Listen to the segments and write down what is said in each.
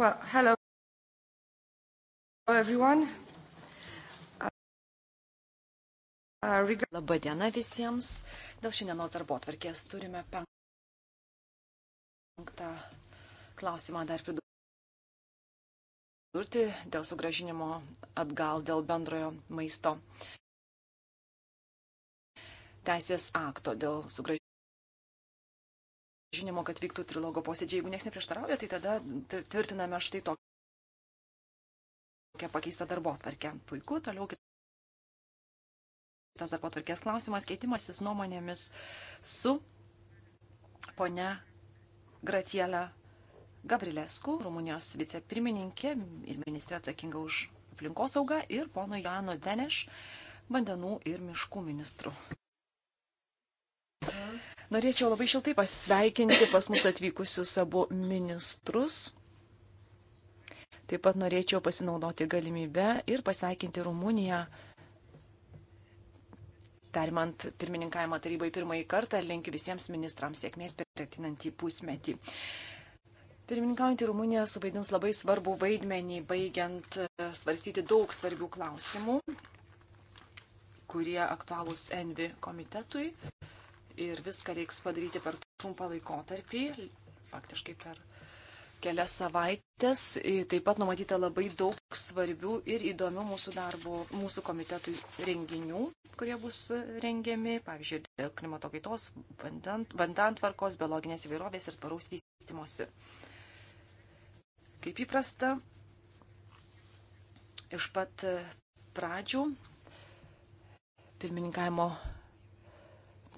Well, hello everyone. Uh, uh, Labadiena visiems. Dėl šiandienos darbo atvarkės turime penktą klausimą dar pridurti dėl sugražinimo atgal dėl bendrojo maisto teisės akto, dėl sugražinimo žinimo, kad vyktų trilogo posėdžiai. Jeigu niekas neprieštarauja, tai tada tvirtiname štai tokią pakeistą darbo atvarkę. Puiku, toliau kitas darbo atvarkės klausimas, keitimasis nuomonėmis su ponia Gratielė Gabrilesku, Rumunijos vicepirmininkė ir ministrė atsakinga už aplinkosaugą ir pono Jano Deneš, vandenų ir miškų ministru. Norėčiau labai šiltai pasveikinti pas mus atvykusius abu ministrus. Taip pat norėčiau pasinaudoti galimybę ir pasveikinti Rumuniją. Perimant pirmininkavimą tarybai pirmąjį kartą, linkiu visiems ministrams sėkmės per atinantį pusmetį. Pirmininkaujantį Rumuniją suvaidins labai svarbų vaidmenį, baigiant e, svarstyti daug svarbių klausimų, kurie aktualūs Envi komitetui ir viską reiks padaryti per trumpą laikotarpį, faktiškai per kelias savaitės. Taip pat numatyta labai daug svarbių ir įdomių mūsų darbo, mūsų komitetų renginių, kurie bus rengiami, pavyzdžiui, dėl klimato kaitos, vandantvarkos, biologinės įvairovės ir tvaraus vystimosi. Kaip įprasta, iš pat pradžių pirmininkavimo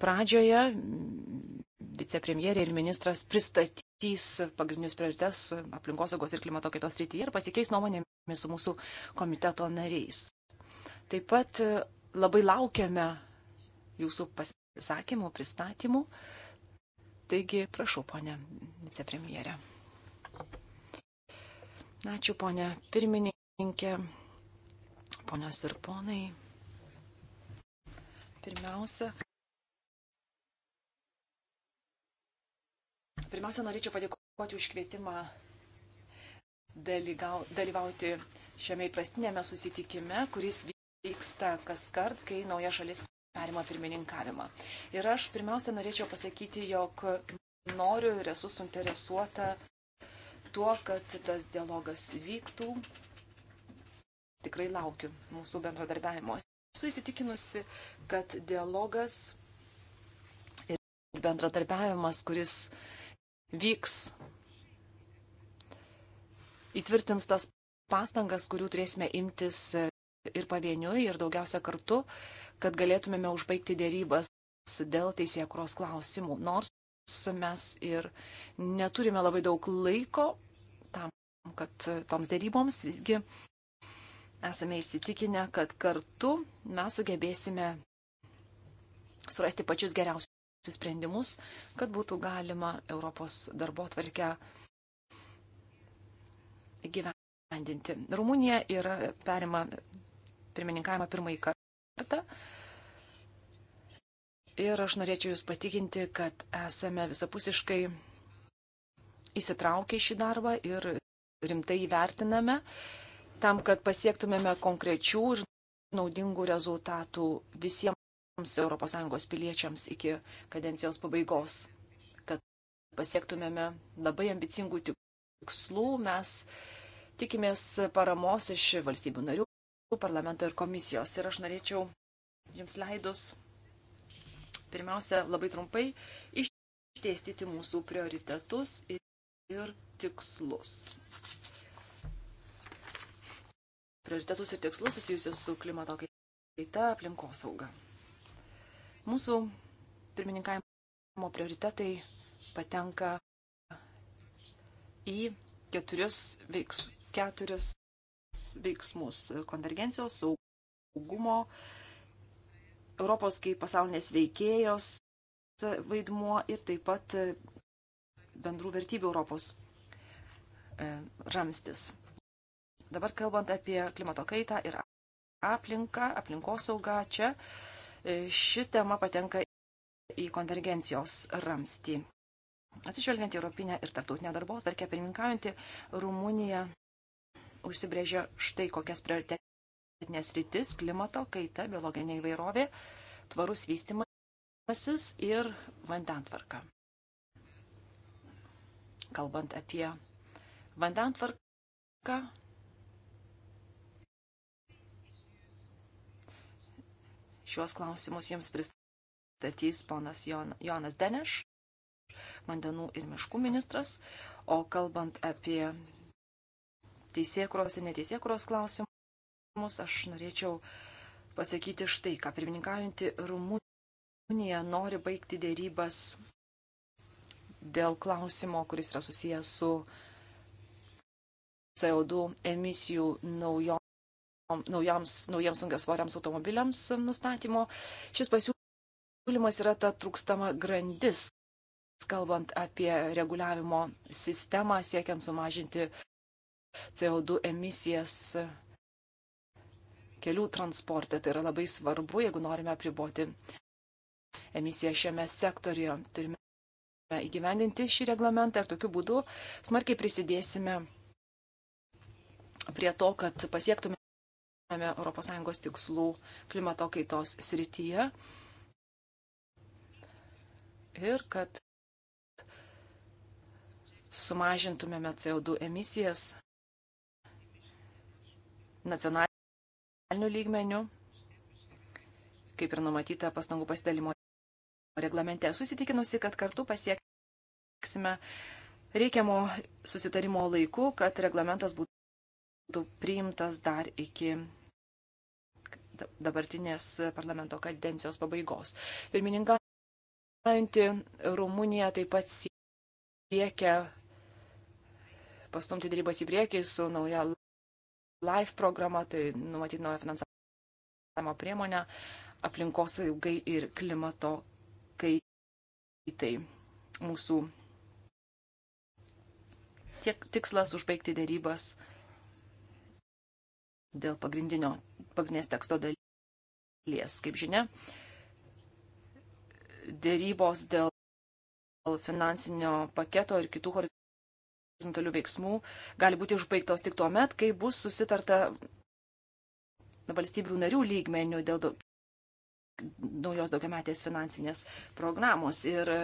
pradžioje vicepremjerė ir ministras pristatys pagrindinius priorites aplinkosaugos ir klimato kaitos rytyje ir pasikeis nuomonėmis su mūsų komiteto nariais. Taip pat e, labai laukiame jūsų pasisakymų, pristatymų. Taigi, prašau, ponė vicepremjerė. Ačiū, ponė pirmininkė, ponios ir ponai. Pirmiausia, Pirmiausia, norėčiau padėkoti už kvietimą dalyvauti šiame įprastinėme susitikime, kuris vyksta kas kart, kai nauja šalis perima pirmininkavimą. Ir aš pirmiausia norėčiau pasakyti, jog noriu ir esu suinteresuota tuo, kad tas dialogas vyktų. Tikrai laukiu mūsų bendradarbiavimo. Esu įsitikinusi, kad dialogas ir bendradarbiavimas, kuris vyks įtvirtins tas pastangas, kurių turėsime imtis e, ir pavieniui, ir daugiausia kartu, kad galėtumėme užbaigti dėrybas dėl teisėkros klausimų. Nors mes ir neturime labai daug laiko tam, kad e, toms dėryboms visgi esame įsitikinę, kad kartu mes sugebėsime surasti pačius geriausius sprendimus, kad būtų galima Europos darbo tvarkę gyvendinti. Rumunija yra perima pirmininkavimą pirmąjį kartą. Ir aš norėčiau Jūs patikinti, kad esame visapusiškai įsitraukę į šį darbą ir rimtai įvertiname tam, kad pasiektumėme konkrečių ir naudingų rezultatų visiems ES piliečiams iki kadencijos pabaigos, kad pasiektumėme labai ambicingų tikslų. Mes tikimės paramos iš valstybių narių, parlamento ir komisijos. Ir aš norėčiau jums leidus, pirmiausia, labai trumpai išdėstyti mūsų prioritetus ir, ir tikslus prioritetus ir tikslus susijusius su klimato kaita aplinkosauga. Mūsų pirmininkavimo prioritetai patenka į keturius, veiks, keturius veiksmus - konvergencijos, saugumo, Europos kaip pasaulinės veikėjos vaidmuo ir taip pat bendrų vertybių Europos e, ramstis. Dabar kalbant apie klimato kaitą ir aplinką, aplinkosaugą, čia ši tema patenka į konvergencijos ramstį. Atsižvelgiant į Europinę ir tarptautinę darbo atvarkę, pirminkaujantį Rumuniją užsibrėžė štai kokias prioritetinės rytis - klimato kaita, biologinė įvairovė, tvarus vystimasis ir vandentvarka. Kalbant apie vandentvarką, Šiuos klausimus jums pristatys ponas Jonas Deneš, vandenų ir miškų ministras. O kalbant apie teisėkros ir neteisėkros klausimus, aš norėčiau pasakyti štai, ką pirmininkaujantį Rumunija nori baigti dėrybas dėl klausimo, kuris yra susijęs su CO2 emisijų naujo naujams, naujiems sunkiasvoriams automobiliams nustatymo. Šis pasiūlymas yra ta trūkstama grandis, kalbant apie reguliavimo sistemą, siekiant sumažinti CO2 emisijas kelių transporte. Tai yra labai svarbu, jeigu norime apriboti emisiją šiame sektorijoje. Turime įgyvendinti šį reglamentą ir tokiu būdu smarkiai prisidėsime prie to, kad pasiektume ES tikslų klimato kaitos srityje ir kad sumažintumėme CO2 emisijas nacionaliniu lygmeniu, kaip ir numatyta pastangų pasidalimo reglamente. Susitikinusi, kad kartu pasieksime reikiamo susitarimo laiku, kad reglamentas būtų priimtas dar iki dabartinės parlamento kadencijos pabaigos. Pirmininkaujantį Rumuniją taip pat siekia pastumti dėrybas į priekį su nauja LIFE programa, tai numatyti naują finansavimo priemonę aplinkos saugai ir klimato kaitai. Mūsų tiek tikslas užbaigti dėrybas dėl pagrindinio pagrindinės teksto dalies. Kaip žinia, dėrybos dėl finansinio paketo ir kitų horizontalių veiksmų gali būti užbaigtos tik tuo met, kai bus susitarta valstybių narių lygmenių dėl daug, naujos daugiametės finansinės programos. Ir e,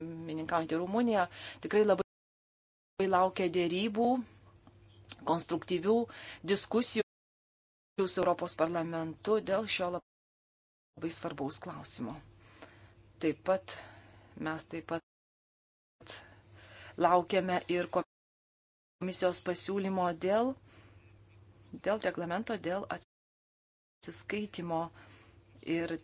pirmininkaujantį Rumuniją tikrai labai, labai laukia dėrybų, konstruktyvių diskusijų su Europos parlamentu dėl šio labai svarbaus klausimo. Taip pat mes taip pat laukiame ir komisijos pasiūlymo dėl, dėl reglamento, dėl atsiskaitimo ir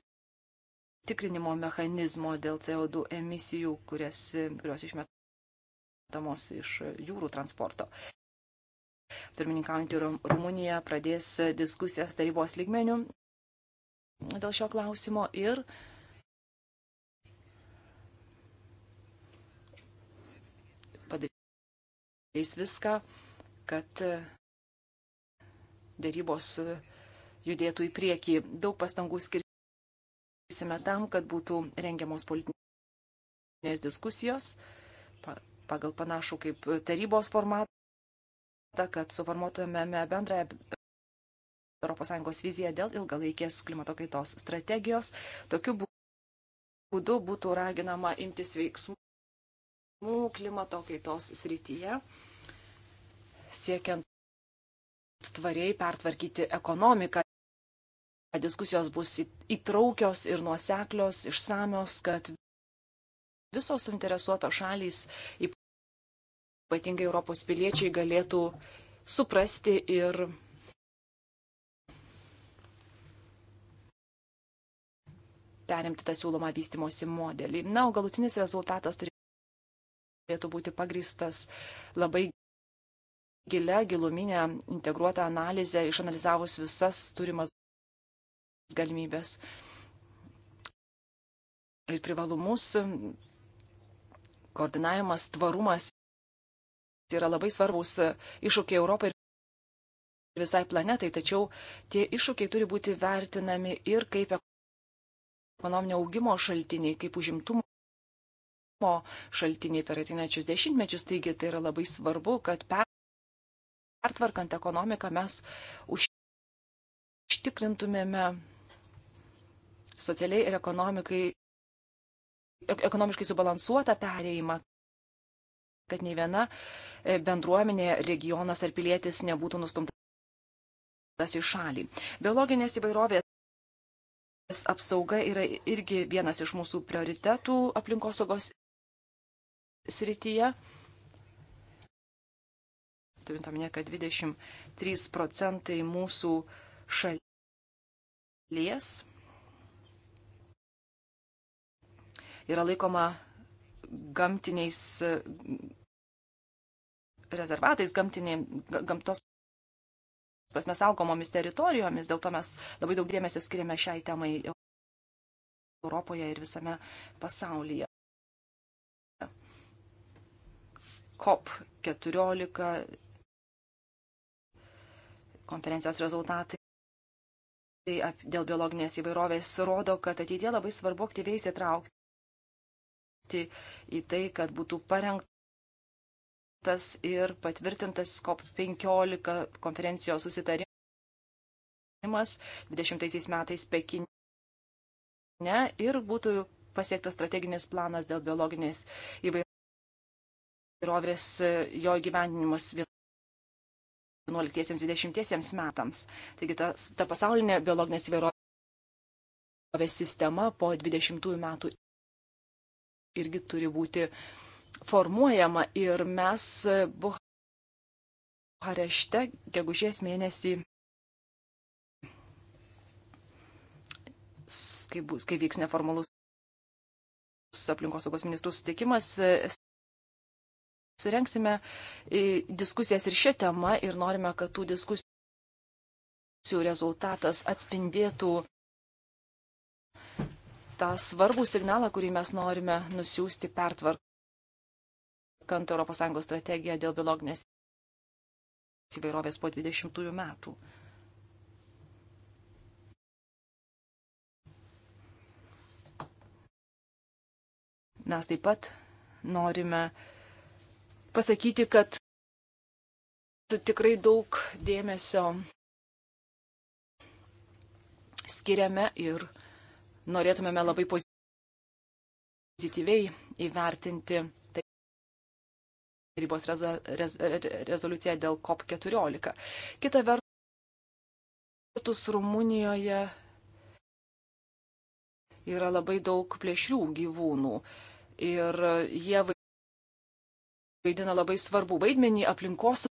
tikrinimo mechanizmo dėl CO2 emisijų, kurias, kurios išmetamos iš jūrų transporto. Pirmininkaujantį Rumuniją pradės diskusijas tarybos lygmenių dėl šio klausimo ir padarys viską, kad dėrybos judėtų į priekį. Daug pastangų skirsime tam, kad būtų rengiamos politinės diskusijos pagal panašų kaip tarybos formatą ta, kad suformuotumėme bendrąją ES viziją dėl ilgalaikės klimato kaitos strategijos. Tokiu būdu būtų raginama imtis veiksmų klimato kaitos srityje, siekiant tvariai pertvarkyti ekonomiką. Diskusijos bus įtraukios ir nuoseklios, išsamios, kad visos suinteresuotos šalys, ypatingai Europos piliečiai galėtų suprasti ir perimti tą siūlomą vystimosi modelį. Na, o galutinis rezultatas turėtų būti pagristas labai gilia, giluminė, integruota analizė, išanalizavus visas turimas galimybės ir privalumus, koordinavimas, tvarumas Tai yra labai svarbus e, iššūkiai Europai ir visai planetai, tačiau tie iššūkiai turi būti vertinami ir kaip ekonominio augimo šaltiniai, kaip užimtumo šaltiniai per ateinančius dešimtmečius. Taigi tai yra labai svarbu, kad pertvarkant ekonomiką mes užtikrintumėme socialiai ir ekonomikai e, ekonomiškai subalansuotą perėjimą, kad nei viena e, bendruomenė, regionas ar pilietis nebūtų nustumtas į šalį. Biologinės įvairovės apsauga yra irgi vienas iš mūsų prioritetų aplinkosaugos srityje. Turint omenyje, kad 23 procentai mūsų šalies yra laikoma gamtiniais, rezervatais, gamtiniai, gamtos prasme saugomomis teritorijomis, dėl to mes labai daug dėmesio skiriame šiai temai Europoje ir visame pasaulyje. COP 14 konferencijos rezultatai dėl biologinės įvairovės rodo, kad ateitie labai svarbu aktyviai įsitraukti į tai, kad būtų parengta tas ir patvirtintas COP15 konferencijos susitarimas 20 metais Pekine ir būtų pasiektas strateginis planas dėl biologinės įvairovės jo gyvenimas 11-20 metams. Taigi ta, ta pasaulinė biologinės įvairovės sistema po 20 metų irgi turi būti formuojama ir mes Buharešte gegužės mėnesį, kai, bus, kai vyks neformalus aplinkosaugos ministrų sutikimas, surenksime diskusijas ir šią temą ir norime, kad tų diskusijų rezultatas atspindėtų tą svarbų signalą, kurį mes norime nusiųsti pertvarką atliekant ES strategiją dėl biologinės įvairovės po 20 metų. Mes taip pat norime pasakyti, kad tikrai daug dėmesio skiriame ir norėtumėme labai pozityviai įvertinti rybos reza, rez, rezoliuciją dėl COP14. Kita vertus, Rumunijoje yra labai daug plėšrių gyvūnų ir jie vaidina labai svarbų vaidmenį aplinkos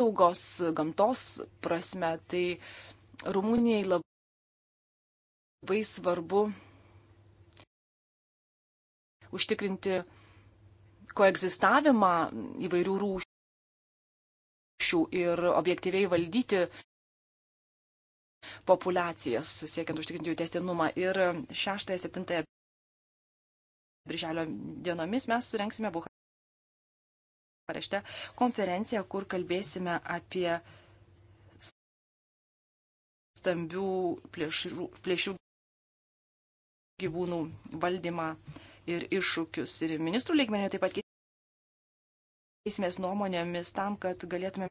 saugos gamtos prasme. Tai Rumunijai labai svarbu užtikrinti koegzistavimą įvairių rūšių ir objektyviai valdyti populiacijas, siekiant užtikrinti jų tiesinumą. Ir 6-7 birželio dienomis mes surenksime Bukarešte konferenciją, kur kalbėsime apie stambių plėšrių, plėšrių gyvūnų valdymą ir iššūkius. Ir ministrų lygmenių taip pat keisimės nuomonėmis tam, kad galėtume e,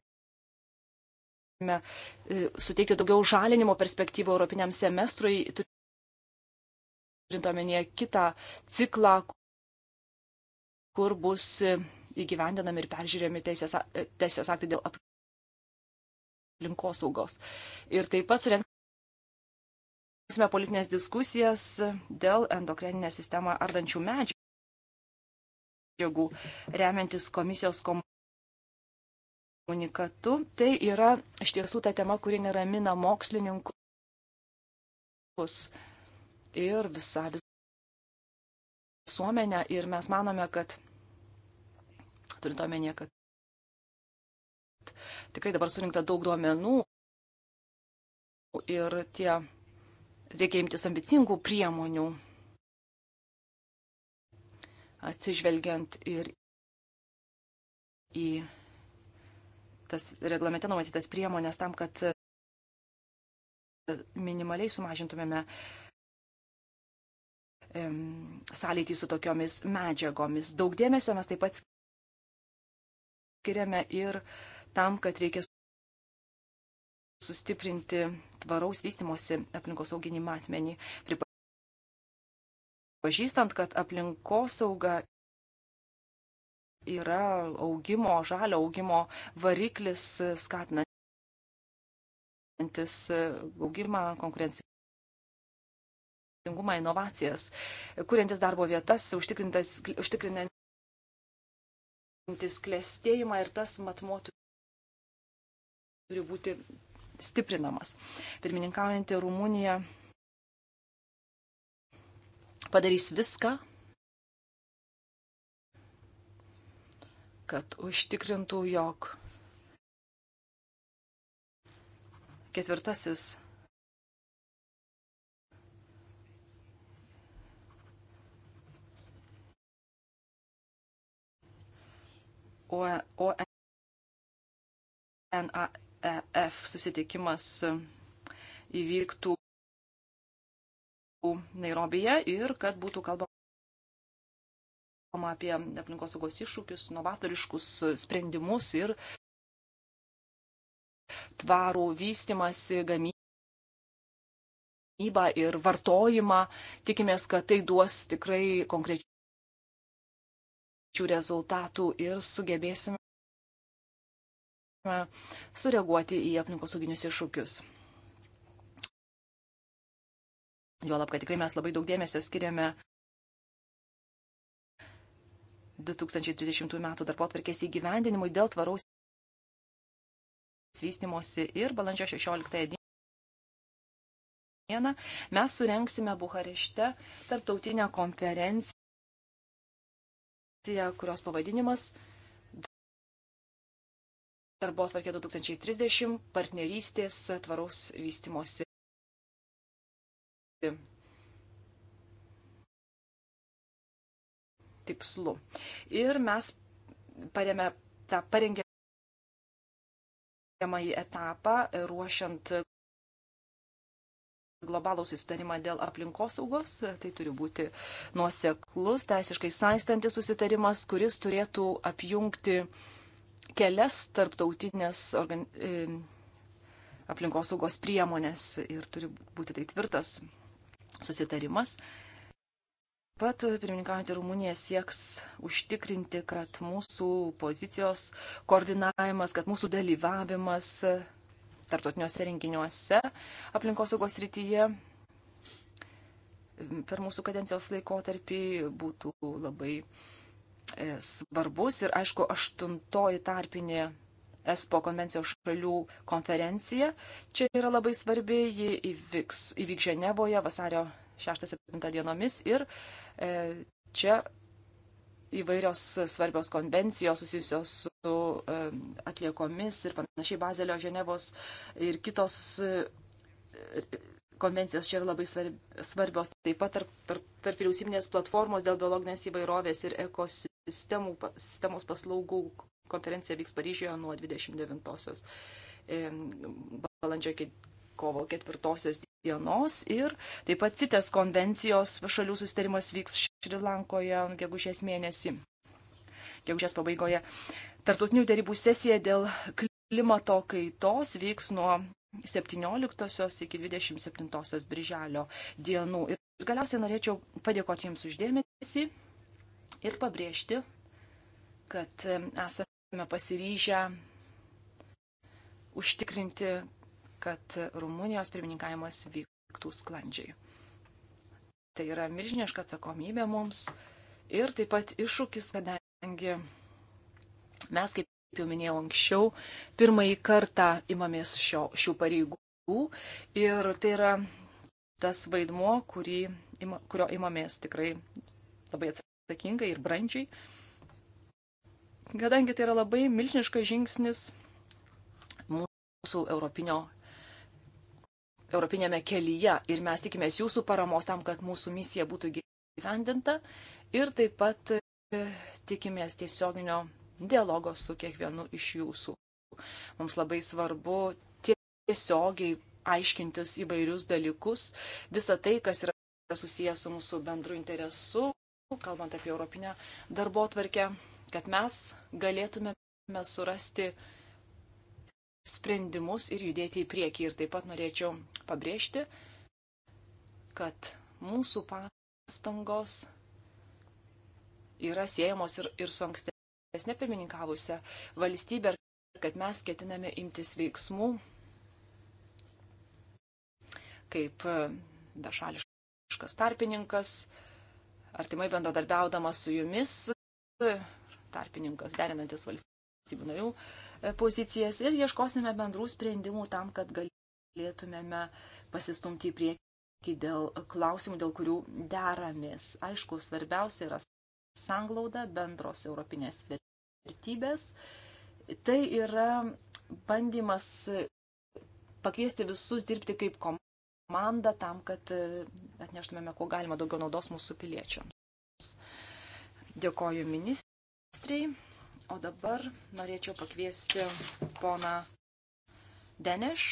suteikti daugiau žalinimo perspektyvų Europiniam semestrui, turint omenyje kitą ciklą, kur bus e, įgyvendinami ir peržiūrėmi teisės, e, teisės aktai dėl aplinkosaugos. Ir taip pat surenksime politinės diskusijas dėl endokrininę sistemą ardančių medžių medžiagų, remiantis komisijos komunikatu. Tai yra iš tiesų ta tema, kuri neramina mokslininkus ir visą visuomenę. Ir mes manome, kad, turint omenyje, kad tikrai dabar surinkta daug duomenų ir tie reikia imtis ambicingų priemonių atsižvelgiant ir į tas reglamente numatytas priemonės tam, kad minimaliai sumažintumėme sąlytį su tokiomis medžiagomis. Daug dėmesio mes taip pat skiriame ir tam, kad reikia sustiprinti tvaraus vystimosi aplinkos auginį matmenį. Pripa pripažįstant, kad aplinkosauga yra augimo, žalio augimo variklis skatinantis augimą, konkurencingumą, inovacijas, kuriantis darbo vietas, užtikrinantis klėstėjimą ir tas matmuo turi būti stiprinamas. Pirmininkaujantį Rumuniją padarys viską, kad užtikrintų, jog ketvirtasis ONAEF susitikimas įvyktų Nairobije ir kad būtų kalbama apie aplinkosaugos iššūkius, novatoriškus sprendimus ir tvarų vystimasi, gamybą ir vartojimą. Tikimės, kad tai duos tikrai konkrečių rezultatų ir sugebėsime sureaguoti į aplinkosauginius iššūkius. Juolab, kad tikrai mes labai daug dėmesio skiriame 2030 m. darbo atvarkės įgyvendinimui dėl tvaraus vystimosi ir balandžio 16 dieną mes surenksime Buharešte tarptautinę konferenciją, kurios pavadinimas Darbo atvarkė 2030 partnerystės tvaraus vystimosi tikslu. Ir mes paremė, tą parengiamąjį etapą e, ruošiant globalų susitarimą dėl aplinkosaugos. E, tai turi būti nuoseklus, teisiškai saistantis susitarimas, kuris turėtų apjungti kelias tarptautinės organi... E, aplinkosaugos priemonės ir turi būti tai tvirtas susitarimas. Pat pirmininkaujantį Rumuniją sieks užtikrinti, kad mūsų pozicijos koordinavimas, kad mūsų dalyvavimas tartotiniuose renginiuose aplinkosaugos rytyje per mūsų kadencijos laikotarpį būtų labai e, svarbus. Ir aišku, aštuntoji tarpinė ESPO konvencijos šalių konferencija. Čia yra labai svarbi, ji įvyks, įvyks Ženevoje vasario 6-7 dienomis ir e, čia įvairios svarbios konvencijos susijusios su e, atliekomis ir panašiai Bazelio, Ženevos ir kitos. E, konvencijos čia yra labai svarbios, taip pat tarp, tarp, tarp vyriausybinės platformos dėl biologinės įvairovės ir ekosistemos paslaugų konferencija vyks Paryžioje nuo 29 balandžio iki kovo 4 dienos ir taip pat CITES konvencijos šalių sustarimas vyks Šrilankoje gegužės mėnesį. Gegužės pabaigoje tartutinių dėrybų sesija dėl klimato kaitos vyks nuo 17 iki 27 birželio dienų. Ir galiausiai norėčiau padėkoti Jums uždėmesi ir pabrėžti, kad esame esame pasiryžę užtikrinti, kad Rumunijos pirmininkavimas vyktų sklandžiai. Tai yra milžiniška atsakomybė mums ir taip pat iššūkis, kadangi mes, kaip jau minėjau anksčiau, pirmąjį kartą imamės šio, šių pareigų ir tai yra tas vaidmuo, kurį, kurio imamės tikrai labai atsakingai ir brandžiai kadangi tai yra labai milžiniškas žingsnis mūsų europinio, europinėme kelyje ir mes tikimės jūsų paramos tam, kad mūsų misija būtų gyvendinta ir taip pat e, tikimės tiesioginio dialogo su kiekvienu iš jūsų. Mums labai svarbu tiesiogiai aiškintis įvairius dalykus, visą tai, kas yra susijęs su mūsų bendru interesu, kalbant apie europinę darbo tvarkę, kad mes galėtumėme surasti sprendimus ir judėti į priekį. Ir taip pat norėčiau pabrėžti, kad mūsų pastangos yra siejamos ir, ir su ankstesnė pirmininkavusią valstybę, kad mes ketiname imtis veiksmų kaip e, bešališkas tarpininkas, artimai bendradarbiaudamas su jumis, tarpininkas, derinantis valstybių narių e, pozicijas ir ieškosime bendrų sprendimų tam, kad galėtumėme pasistumti į priekį dėl klausimų, dėl kurių deramės. Aišku, svarbiausia yra sanglauda, bendros europinės vertybės. Tai yra bandymas pakviesti visus dirbti kaip komanda tam, kad e, atneštumėme kuo galima daugiau naudos mūsų piliečiams. Dėkoju ministrė ministrai. O dabar norėčiau pakviesti poną Deneš,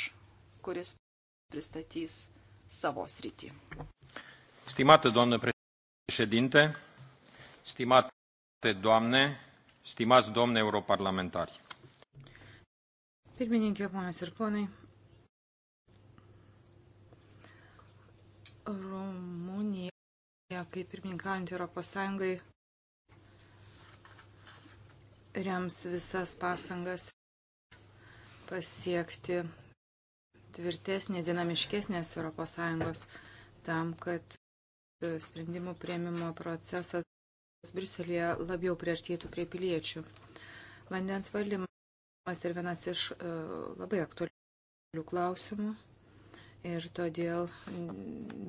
kuris pristatys savo sritį. Stimată doamnă președinte, stimate doamne, stimați domne europarlamentari. Pirmininkė, ponas ir ponai, Rumunija, kaip pirmininkaujant Europos Sąjungai, rems visas pastangas pasiekti tvirtesnės, dinamiškesnės ES tam, kad sprendimų prieimimo procesas Briuselėje labiau priartėtų prie piliečių. Vandens valdymas ir vienas iš e, labai aktualių klausimų ir todėl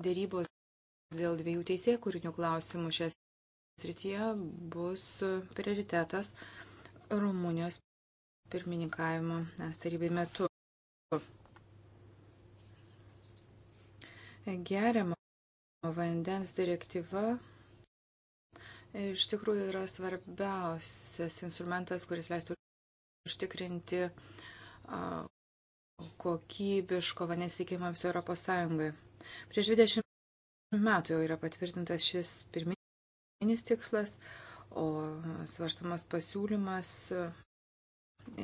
dėrybos dėl dviejų teisėjų kūrinių klausimų šią srityje bus prioritetas. Rumunijos pirmininkavimo tarybai metu. Geriamo vandens direktyva iš tikrųjų yra svarbiausias instrumentas, kuris leistų užtikrinti kokybiško vandens teikimą visoje Europos Sąjungoje. Prieš 20 metų jau yra patvirtintas šis pirminis tikslas, o svarstamas pasiūlymas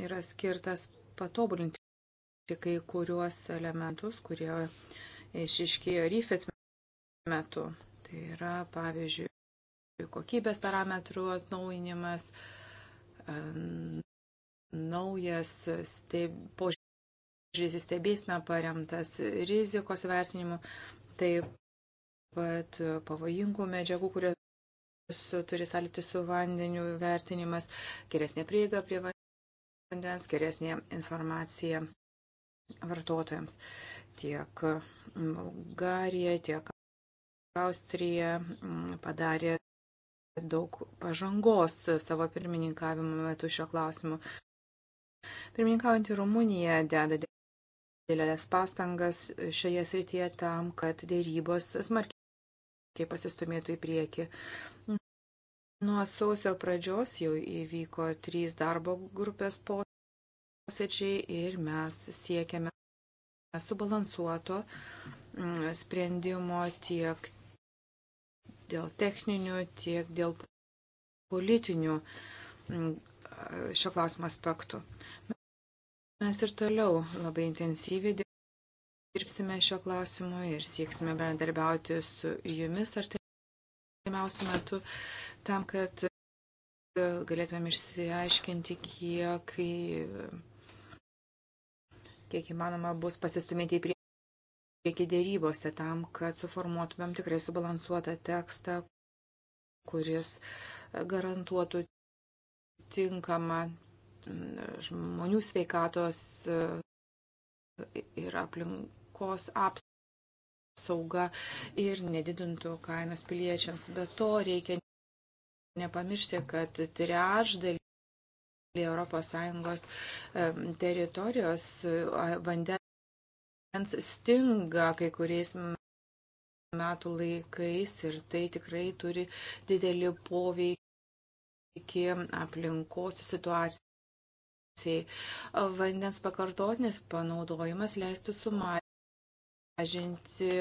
yra skirtas patobulinti kai kuriuos elementus, kurie išiškėjo ryfet metu. Tai yra, pavyzdžiui, kokybės parametrų atnaujinimas, naujas steb... požiūris į stebėsną paremtas rizikos vertinimu, taip pat pavojingų medžiagų, kurios turi sąlyti su vandeniu vertinimas, geresnė prieiga prie vandens, geresnė informacija vartotojams. Tiek Bulgarija, tiek Austrija padarė daug pažangos savo pirmininkavimo metu šio klausimu. Pirmininkaujantį Rumuniją deda dėlės pastangas šioje srityje tam, kad dėrybos smarkiai kaip pasistumėtų į priekį. Nuo sausio pradžios jau įvyko trys darbo grupės posėdžiai ir mes siekiame subalansuoto mm, sprendimo tiek dėl techninių, tiek dėl politinių mm, šio klausimo aspektų. Mes ir toliau labai intensyviai dirbsime šiuo klausimu ir sieksime bendarbiauti su jumis artimiausiu metu tam, kad e, galėtumėm išsiaiškinti, kiek, kiek įmanoma bus pasistumėti į priekį dėrybose tam, kad suformuotumėm tikrai subalansuotą tekstą, kuris garantuotų tinkamą žmonių sveikatos e, ir aplink aplinkos apsaugą ir nedidintų kainos piliečiams. Be to reikia nepamiršti, kad trečdalį ES teritorijos vandens stinga kai kuriais metų laikais ir tai tikrai turi didelį poveikį aplinkos situacijai. Vandens pakartotinis panaudojimas leistų sumažinti mažinti e,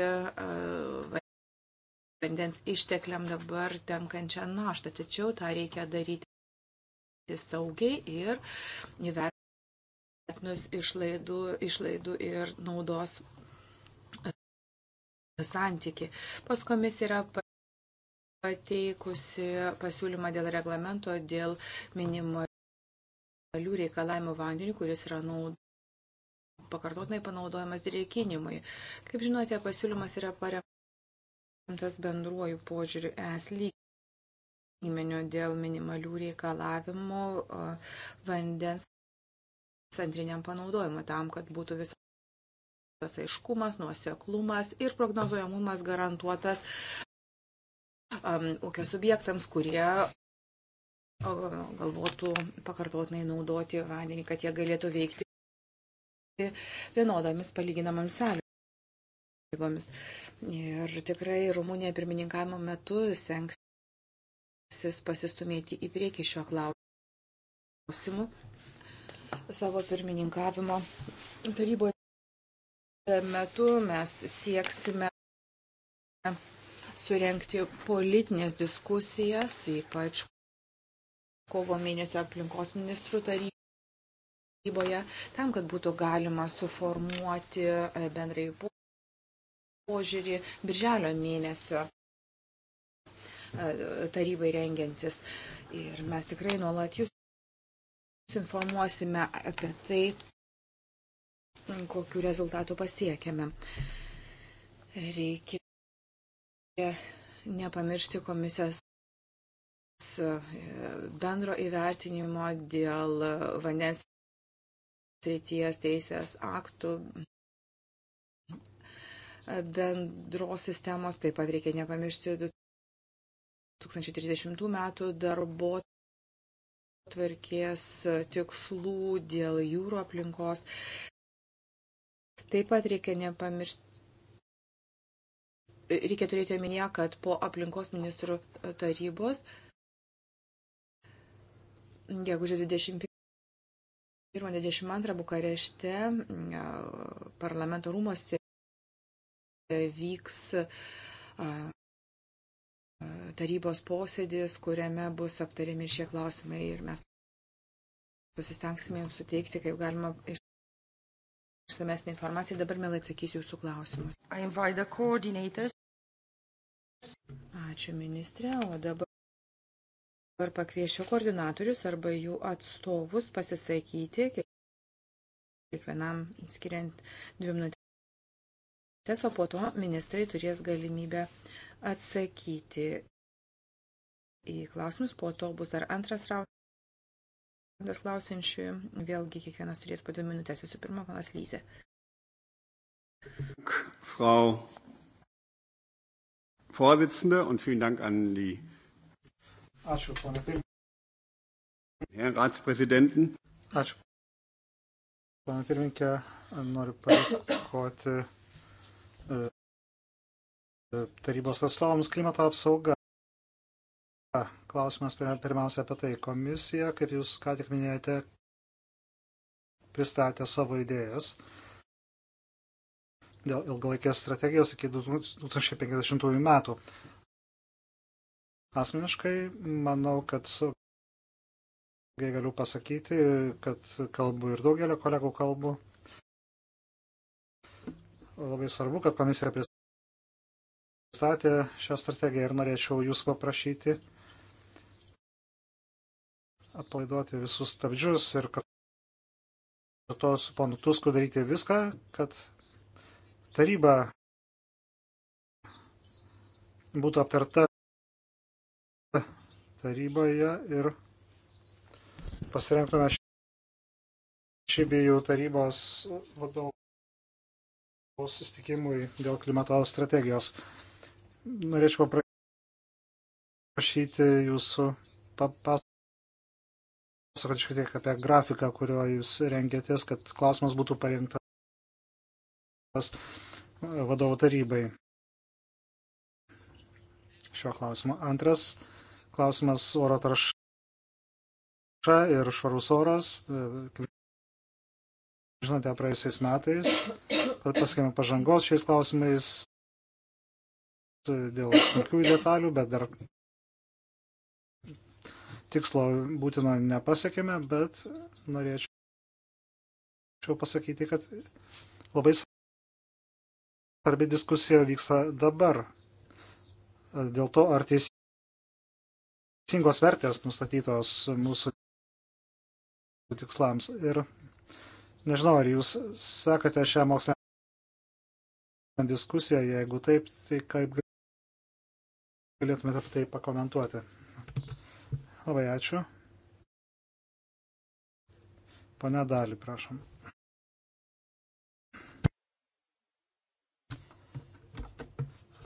vandens ištekliam dabar tenkančią naštą. Tačiau tą reikia daryti saugiai ir įvertinus išlaidų, išlaidų ir naudos e, santyki. Pas komisija yra pateikusi pasiūlymą dėl reglamento dėl minimalių reikalavimų vandeniu, kuris yra naudojamas pakartotinai panaudojamas drėkinimui. Kaip žinote, pasiūlymas yra paremtas bendruoju požiūriu es lygiai įmenių dėl minimalių reikalavimų vandens centriniam panaudojimui tam, kad būtų visas aiškumas, nuoseklumas ir prognozuojamumas garantuotas um, ūkio subjektams, kurie galvotų pakartotinai naudoti vandenį, kad jie galėtų veikti vienodomis palyginamomis sąlygomis. Ir tikrai Rumunija pirmininkavimo metu stengsis pasistumėti į priekį šio klausimu savo pirmininkavimo taryboje. Metu mes sieksime surenkti politinės diskusijas, ypač kovo mėnesio aplinkos ministrų taryboje taryboje, tam, kad būtų galima suformuoti e, bendrai požiūrį birželio mėnesio e, tarybai rengiantis. Ir mes tikrai nuolat jūs informuosime apie tai, kokiu rezultatu pasiekėme. Reikia nepamiršti komisijos e, bendro įvertinimo dėl vandens srities teisės aktų bendros sistemos. Taip pat reikia nepamiršti 2030 metų darbo tvarkės tikslų dėl jūrų aplinkos. Taip pat reikia nepamiršti. Reikia turėti omenyje, kad po aplinkos ministrų tarybos gegužės 21 92 Bukarešte parlamento rūmose vyks tarybos posėdis, kuriame bus aptariami šie klausimai ir mes pasistengsime jums suteikti, kaip galima išsamesnį informaciją. Dabar mielai atsakysiu jūsų klausimus. Ačiū ministrė, o dabar. Ir pakviešiu koordinatorius arba jų atstovus pasisakyti kiekvienam skiriant dvi minutės, o po to ministrai turės galimybę atsakyti į klausimus, po to bus dar antras raundas klausinčių, vėlgi kiekvienas turės po dvi minutės, visų pirma, panas Lyze. Frau Vorsitzende und vielen Dank an die Ačiū, ponė pirmininkė. Ačiū. Pane pirmininkė, noriu padėkoti e, tarybos atstovams klimato apsauga. Klausimas pirmiausia apie tai. Komisija, kaip jūs ką tik minėjote, pristatė savo idėjas dėl ilgalaikės strategijos iki 2050 metų. Asmeniškai manau, kad su galiu pasakyti, kad kalbu ir daugelio kolegų kalbų. Labai svarbu, kad komisija pristatė šią strategiją ir norėčiau jūs paprašyti aplaiduoti visus stabdžius ir kartu su ponu Tusku daryti viską, kad taryba būtų aptarta taryboje ir pasirengtume šibijų tarybos vadovų sustikimui dėl klimato strategijos. Norėčiau paprašyti jūsų papasakoti šiek tiek apie grafiką, kurio jūs rengėtės, kad klausimas būtų parengtas vadovų tarybai. Šiuo klausimu. Antras klausimas oro tarša ir švarus oras. Žinote, praėjusiais metais pasiekėme pažangos šiais klausimais dėl smulkių detalių, bet dar tikslo būtino nepasiekėme, bet norėčiau pasakyti, kad labai svarbi diskusija vyksta dabar. Dėl to, ar teisė cingos vertės nustatytos mūsų tikslams. Ir nežinau, ar jūs sekate šią mokslinę diskusiją, jeigu taip, tai kaip galėtumėte tai pakomentuoti. Labai ačiū. Pane Dali, prašom.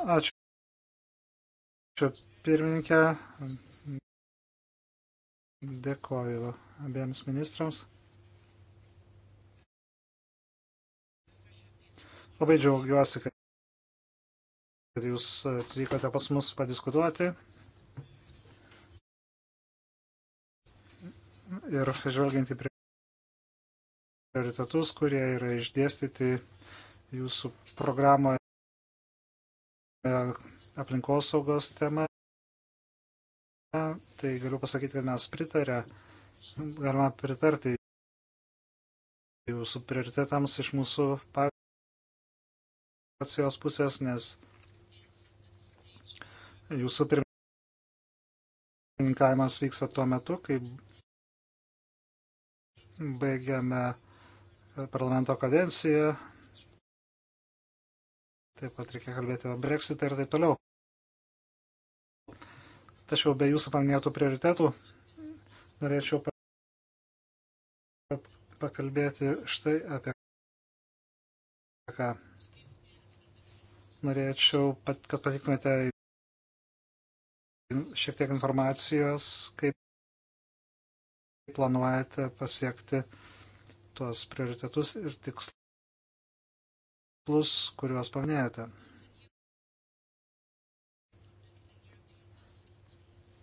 Ačiū. Ačiū pirmininkė. Dėkoju abiems ministrams. Labai džiaugiuosi, kad jūs atvykote pas mus padiskutuoti. Ir žvelgiant į prioritetus, kurie yra išdėstyti jūsų programoje aplinkosaugos tema tai galiu pasakyti, kad mes pritarė, galima pritarti jūsų prioritetams iš mūsų partijos pusės, nes jūsų pirmininkavimas vyksta tuo metu, kai baigiame parlamento kadenciją, taip pat reikia kalbėti apie Brexitą ir taip toliau. Tačiau be jūsų paminėtų prioritetų norėčiau pakalbėti štai apie ką. Norėčiau, kad patiktumėte šiek tiek informacijos, kaip planuojate pasiekti tuos prioritetus ir tikslus, kuriuos paminėjote.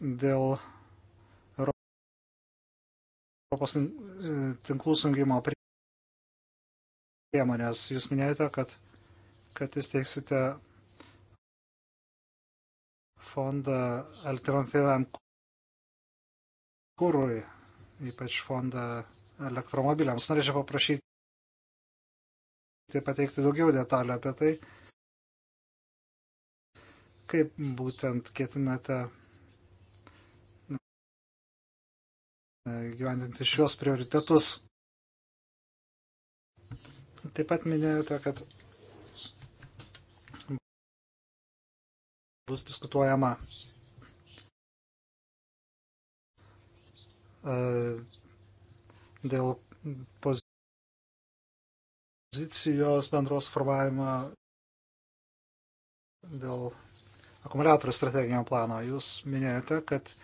dėl Europos e, tinklų sungimo priemonės. Jūs minėjote, kad, kad įsteigsite fondą alternatyviam kūrui, ypač fondą elektromobiliams. Norėčiau paprašyti pateikti daugiau detalių apie tai, kaip būtent ketinate E, gyvendinti šios prioritetus. Taip pat minėjote, kad bus diskutuojama e, dėl pozicijos bendros formavimo dėl akumuliatorių strateginio plano. Jūs minėjote, kad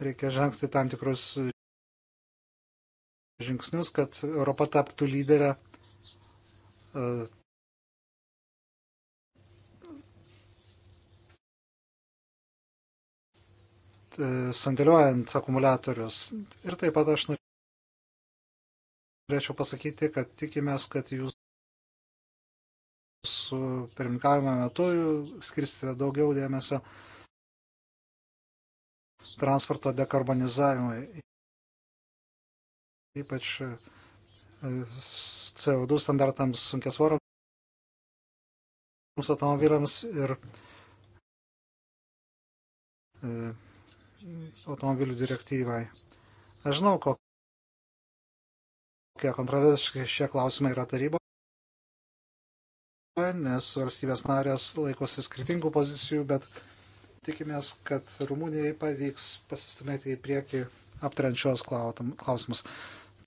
Reikia žengti tam tikrus žingsnius, kad Europa taptų lyderę e, e, sandėliuojant akumuliatorius. Ir taip pat aš norėčiau pasakyti, kad tikimės, kad jūs su pirmininkavimo metu skirsite daugiau dėmesio transporto dekarbonizavimui, ypač e, CO2 standartams sunkiasvoriams automobiliams ir e, automobilių direktyvai. Aš žinau, kokie kontroversiški šie klausimai yra taryboje, nes valstybės narės laikosi skirtingų pozicijų, bet Tikimės, kad Rumunijai pavyks pasistumėti į priekį aptarančios klausimus.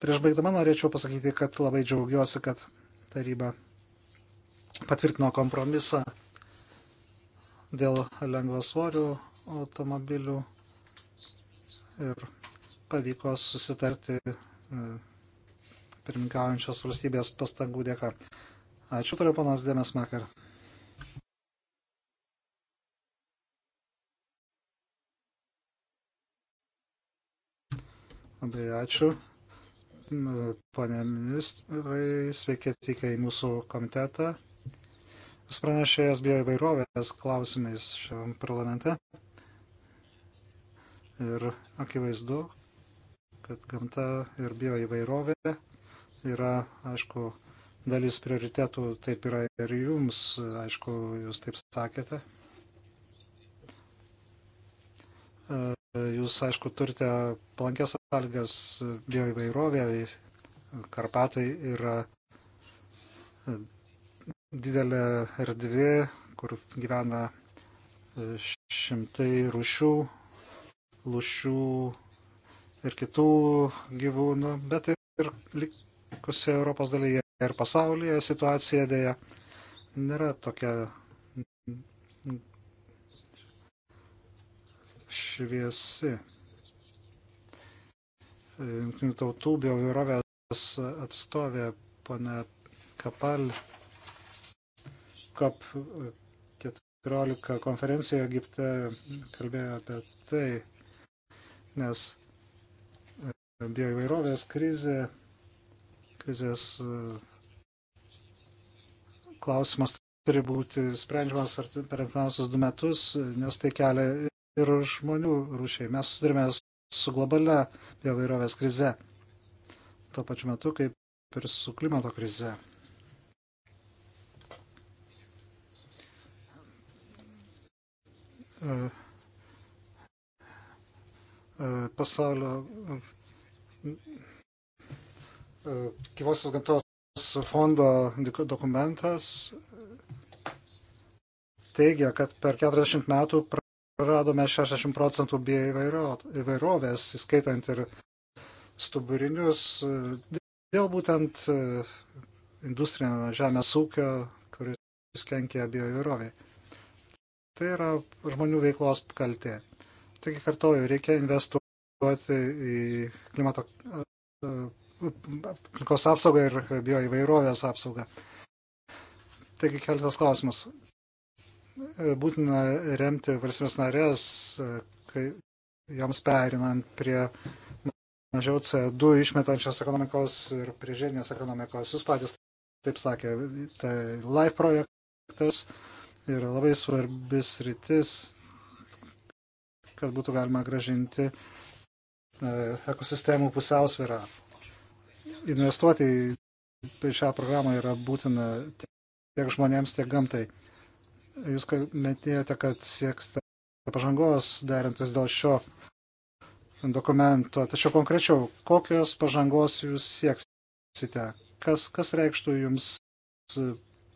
Prieš baigdama norėčiau pasakyti, kad labai džiaugiuosi, kad taryba patvirtino kompromisą dėl lengvasvorių automobilių ir pavyko susitarti e, pirmininkaujančios valstybės pastangų dėka. Ačiū toliau, panas Dėmes Makar. Labai ačiū. Pane ministrai, sveiki atvykę į mūsų komitetą. Jūs pranešėjas bioįvairovės klausimais šiam parlamente. Ir akivaizdu, kad gamta ir bioįvairovė yra, aišku, dalis prioritetų, taip yra ir jums, aišku, jūs taip sakėte. E, jūs, aišku, turite palankės sąlygas bioįvairovė. Karpatai yra e, didelė erdvė, kur gyvena e, šimtai rušių, lušių ir kitų gyvūnų, bet ir likusioje Europos dalyje ir pasaulyje situacija dėja nėra tokia šviesi. Junktinių tautų biovirovės atstovė pana Kapal COP 14 konferencijoje Egipte kalbėjo apie tai, nes e, bioįvairovės krizė, krizės e, klausimas turi būti sprendžiamas per artimiausius du metus, nes tai kelia ir žmonių rūšiai. Mes susidurime su globale įvairovės krize, tuo pačiu metu kaip ir su klimato krize. E, e, pasaulio e, gyvosios gamtos fondo dokumentas teigia, kad per 40 metų praradome 60 procentų bioįvairovės, įskaitant ir stuburinius, dėl būtent e, industrinio žemės ūkio, kuris kenkia bioįvairoviai. Tai yra žmonių veiklos kaltė. Taigi kartoju, reikia investuoti į klimato e, aplinkos apsaugą ir bioįvairovės apsaugą. Taigi keletas klausimus. E, būtina remti valstybės narės, e, kai joms perinant prie mažiau CO2 išmetančios ekonomikos ir prie žiedinės ekonomikos. Jūs patys taip sakė, tai LIFE projektas yra labai svarbis rytis, kad būtų galima gražinti e, ekosistemų pusiausvyrą. Investuoti į šią programą yra būtina tiek žmonėms, tiek gamtai. Jūs metėjote, kad sieksite pažangos derintis dėl šio dokumento. Tačiau konkrečiau, kokios pažangos jūs sieksite? Kas, kas reikštų jums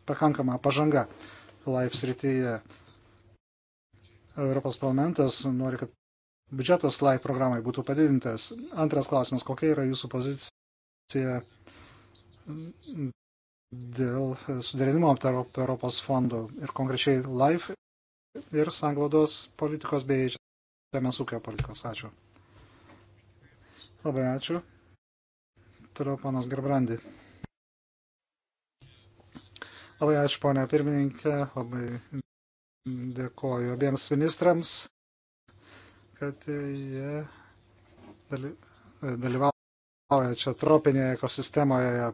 pakankama pažanga live srityje? Europos parlamentas nori, kad biudžetas live programai būtų padidintas. Antras klausimas, kokia yra jūsų pozicija dėl e, suderinimo tarp Europos fondų ir konkrečiai LIFE ir sanglados politikos bei žemės ūkio politikos. Ačiū. Labai ačiū. Toliau panas Gerbrandi. Labai ačiū, ponia pirmininkė. Labai dėkoju abiems ministrams, kad jie e, dalyvauja čia tropinėje ekosistemoje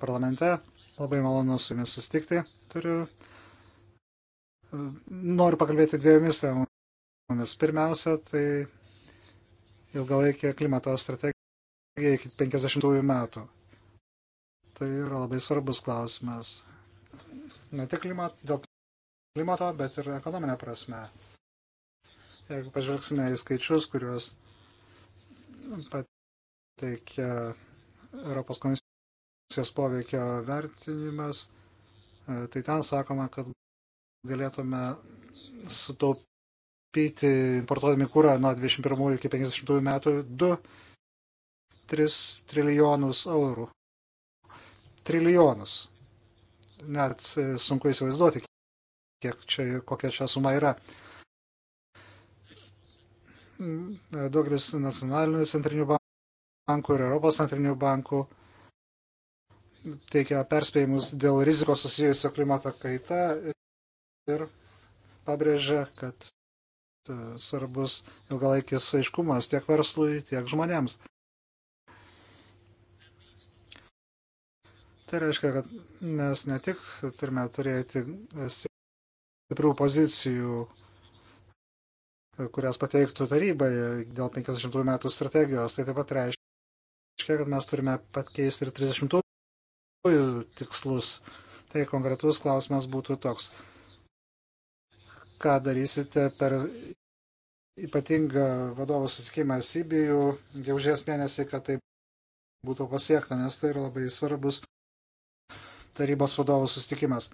parlamente. Labai malonu su jumis sustikti. Turiu. Noriu pakalbėti dviejomis temomis. Pirmiausia, tai ilgalaikė klimato strategija iki 50 metų. Tai yra labai svarbus klausimas. Ne tik klimat, dėl klimato, bet ir ekonominė prasme. Jeigu pažvelgsime į skaičius, kuriuos pateikia Europos komisija koks poveikio vertinimas, e, tai ten sakoma, kad galėtume sutaupyti importuodami kūrą nuo 21 iki 50 metų 2-3 trilijonus eurų. Trilijonus. Net e, sunku įsivaizduoti, kiek čia, kokia čia suma yra. Mm, e, daugelis nacionalinių centrinių bankų ir Europos centrinių bankų teikia perspėjimus dėl rizikos susijusio klimato kaita ir pabrėžia, kad e, svarbus ilgalaikis aiškumas tiek verslui, tiek žmonėms. Tai reiškia, kad mes ne tik turime turėti e, stiprių pozicijų, e, kurias pateiktų tarybai dėl 50 metų strategijos, tai taip pat reiškia, kad mes turime pakeisti ir 30 tikrųjų tikslus, tai konkretus klausimas būtų toks. Ką darysite per ypatingą vadovų susitikimą Sibijų gegužės mėnesį, kad tai būtų pasiekta, nes tai yra labai svarbus tarybos vadovų susitikimas.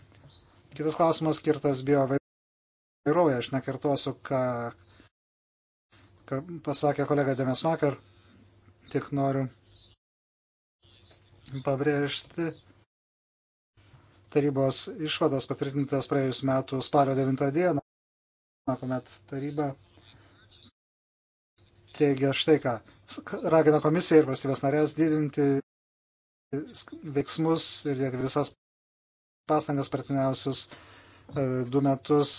Kitas klausimas skirtas biovairovė. Aš nekartuosiu, ką, ką pasakė kolega Demes vakar, tik noriu pabrėžti tarybos išvadas patvirtintas praėjus metų spalio 9 dieną, kuomet taryba teigia štai ką. Ragina komisiją ir valstybės narės didinti veiksmus ir dėti visas pastangas pertiniausius e, du metus,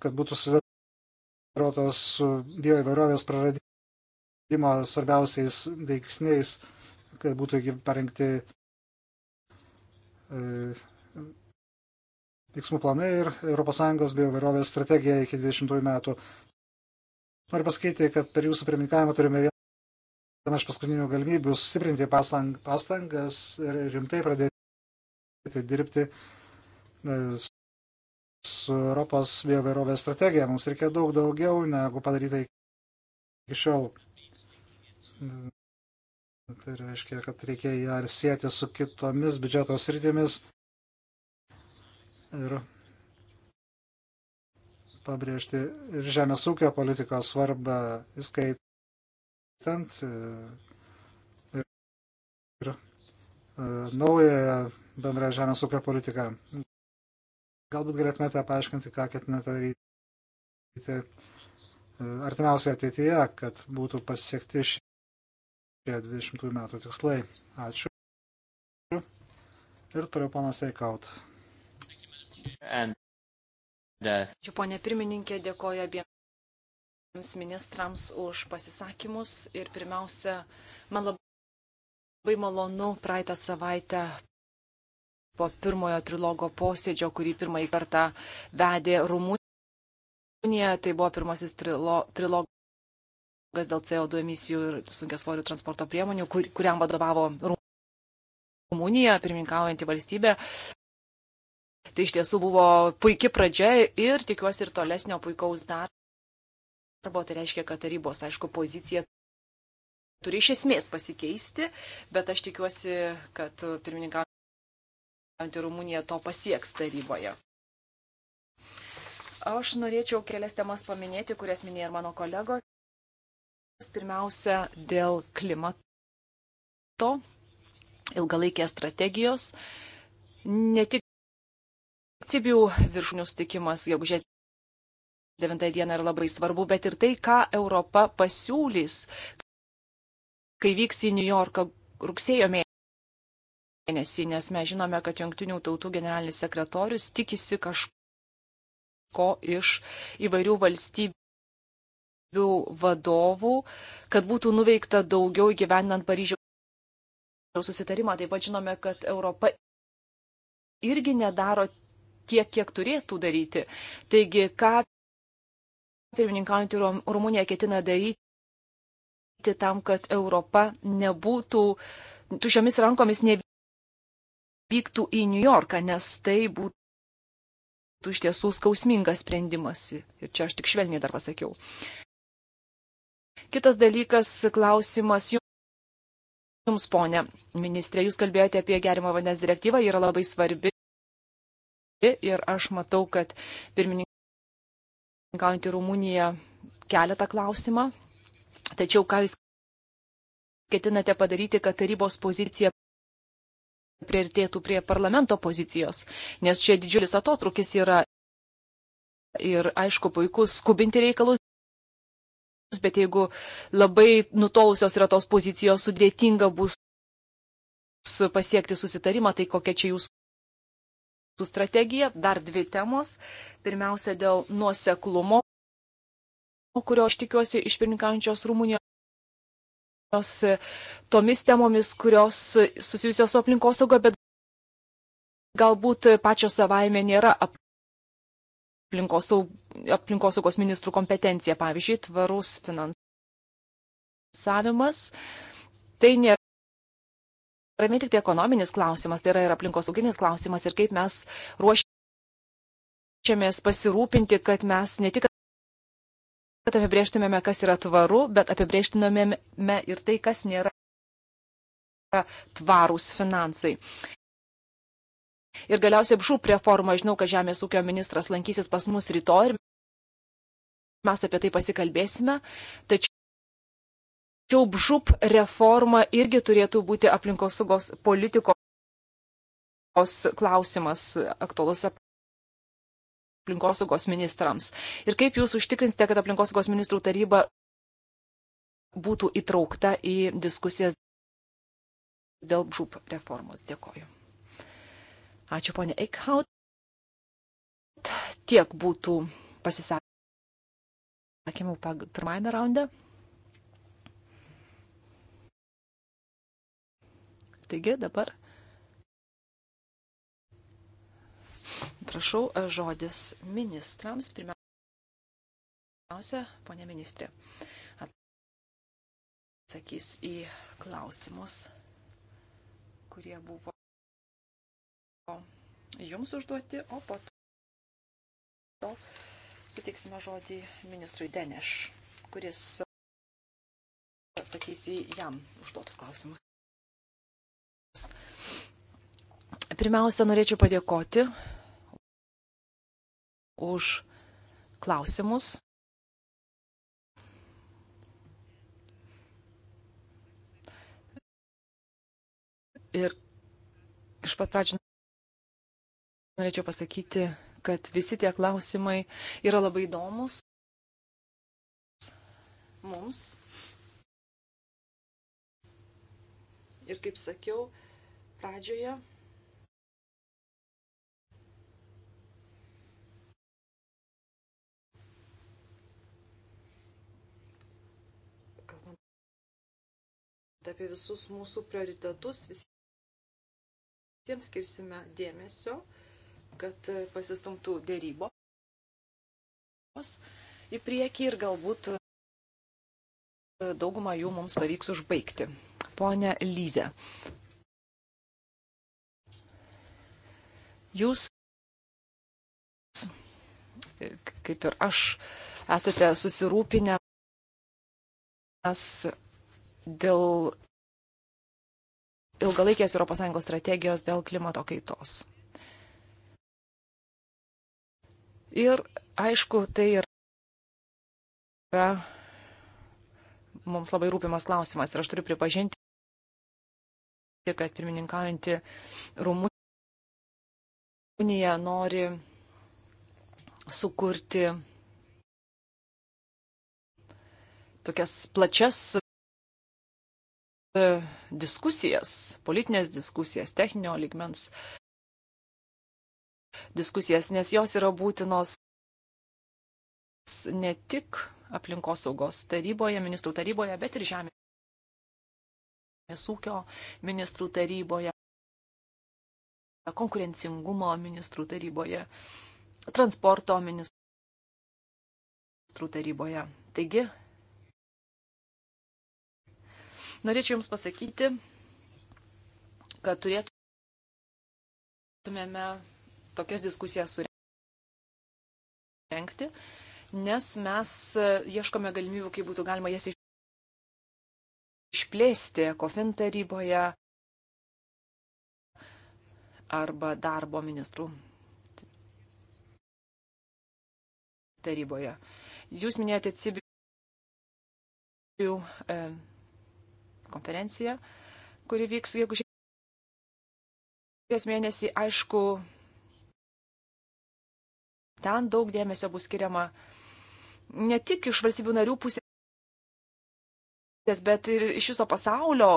kad būtų susidarotos su bioįvairovės praradimo svarbiausiais veiksniais kad būtų parengti e, veiksmų planai ir ES bioįvairovės strategija iki 20 metų. Noriu pasakyti, kad per jūsų pirmininkavimą turime vieną iš paskutinių galimybių sustiprinti pastang, pastangas ir rimtai pradėti dirbti e, su Europos bioįvairovės strategija. Mums reikia daug daugiau negu padaryta iki šiol. Tai reiškia, kad reikia ją ir sėti su kitomis biudžeto sritimis ir pabrėžti ir žemės ūkio politikos svarbą, įskaitant e, ir, ir e, naują bendrą žemės ūkio politiką. Galbūt galėtumėte paaiškinti, ką ketinate daryti e, artimiausioje ateityje, kad būtų pasiekti šie 20 metų tikslai. Ačiū. Ir turiu panas Eikaut. Uh, Ačiū, ponė pirmininkė, dėkoju abiems ministrams už pasisakymus ir pirmiausia, man labai malonu praeitą savaitę po pirmojo trilogo posėdžio, kurį pirmąjį kartą vedė Rumunija, tai buvo pirmasis trilo, trilogo kas dėl CO2 emisijų ir sunkiasvorių transporto priemonių, kur, kuriam vadovavo Rumunija, pirmininkaujanti valstybė. Tai iš tiesų buvo puikia pradžia ir tikiuosi ir tolesnio puikaus darbo. Tai reiškia, kad tarybos, aišku, pozicija turi iš esmės pasikeisti, bet aš tikiuosi, kad pirmininkaujantį Rumuniją to pasieks taryboje. Aš norėčiau kelias temas paminėti, kurias minėjo ir mano kolegos. Pirmiausia, dėl klimato ilgalaikės strategijos. Ne tik Cibių viršūnių sutikimas gegužės 9 dieną yra labai svarbu, bet ir tai, ką Europa pasiūlys, kai vyks į New Yorką rugsėjo mėnesį, nes mes žinome, kad Junktinių tautų generalinis sekretorius tikisi kažko iš įvairių valstybių valstybių vadovų, kad būtų nuveikta daugiau įgyvendinant Paryžiaus susitarimą. Taip pat žinome, kad Europa irgi nedaro tiek, kiek turėtų daryti. Taigi, ką pirmininkaujantį Rumuniją ketina daryti tam, kad Europa nebūtų tušiomis rankomis nevyktų į New Yorką, nes tai būtų iš tiesų skausmingas sprendimas. Ir čia aš tik švelniai dar pasakiau. Kitas dalykas, klausimas jums, ponė ministrė, jūs kalbėjote apie gerimo vandens direktyvą, yra labai svarbi ir aš matau, kad pirmininkaujantį Rumuniją kelia tą klausimą. Tačiau ką jūs ketinate padaryti, kad tarybos pozicija prieartėtų prie parlamento pozicijos, nes čia didžiulis atotrukis yra ir, aišku, puikus skubinti reikalus, bet jeigu labai nutolusios yra tos pozicijos, sudėtinga bus pasiekti susitarimą, tai kokia čia jūsų strategija. Dar dvi temos. Pirmiausia, dėl nuoseklumo, kurio aš tikiuosi iš pirmininkaujančios Rumunijos tomis temomis, kurios susijusios su aplinkosauga, bet galbūt pačios savaime nėra aplinkosauga aplinkosaug, aplinkosaugos ministrų kompetencija, pavyzdžiui, tvarus finansavimas. Tai nėra vien tik tai ekonominis klausimas, tai yra ir aplinkosauginis klausimas ir kaip mes ruošiamės pasirūpinti, kad mes ne tik kad apibrėžtumėme, kas yra tvaru, bet apibrėžtumėme ir tai, kas nėra tvarūs finansai. Ir galiausiai apšūp reforma, žinau, kad Žemės ūkio ministras lankysis pas mus rytoj ir mes apie tai pasikalbėsime. Tačiau apšūp reforma irgi turėtų būti aplinkosaugos politikos klausimas aktualus aplinkosaugos ministrams. Ir kaip jūs užtikrinsite, kad aplinkosaugos ministrų taryba būtų įtraukta į diskusijas dėl žūp reformos. Dėkoju. Ačiū, ponė Eichhaut. Tiek būtų pasisakymų pirmajame raunde. Taigi dabar prašau e, žodis ministrams. Pirmiausia, ponė ministrė, atsakys į klausimus, kurie buvo jums užduoti, o po to suteiksime žodį ministrui Deneš, kuris atsakys į jam užduotus klausimus. Pirmiausia, norėčiau padėkoti už klausimus. Ir iš pat pradžių Norėčiau pasakyti, kad visi tie klausimai yra labai įdomus mums. Ir kaip sakiau, pradžioje apie visus mūsų prioritetus, visiems skirsime dėmesio kad e, pasistumtų dėrybos į priekį ir galbūt e, daugumą jų mums pavyks užbaigti. Pone Lyze, jūs, e, kaip ir aš, esate susirūpinę dėl ilgalaikės ES strategijos dėl klimato kaitos. Ir aišku, tai yra mums labai rūpimas klausimas ir aš turiu pripažinti, kad pirmininkaujantį Rumuniją nori sukurti tokias plačias e, diskusijas, politinės diskusijas, techninio ligmens diskusijas, nes jos yra būtinos ne tik aplinkosaugos taryboje, ministrų taryboje, bet ir žemės ūkio ministrų taryboje, konkurencingumo ministrų taryboje, transporto ministrų taryboje. Taigi, norėčiau Jums pasakyti, kad turėtumėme tokias diskusijas surenkti, nes mes e, ieškome galimybių, kaip būtų galima jas išplėsti kofin taryboje arba darbo ministrų taryboje. Jūs minėjote Cibių e, konferenciją, kuri vyks, jeigu šiandien mėnesį, aišku, ten daug dėmesio bus skiriama ne tik iš valstybių narių pusės, bet ir iš viso pasaulio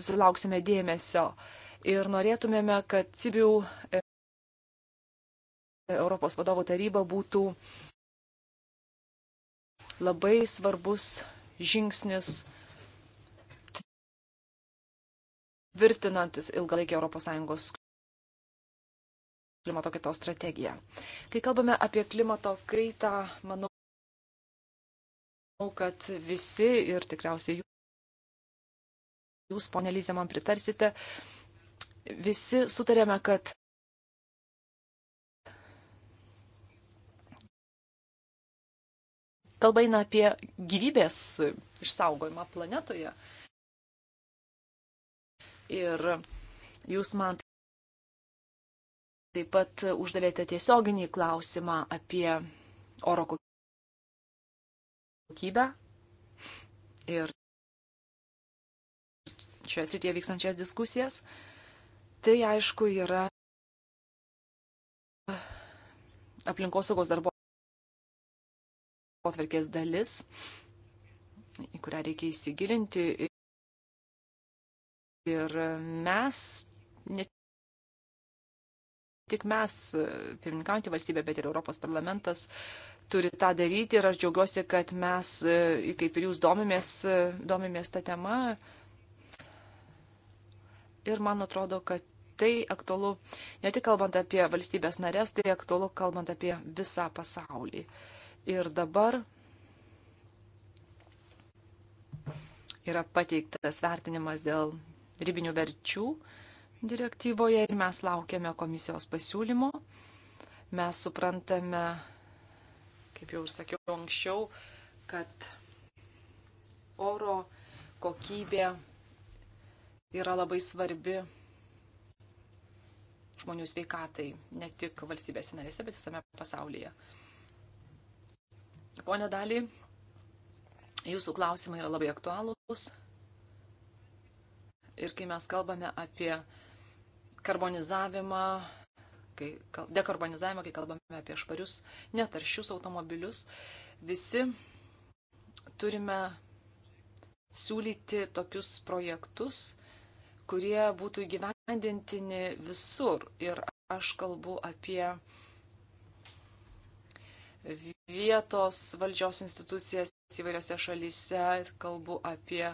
susilauksime dėmesio. Ir norėtumėme, kad Cibių e, Europos vadovų taryba būtų labai svarbus žingsnis tvirtinantis ilgalaikį ES klimato kaitos strategiją. Kai kalbame apie klimato kaitą, manau, kad visi ir tikriausiai jūs, ponė Lyzė, man pritarsite, visi sutarėme, kad kalba eina apie gyvybės išsaugojimą planetoje. Ir jūs man Taip pat uždavėte tiesioginį klausimą apie oro kokybę ir šioje srityje vykstančias diskusijas. Tai aišku yra aplinkosaugos darbo atverkės dalis, į kurią reikia įsigilinti. Ir mes net tik mes, pirmininkaujantį valstybę, bet ir Europos parlamentas turi tą daryti ir aš džiaugiuosi, kad mes, e, kaip ir jūs, domimės, e, domimės tą temą. Ir man atrodo, kad tai aktualu ne tik kalbant apie valstybės narės, tai aktualu kalbant apie visą pasaulį. Ir dabar yra pateiktas vertinimas dėl ribinių verčių direktyvoje ir mes laukiame komisijos pasiūlymo. Mes suprantame, kaip jau ir sakiau anksčiau, kad oro kokybė yra labai svarbi žmonių sveikatai, ne tik valstybėse narėse, bet visame pasaulyje. Pone Dali, jūsų klausimai yra labai aktualūs. Ir kai mes kalbame apie karbonizavimą, kai, dekarbonizavimą, kai kalbame apie švarius, netaršius automobilius, visi turime siūlyti tokius projektus, kurie būtų įgyvendintini visur. Ir aš kalbu apie vietos valdžios institucijas įvairiose šalyse, kalbu apie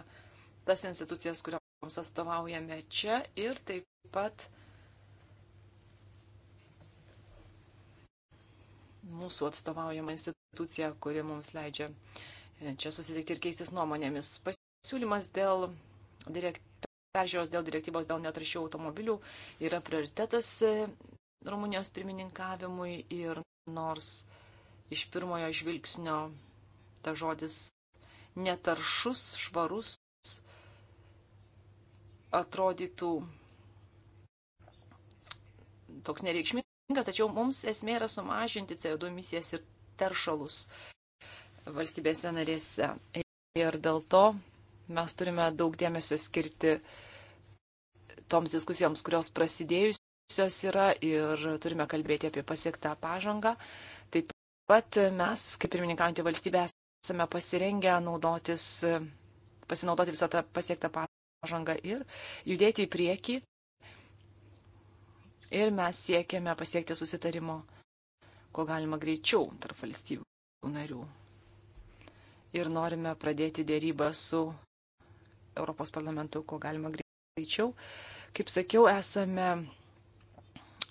tas institucijas, kurioms atstovaujame čia ir taip pat mūsų atstovaujama institucija, kuri mums leidžia e, čia susitikti ir keistis nuomonėmis. Pasiūlymas dėl direkt... peržiūros dėl direktyvos dėl netrašių automobilių yra prioritetas e, Rumunijos pirmininkavimui ir nors iš pirmojo žvilgsnio ta žodis netaršus, švarus atrodytų toks nereikšmingas tačiau mums esmė yra sumažinti CO2 emisijas ir teršalus valstybėse narėse. Ir dėl to mes turime daug dėmesio skirti toms diskusijoms, kurios prasidėjusios yra ir turime kalbėti apie pasiektą pažangą. Taip pat mes, kaip pirmininkaujantį valstybę, esame pasirengę naudotis, pasinaudoti visą tą pasiektą pažangą ir judėti į priekį, ir mes siekiame pasiekti susitarimo, ko galima greičiau tarp valstybių narių. Ir norime pradėti dėrybą su Europos parlamentu, ko galima greičiau. Kaip sakiau, esame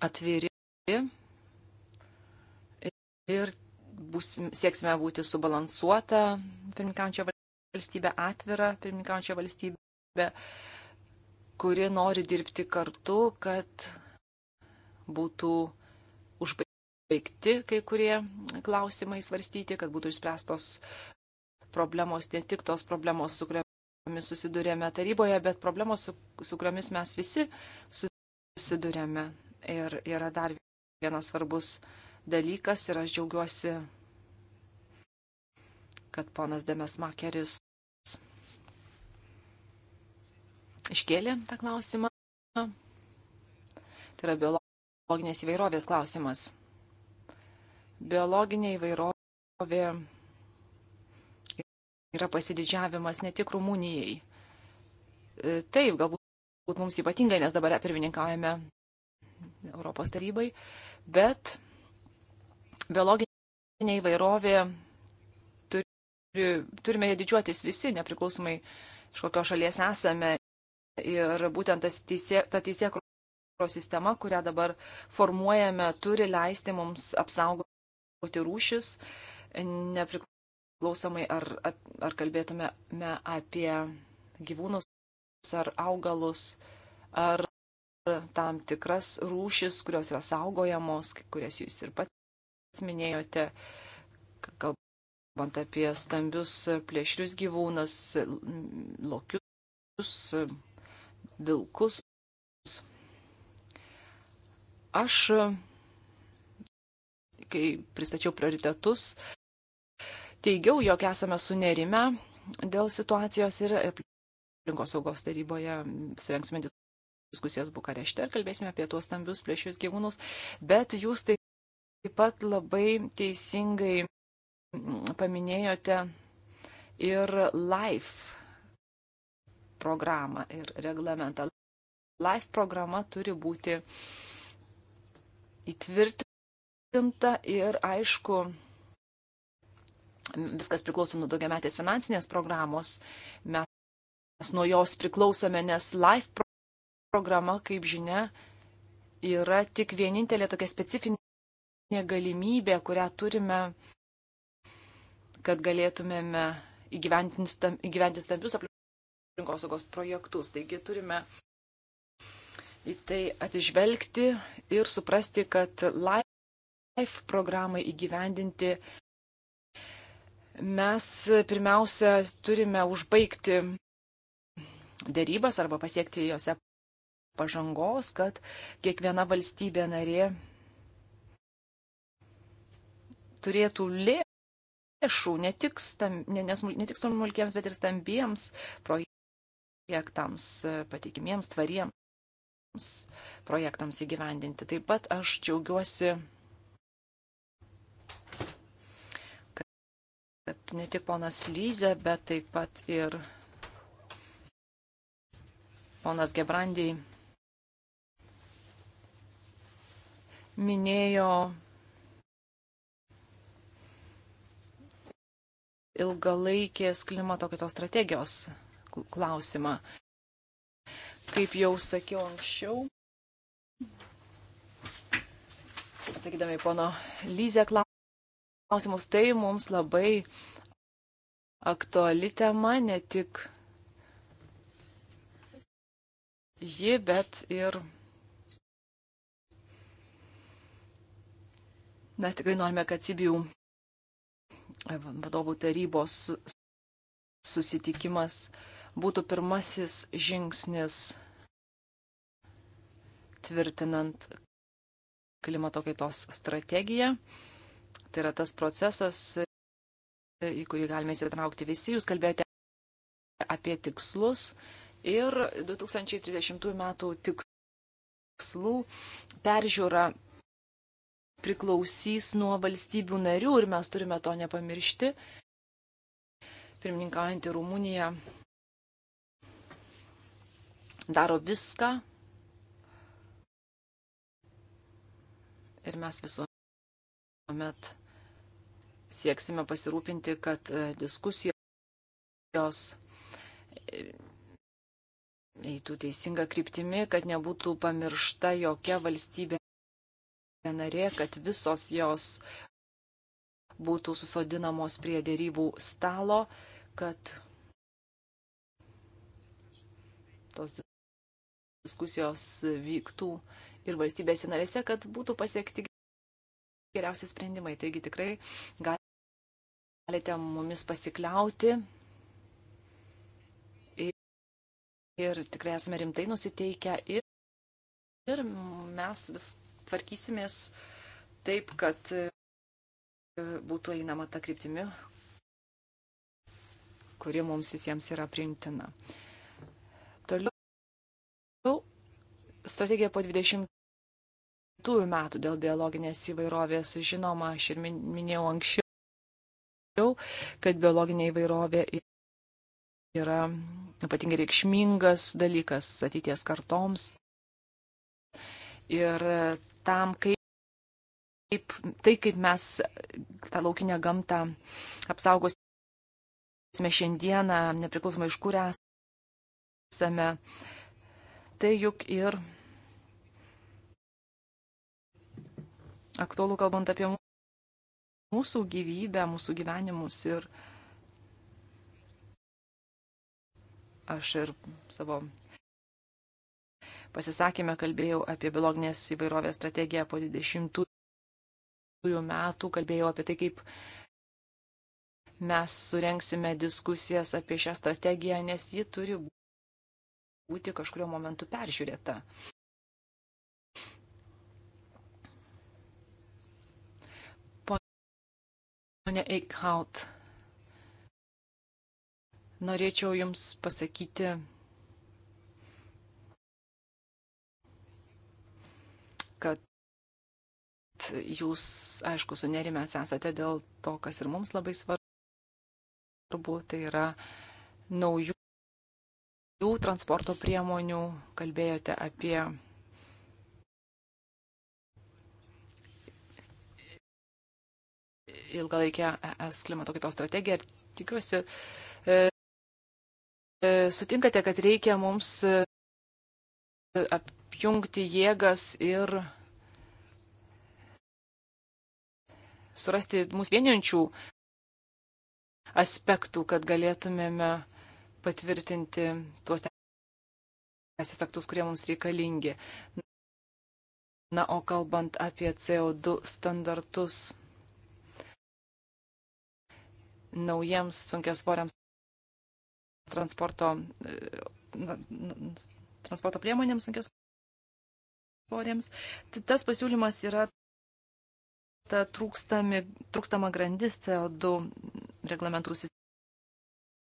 atviri ir būsim, sieksime būti subalansuota pirmininkančio valstybė, atvira pirmininkančio valstybė, kuri nori dirbti kartu, kad būtų užbaigti kai kurie klausimai svarstyti, kad būtų išspręstos problemos, ne tik tos problemos, su kuriomis susidurėme taryboje, bet problemos, su, su kuriomis mes visi susidurėme. Ir yra dar vienas svarbus dalykas ir aš džiaugiuosi, kad ponas Demesmakeris iškėlė tą klausimą. Tai yra biologijos biologinės įvairovės klausimas. Biologinė įvairovė yra pasididžiavimas ne tik Rumunijai. E, taip, galbūt mums ypatingai, nes dabar pirmininkaujame Europos tarybai, bet biologinė įvairovė turi, turime didžiuotis visi, nepriklausomai iš kokios šalies esame. Ir būtent tas teisė, ta teisė, sistema, kurią dabar formuojame, turi leisti mums apsaugoti rūšis, nepriklausomai ar, ar kalbėtume apie gyvūnus ar augalus, ar tam tikras rūšis, kurios yra saugojamos, kurias jūs ir pats minėjote, kalbant apie stambius plėšrius gyvūnus, lokius, vilkus. Aš, kai pristačiau prioritetus, teigiau, jog esame sunerime dėl situacijos ir aplinkos saugos taryboje surenksime diskusijas Bukarešte ir kalbėsime apie tuos stambius plėšius gyvūnus, bet jūs taip pat labai teisingai mm, paminėjote ir LIFE programą ir reglamentą. LIFE programa turi būti uh, įtvirtinta ir aišku, viskas priklauso nuo daugiametės finansinės programos. Mes nuo jos priklausome, nes LIFE programa, kaip žinia, yra tik vienintelė tokia specifinė galimybė, kurią turime, kad galėtumėme įgyventi stambius aplinkosaugos projektus. Taigi turime į tai atižvelgti ir suprasti, kad LIFE programai įgyvendinti mes pirmiausia turime užbaigti dėrybas arba pasiekti jose pažangos, kad kiekviena valstybė narė turėtų lėšų ne tik, stam, ne, ne tik smulkiems, bet ir stambiems projektams, patikimiems, tvariems projektams įgyvendinti. Taip pat aš džiaugiuosi, kad ne tik ponas Lyze, bet taip pat ir ponas Gebrandiai minėjo ilgalaikės klimato kitos strategijos klausimą. Kaip jau sakiau anksčiau, atsakydami pono Lyzę klausimus, tai mums labai aktuali tema, ne tik ji, bet ir mes tikrai norime, kad Sibių vadovų tarybos susitikimas būtų pirmasis žingsnis tvirtinant klimato kaitos strategiją. Tai yra tas procesas, į kurį galime įsitraukti visi. Jūs kalbėjote apie tikslus ir 2030 metų tikslų peržiūra priklausys nuo valstybių narių ir mes turime to nepamiršti. Pirmininkaujantį Rumuniją daro viską. Ir mes visuomet sieksime pasirūpinti, kad e, diskusijos eitų teisinga kryptimi, kad nebūtų pamiršta jokia valstybė narė, kad visos jos būtų susodinamos prie dėrybų stalo, kad tos diskusijos vyktų ir valstybėse narėse, kad būtų pasiekti geriausi sprendimai. Taigi tikrai galite mumis pasikliauti. Ir, ir tikrai esame rimtai nusiteikę ir, ir mes vis tvarkysimės taip, kad e, būtų einama ta kryptimi, kuri mums visiems yra priimtina. strategija po 20 metų dėl biologinės įvairovės. Žinoma, aš ir minėjau anksčiau, kad biologinė įvairovė yra ypatingai reikšmingas dalykas ateities kartoms. Ir tam, kaip, tai, kaip mes tą laukinę gamtą apsaugosime šiandieną, nepriklausomai iš kur esame, tai juk ir aktualu kalbant apie mūsų gyvybę, mūsų gyvenimus ir aš ir savo pasisakymę kalbėjau apie biologinės įvairovės strategiją po 20 metų, kalbėjau apie tai, kaip mes surenksime diskusijas apie šią strategiją, nes ji turi būti kažkurio momentu peržiūrėta. Pone Eichhaut, norėčiau Jums pasakyti, kad Jūs, aišku, sunerimęs esate dėl to, kas ir mums labai svarbu, tai yra naujų transporto priemonių, kalbėjote apie ilgalaikę ES klimato kaitos strategiją ir tikiuosi, e, e, sutinkate, kad reikia mums e, apjungti jėgas ir surasti mūsų vieninčių aspektų, kad galėtumėme patvirtinti tuos teisės aktus, kurie mums reikalingi. Na, o kalbant apie CO2 standartus, naujiems sunkiasvoriams transporto, transporto priemonėms sunkiasvoriams. Tai tas pasiūlymas yra ta trūkstami, trūkstama grandis CO2 reglamentų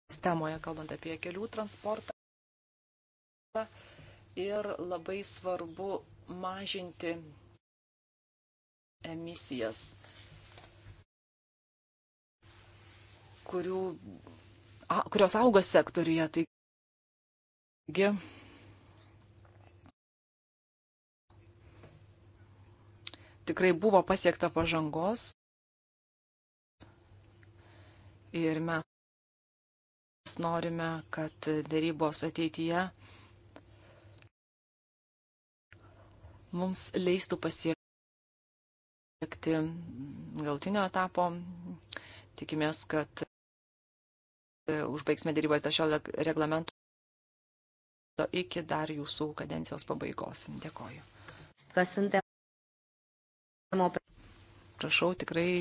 sistemoje, kalbant apie kelių transportą. Ir labai svarbu mažinti emisijas kurių, a, kurios auga sektoriuje. Taigi, tikrai buvo pasiekta pažangos ir mes norime, kad dėrybos ateityje mums leistų pasiekti galtinio etapo. Tikimės, kad užbaigsime dėrybas dėl šio reglamento iki dar jūsų kadencijos pabaigos. Dėkoju. Kas siuntė? Prašau, tikrai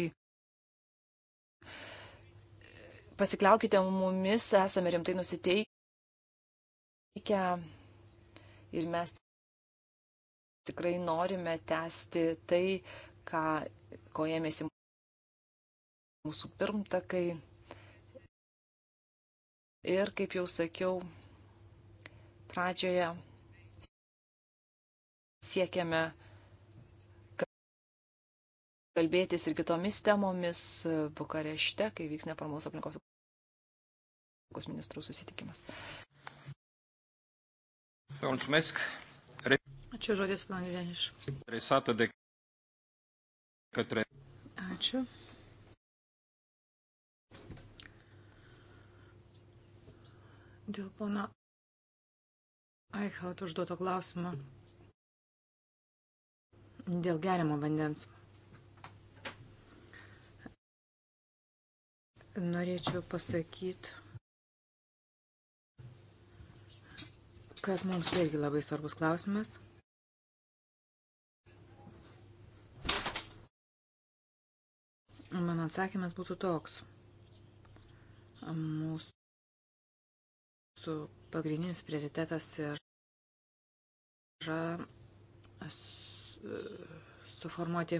pasikliaukite mumis, esame rimtai nusiteikę ir mes tikrai norime tęsti tai, ką, ko ėmėsi mūsų pirmtakai. Ir, kaip jau sakiau, pradžioje siekiame kalbėtis ir kitomis temomis Bukarešte, kai vyks neformalus aplinkos aplinkos ministrų susitikimas. Mulțumesc. Ačiū žodis, planas Deniš. Adresată de către... Ačiū. Dėl pono Aichaut užduoto klausimo. Dėl gerimo vandens. Norėčiau pasakyti, kad mums irgi labai svarbus klausimas. Mano atsakymas būtų toks. Mūsų Su pagrindinis prioritetas yra e, suformuoti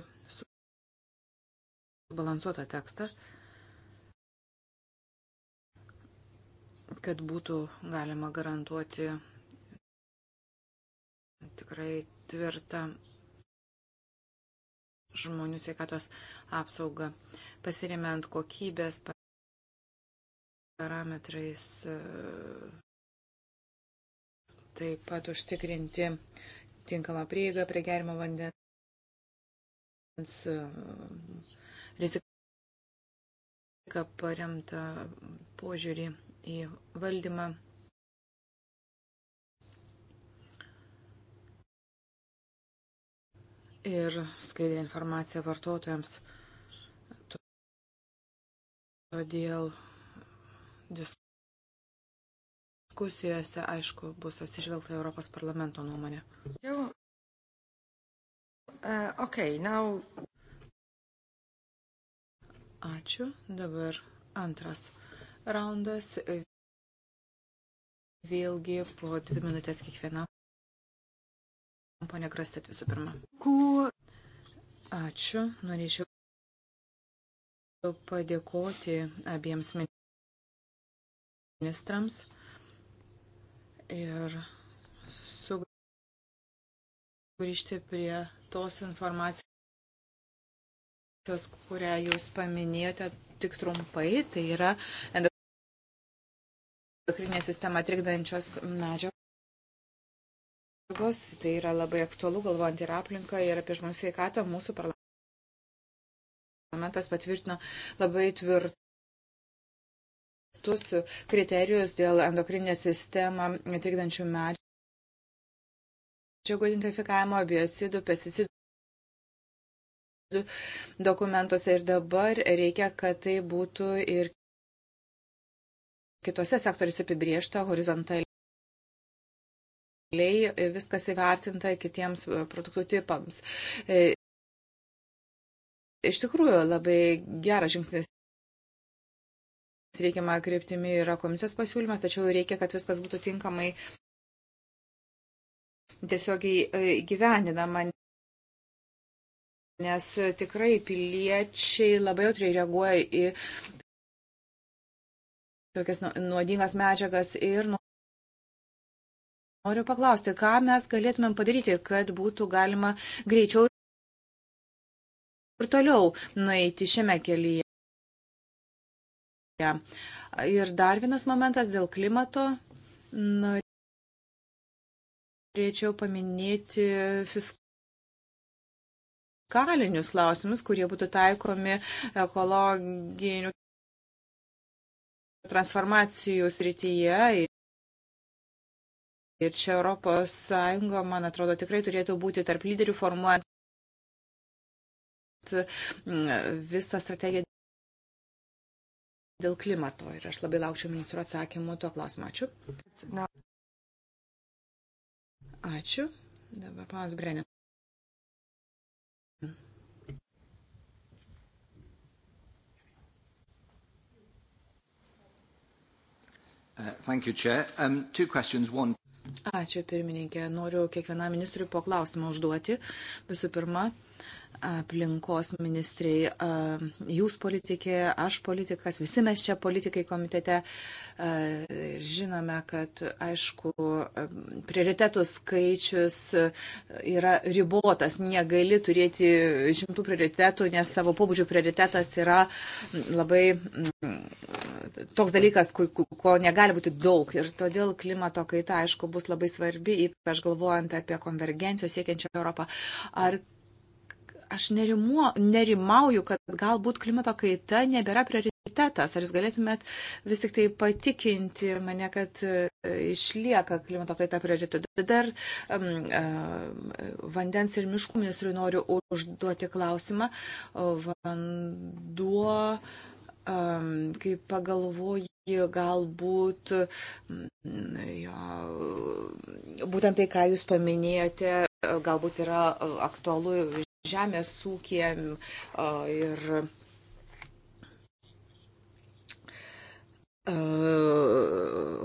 subalansuotą tekstą, kad būtų galima garantuoti tikrai tvirtą žmonių sveikatos apsaugą, pasiremiant kokybės, parametrais e, taip pat užtikrinti tinkamą prieigą prie gerimo vandens e, riziką paremtą požiūrį į valdymą. Ir skaidrė informacija vartotojams. Todėl diskusijose, aišku, bus atsižvelgta Europos parlamento nuomonė. Jau. Uh, e, okay, now... Ačiū. Dabar antras raundas. Vėlgi po dvi minutės kiekviena. Pane Grastet visų pirma. Ačiū. Norėčiau padėkoti abiems minėtėms ministrams ir sugrįžti prie tos informacijos, kurią jūs paminėjote tik trumpai, tai yra endokrinė sistema trikdančios medžiagos. Tai yra labai aktualu, galvojant ir aplinką, ir apie žmonių sveikatą, mūsų parlamentas patvirtino labai tvirtą kitus kriterijus dėl endokrininę sistemą trikdančių medžiagų identifikavimo, biocidų, pesticidų dokumentuose ir dabar reikia, kad tai būtų ir kitose sektoriuose apibriešta horizontaliai viskas įvertinta kitiems produktų tipams. E, iš tikrųjų, labai geras žingsnis reikiamą kryptimį yra komisijos pasiūlymas, tačiau reikia, kad viskas būtų tinkamai tiesiogiai e, gyvendinama, nes tikrai piliečiai labai jautriai reaguoja į tokias nu, nuodingas medžiagas ir nu, noriu paklausti, ką mes galėtumėm padaryti, kad būtų galima greičiau ir toliau nueiti šiame kelyje. Ir dar vienas momentas dėl klimato. Norėčiau paminėti fiskalinius klausimus, kurie būtų taikomi ekologinių transformacijų srityje. Ir čia Europos Sąjunga, man atrodo, tikrai turėtų būti tarp lyderių formuojant visą strategiją dėl klimato ir aš labai laukčiau ministro atsakymų tuo klausimu. Ačiū. Ačiū. Dabar panas Brenin. Uh, thank you, Chair. Um, two questions. One. Ačiū pirmininkė. Noriu kiekvienam ministrui po klausimą užduoti. Visų pirma, uh, aplinkos ministrai, jūs politikė, aš politikas, visi mes čia politikai komitete žinome, kad, aišku, prioritetų skaičius yra ribotas, negali turėti šimtų prioritetų, nes savo pobūdžio prioritetas yra labai mm, toks dalykas, ko negali būti daug. Ir todėl klimato kaita, aišku, bus labai svarbi, ypač galvojant apie konvergencijos siekiančią Europą. Ar aš nerimu, nerimauju, kad galbūt klimato kaita nebėra prioritetas. Ar jūs galėtumėt vis tik tai patikinti mane, kad e, išlieka klimato kaita prioritetu? Dar um, uh, vandens ir miškų ministrui noriu užduoti klausimą. Vanduo. Uh, kai pagalvoji galbūt mm, jo, būtent tai, ką jūs paminėjote, galbūt yra aktualu žemės ūkėm ir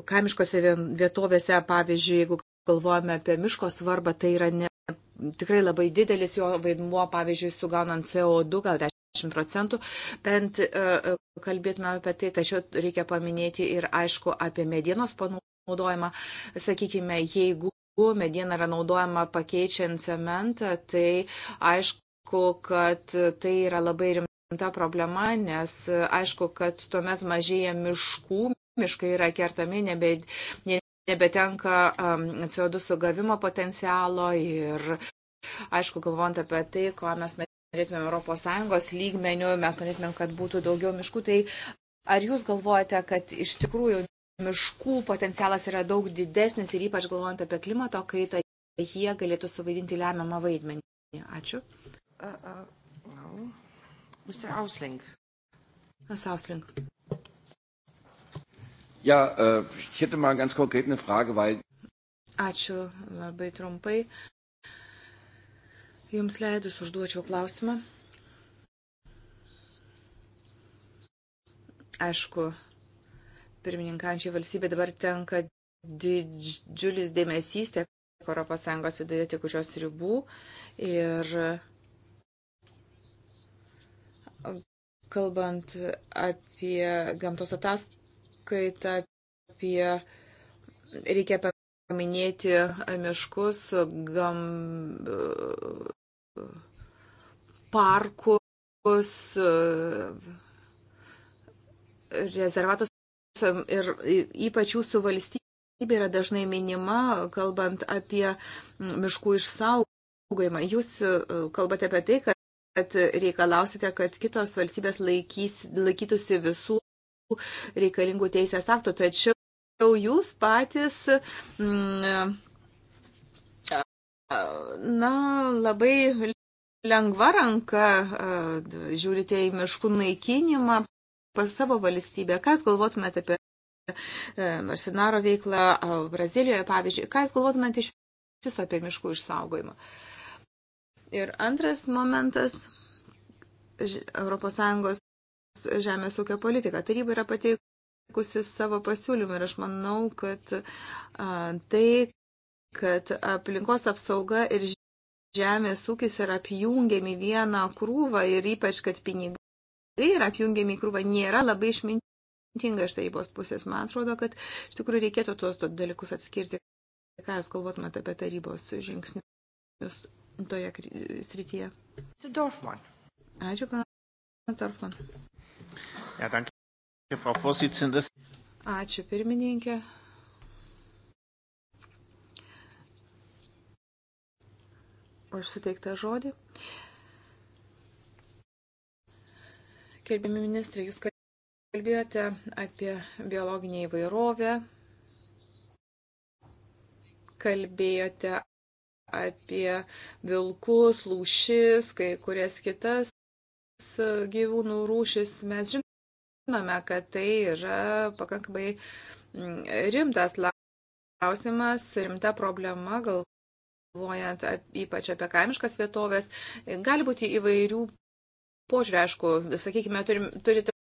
kaimiškose vietovėse, pavyzdžiui, jeigu galvojame apie miško svarbą, tai yra ne, tikrai labai didelis jo vaidmuo, pavyzdžiui, sugaunant CO2, gal 10 procentų, bent e, e, kalbėtume apie tai, tačiau reikia paminėti ir aišku apie medienos panaudojimą. Sakykime, jeigu mediena yra naudojama pakeičiant cementą, tai aišku, kad tai yra labai rimta problema, nes e, aišku, kad tuomet mažėja miškų, miškai yra kertami, nebe, nebetenka CO2 sugavimo potencialo ir aišku, galvojant apie tai, ko mes norėjome norėtumėm Europos Sąjungos lygmenių, mes norėtumėm, kad būtų daugiau miškų, tai ar jūs galvojate, kad iš tikrųjų miškų potencialas yra daug didesnis ir ypač galvojant apie klimato kaitą, jie galėtų suvaidinti lemiamą vaidmenį? Ačiū. Uh, uh, no. Mr. Ausling. Mr. Ausling. Ja, äh, ich hätte mal ganz konkret eine Frage, weil. Ačiū labai trumpai. Jums leidus užduočiau klausimą. Aišku, pirmininkančiai valstybė dabar tenka didžiulis dėmesys tiek ES viduje, tiek už jos ribų. Ir kalbant apie gamtos ataskaitą, apie reikia paminėti miškus, gam, parkus, e, rezervatus ir ypač jūsų valstybė yra dažnai minima, kalbant apie miškų išsaugojimą. Jūs e, kalbate apie tai, kad kad reikalausite, kad kitos valstybės laikys, laikytųsi visų reikalingų teisės aktų, tačiau jūs patys mm, na, labai lengva ranka žiūrite į miškų naikinimą pas savo valstybę. Kas galvotumėte apie e, Marsinaro veiklą Brazilijoje, pavyzdžiui? Ką jūs galvotumėte iš viso apie miškų išsaugojimą? Ir antras momentas ES žemės ūkio politika. Taryba yra pateikusi savo pasiūlymą ir aš manau, kad tai, kad aplinkos apsauga ir žemės ūkis yra apjungiami vieną krūvą ir ypač, kad pinigai yra apjungiami į krūvą, nėra labai išmintinga iš tarybos pusės. Man atrodo, kad iš tikrųjų reikėtų tuos dalykus atskirti. Ką Jūs galvotumėte apie tarybos žingsnius toje srityje? Ačiū, pana Dorfman. Ja, danke, Frau Vorsitzende. Ačiū, pirmininkė. už suteiktą žodį. Kelbėmi ministrai, jūs kalbėjote apie biologinę įvairovę, kalbėjote apie vilkus, lūšis, kai kurias kitas gyvūnų rūšis. Mes žinome, kad tai yra pakankamai mm, rimtas klausimas, rimta problema, gal galvojant ypač apie kaimiškas vietovės, gali būti įvairių požiūrė, aišku, sakykime, turim, turite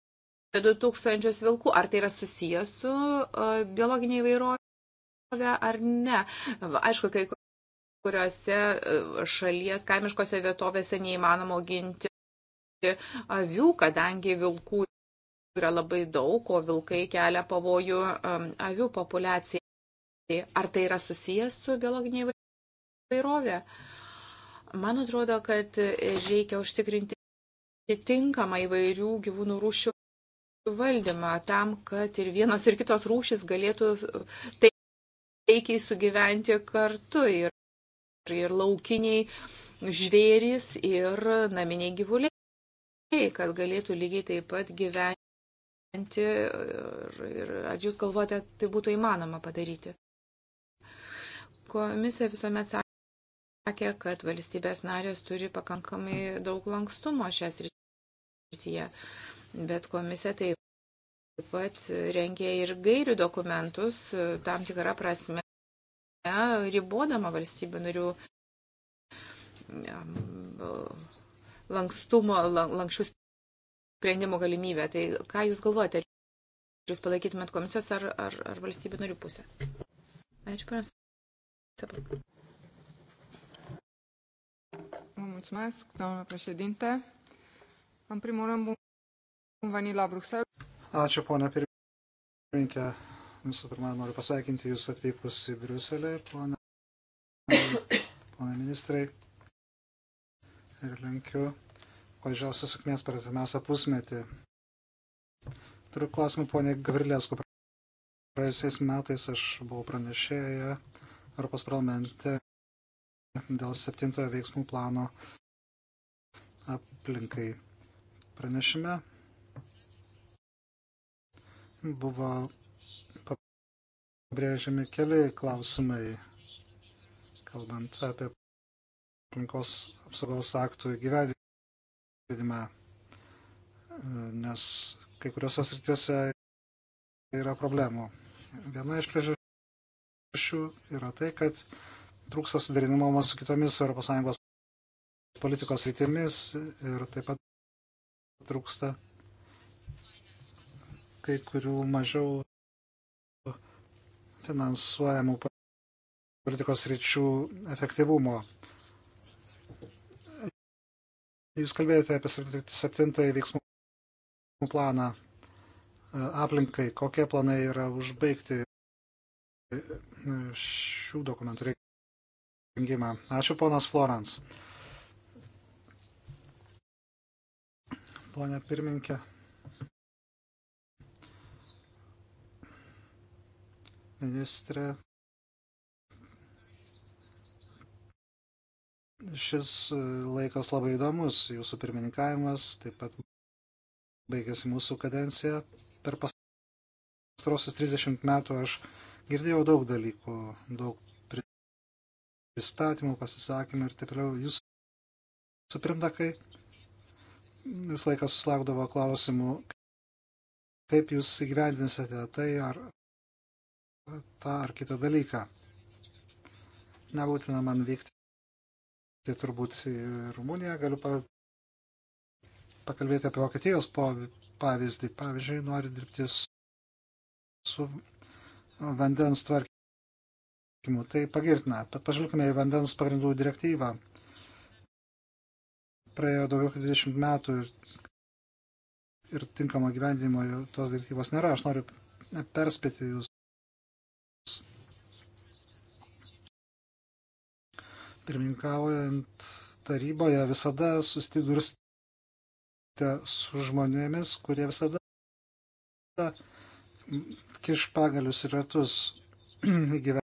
2000 vilkų, ar tai yra susijęs su uh, biologinė įvairovė ar ne. Aišku, kai kuriuose šalies kaimiškose vietovėse neįmanoma auginti avių, kadangi vilkų yra labai daug, o vilkai kelia pavojų um, avių populiacijai. Ar tai yra susijęs su biologinė įvairovė? įvairovę. Man atrodo, kad reikia užtikrinti tinkamą įvairių gyvūnų rūšių valdymą tam, kad ir vienos ir kitos rūšis galėtų taikiai sugyventi kartu ir, ir laukiniai žvėrys ir naminiai gyvuliai, kad galėtų lygiai taip pat gyventi. Ir, ir ar jūs galvojate, tai būtų įmanoma padaryti? Komisija visuomet sakė, sakė, kad valstybės narės turi pakankamai daug lankstumo šias rytyje, bet komisija taip pat rengė ir gairių dokumentus tam tikrą prasme, ribodama valstybių narių lankstumo, lankščių sprendimų galimybę. Tai ką Jūs galvojate, ar Jūs palaikytumėt komisijos ar, ar, ar valstybių narių pusę? Ačiū, panas. Vă mulțumesc, doamnă președinte. În primul rând, bun venit la Bruxelles. Ačiū, ponia pirmininkė. Visų pirma, noriu pasveikinti Jūs atvykus į Briuselį, ponia, ponia ministrai. Ir linkiu kuo didžiausios sėkmės per atimiausią pusmetį. Turiu klausimą, ponia Gavrilėsku. Praėjusiais metais aš buvau pranešėję Europos parlamente dėl septintojo veiksmų plano aplinkai. Pranešime buvo pabrėžiami keli klausimai, kalbant apie aplinkos apsaugos aktų gyvenimą, nes kai kuriuose srityse yra problemų. Viena iš priežasčių yra tai, kad trūksta suderinimumo su kitomis ES politikos rytimis ir taip pat trūksta kai kurių mažiau finansuojamų politikos ryčių efektyvumo. Jūs kalbėjote apie septintąjį veiksmų planą aplinkai. Kokie planai yra užbaigti šių dokumentų reikia? rengimą. Ačiū ponas Florans. Pone pirminkė. Ministrė. Šis laikas labai įdomus, jūsų pirmininkavimas, taip pat baigėsi mūsų kadencija. Per pastarosius 30 metų aš girdėjau daug dalykų, daug įstatymų pasisakymų ir taip toliau. Jūs suprimdakai visą laiką susilaukdavo klausimų, kaip jūs įgyvendinsite tai ar tą ar kitą dalyką. Nebūtina man vykti. Tai turbūt į Rumuniją galiu pa, pakalbėti apie Vokietijos pavyzdį. Pavyzdžiui, nori dirbti su vandens tvarkymu tai pagirtina. Bet pažvelkime į vandens pagrindų direktyvą. Praėjo daugiau kaip 20 metų ir, ir tinkamo gyvendinimo tos direktyvos nėra. Aš noriu perspėti jūs. Pirmininkaujant taryboje visada susidursite su žmonėmis, kurie visada kiš pagalius ir ratus gyvena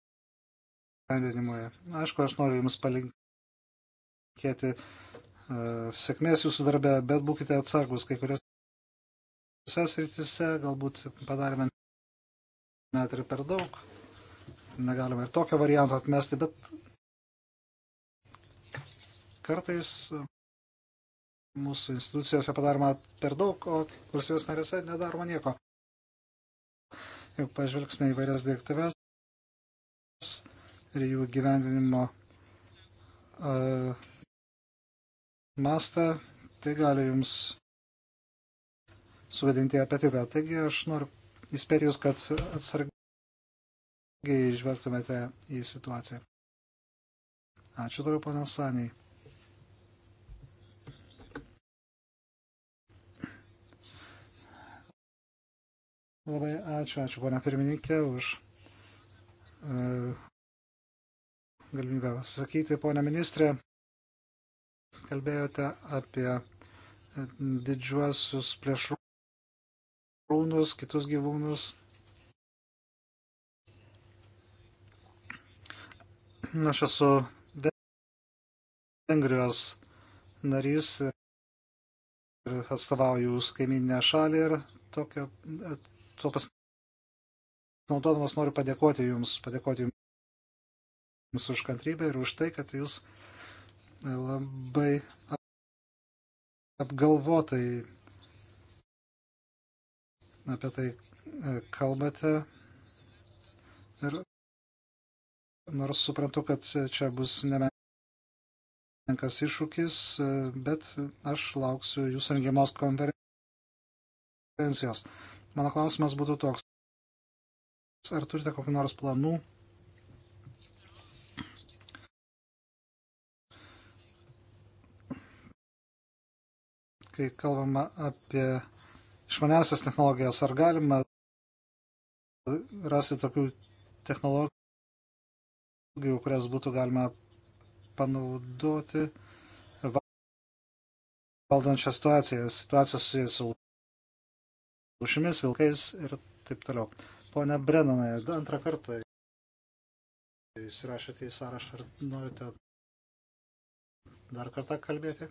gyvendinimui. Aišku, aš noriu Jums palinkėti uh, sėkmės Jūsų darbe, bet būkite atsargus, kai kuriuose srityse galbūt padarėme net ir per daug. Negalime ir tokio varianto atmesti, bet kartais e, mūsų institucijose padaroma per daug, o valstybės narėse nedaroma nieko. Jeigu pažvelgsime į vairias direktyves, ir jų gyvendinimo uh, mastą, tai gali jums sugadinti apetitą. Taigi aš noriu įspėti jūs, kad atsargiai žvelgtumėte į situaciją. Ačiū toliau, ponas Saniai. Labai ačiū, ačiū, ponia pirmininkė, už uh, galimybę sakyti. Pone ministrė, kalbėjote apie didžiuosius plėšrūnus, kitus gyvūnus. Aš esu Vengrijos narys ir atstovauju jūsų kaiminę šalį ir tokio, to pasinaudodamas noriu padėkoti jums, padėkoti jums. Jums už kantrybę ir už tai, kad Jūs e, labai apgalvotai apie tai e, kalbate. Ir nors suprantu, kad čia bus nemenkas iššūkis, e, bet aš lauksiu Jūsų rengimos konferencijos. Mano klausimas būtų toks. Ar turite kokį nors planų kai kalbama apie išmanesias technologijas, ar galima rasti tokių technologijų, kurias būtų galima panaudoti valdančią situaciją, situaciją susijusią su lūšimis, vilkais ir taip toliau. Pone Brennanai, antrą kartą įsirašėte į sąrašą, ar norite dar kartą kalbėti?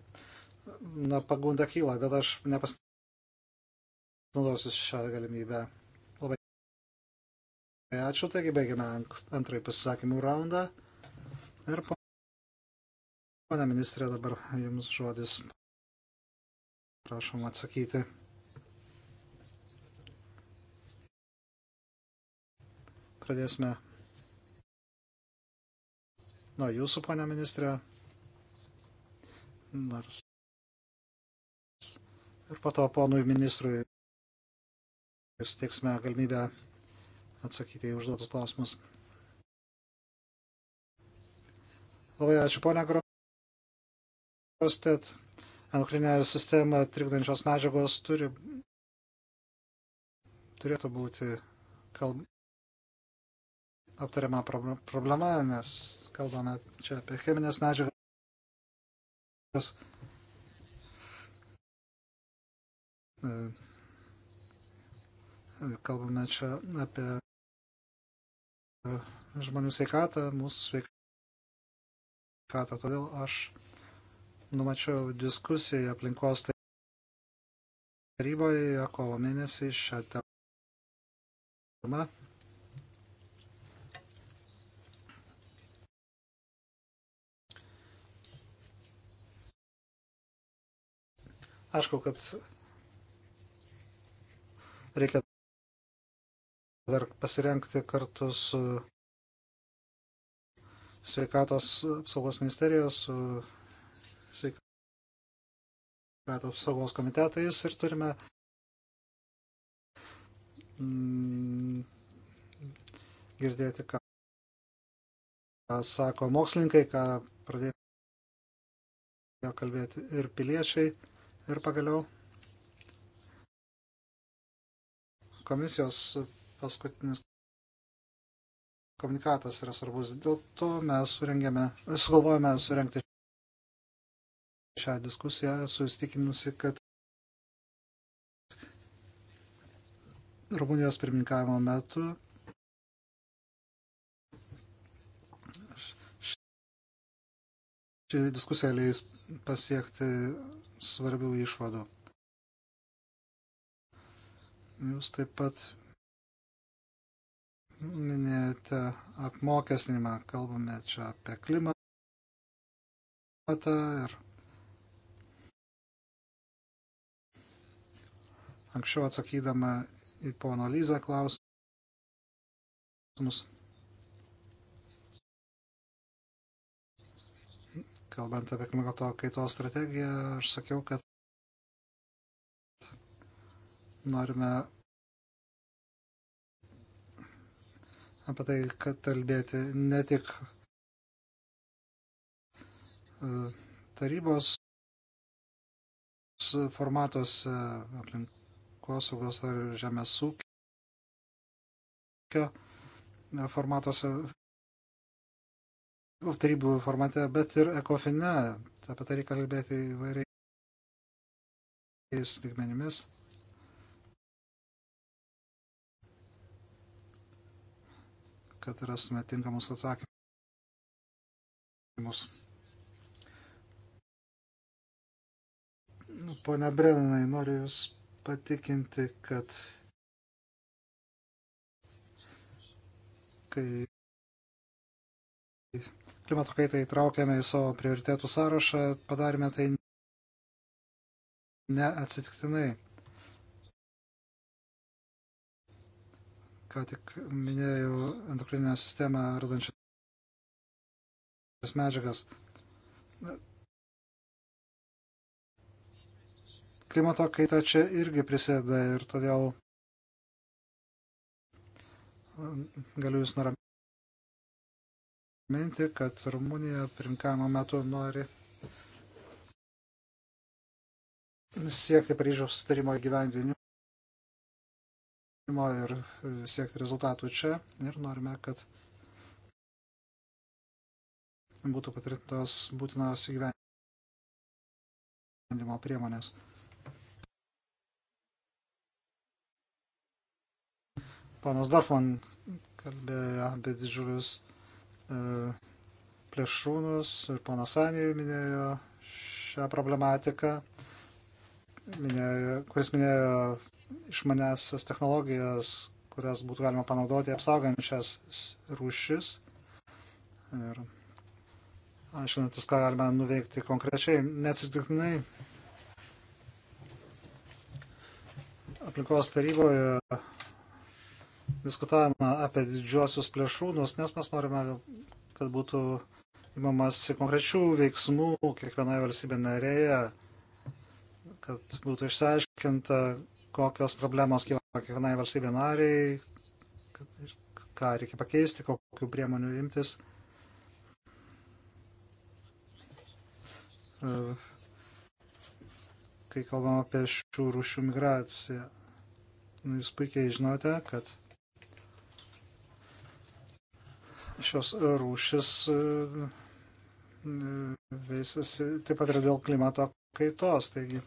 na, pagunda kyla, bet aš nepasinaudosiu šią galimybę. Labai ačiū, taigi baigiame antrąjį pasisakymų raundą. Ir ponia ministrė, dabar jums žodis. Prašom atsakyti. Pradėsime nuo jūsų, ponia ministrė nors ir po to ponui ministrui suteiksime galimybę atsakyti į užduotus klausimus. Labai ačiū, ponia Grostet. Endokrinė sistema trikdančios medžiagos turi, turėtų būti kalb, aptariama problema, nes kalbame čia apie cheminės medžiagas E, kalbame čia apie žmonių sveikatą, mūsų sveikatą. Todėl aš numačiau diskusiją aplinkos taryboje kovo mėnesį šią temą. Aišku, kad reikia dar pasirenkti kartu su sveikatos apsaugos ministerijos, su sveikatos apsaugos komitetais ir turime mm, girdėti, ką, ką sako mokslininkai, ką pradėjo kalbėti ir piliečiai ir pagaliau Komisijos paskutinis komunikatas yra svarbus. Dėl to mes sugalvojame surenkti šią diskusiją. Esu įstikinusi, kad Rumunijos pirmininkavimo metu ši diskusija leis pasiekti svarbių išvadų. Jūs taip pat minėjote apmokesnimą, kalbame čia apie klimatą ir anksčiau atsakydama į pono Lyzą klausimus. Kalbant apie klimato kaitos strategiją, aš sakiau, kad norime apie tai kalbėti ne tik e, tarybos formatuose aplinkosaugos ar žemės ūkio formatuose tarybų formate, bet ir ekofine. Apie tai reikia kalbėti įvairiais lygmenimis. kad rastume tinkamus atsakymus. Nu, Pone Brennanai, noriu Jūs patikinti, kad kai klimato kaitą įtraukėme į savo prioritėtų sąrašą, padarėme tai neatsitiktinai. ką tik minėjau endokrininę sistemą ardančias medžiagas. Klimato kaita čia irgi prisėda ir todėl galiu Jūs nuraminti, kad Rumunija pirmkavimo metu nori siekti Paryžiaus sutarimo įgyvendinimo ir e, siekti rezultatų čia. Ir norime, kad būtų patvirtintos būtinos įgyvendimo priemonės. Panas Darfon kalbėjo apie didžiulius e, plėšrūnus ir panas Anė minėjo šią problematiką, minėjo, kuris minėjo išmanesias technologijas, kurias būtų galima panaudoti apsaugančias rūšis. Ir aiškinantis, ką galime nuveikti konkrečiai, neatsitiktinai aplinkos taryboje diskutavome apie didžiuosius plėšrūnus, nes mes norime, kad būtų imamas konkrečių veiksmų kiekvienoje valstybėje narėje, kad būtų išsiaiškinta, kokios problemos kyla kiekvienai valstybė nariai, ką reikia pakeisti, kokiu priemonių imtis. E, kai kalbam apie šių rūšių migraciją, nu, jūs puikiai žinote, kad šios rūšis e, e, veisiasi taip pat ir dėl klimato kaitos. Taigi,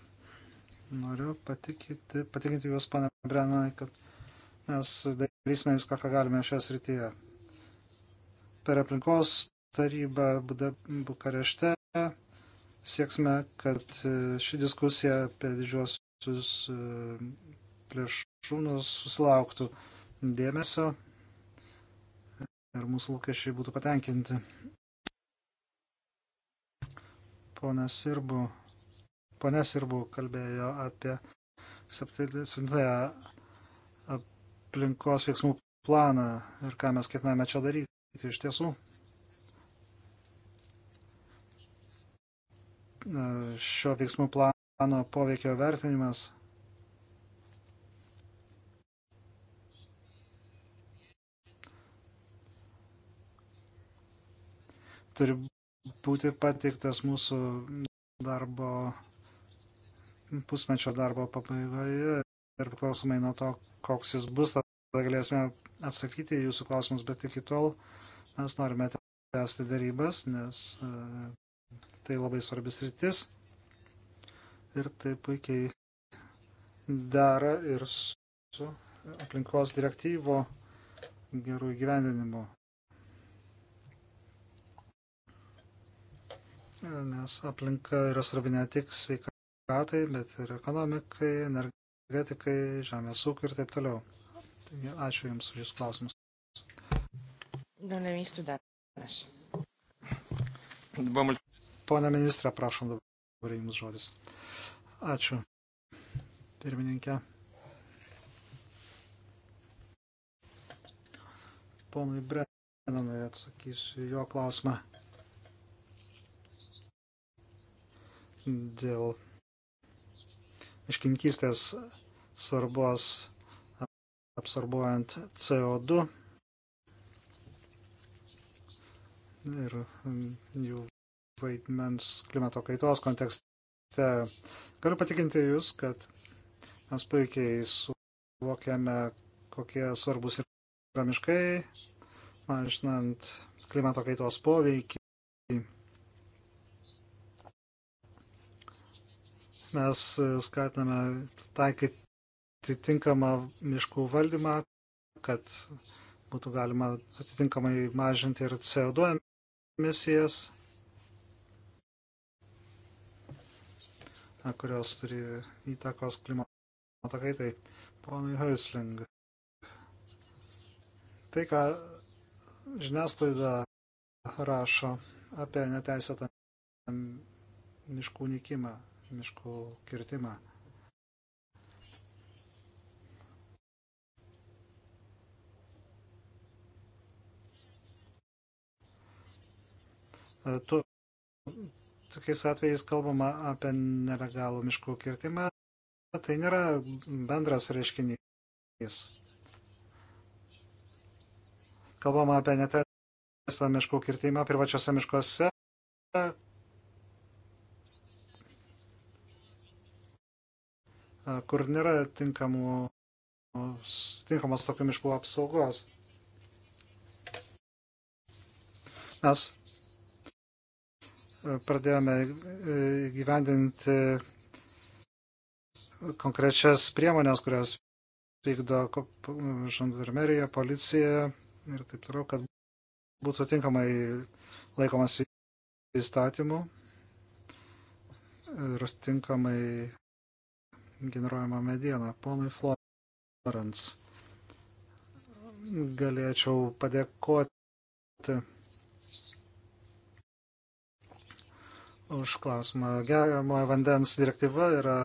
Noriu patikinti, patikinti Jūs, pane Brenai, kad mes darysime viską, ką galime šioje srityje. Per aplinkos tarybą Bukarešte sieksime, kad e, ši diskusija apie didžiuosius e, plėšrūnus susilauktų dėmesio ir mūsų lūkesčiai būtų patenkinti. Ponas Sirbu. Pone Sirbu kalbėjo apie 7 aplinkos veiksmų planą ir ką mes ketiname čia daryti. Iš tiesų, šio veiksmų plano poveikio vertinimas turi būti pateiktas mūsų darbo pusmečio darbo pabaigoje ir priklausomai nuo to, koks jis bus, tada galėsime atsakyti į jūsų klausimus, bet iki tol mes norime tęsti darybas, nes e, tai labai svarbis rytis ir tai puikiai dera ir su aplinkos direktyvo gerų įgyvendinimu. Nes aplinka yra svarbi ne tik sveika sveikatai, bet ir ekonomikai, energetikai, žemės ūkiai ir taip toliau. Taigi, ačiū Jums už Jūsų klausimus. Domnule ministru Današ. Pone ministrė, prašom dabar Jums žodis. Ačiū, pirmininkė. Ponui Brennanui atsakysiu jo klausimą dėl miškinkystės svarbos absorbuojant CO2 ir mm, jų vaidmens klimato kaitos kontekste. Galiu patikinti Jūs, kad mes puikiai suvokiame, kokie svarbus yra miškai, mažinant klimato kaitos poveikį mes e, skatiname taikyti tinkamą miškų valdymą, kad būtų galima atitinkamai mažinti ir CO2 emisijas, kurios turi įtakos klimato kaitai. Ponui Häusling. Tai, ką žiniasklaida rašo apie neteisėtą miškų nikimą miškų kirtimą. E, tu, tokiais atvejais kalbama apie nelegalų miškų kirtimą, tai nėra bendras reiškinys. Kalbama apie neteisę miškų kirtimą privačiose miškuose, kur nėra tinkamų, tinkamos tokių miškų apsaugos. Mes e, pradėjome e, gyvendinti konkrečias priemonės, kurias vykdo žandarmerija, policija ir taip toliau, kad būtų tinkamai laikomas įstatymų ir tinkamai generuojama mediena. Ponui Florence galėčiau padėkoti už klausimą. Geriamojo vandens direktyva yra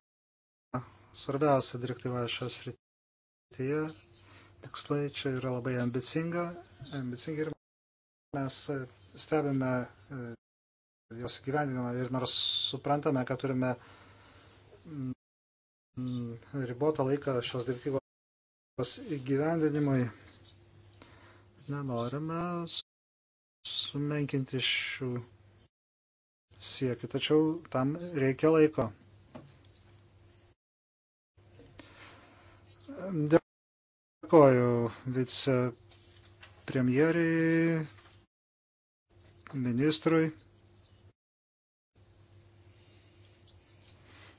svarbiausia direktyva šios rytyje. Tikslai čia yra labai ambicinga, ambicingi ir mes stebime e, jos gyvenimą ir nors suprantame, kad turime Mm, ribotą laiką šios direktyvos įgyvendinimui nenorime sumenkinti šių siekių, tačiau tam reikia laiko. Dėkoju vicepremjeriai, ministrui.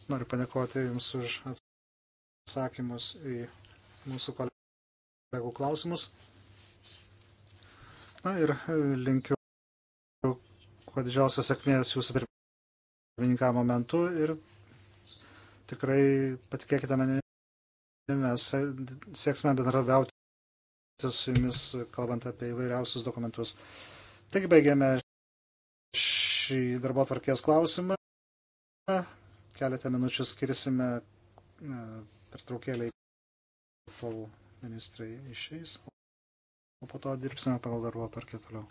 Noriu padėkoti Jums už atsakymus į mūsų kolegų klausimus. Na ir e, linkiu kuo didžiausios sėkmės Jūsų pirmininkavimo momentu ir tikrai patikėkite manimi, mes sieksime bendradarbiauti su Jumis, kalbant apie įvairiausius dokumentus. Taigi baigėme šį darbo tvarkės klausimą keletą minučių skirsime e, per traukėlį, kol ministrai išeis, o po to dirbsime pagal darbo tarkį toliau.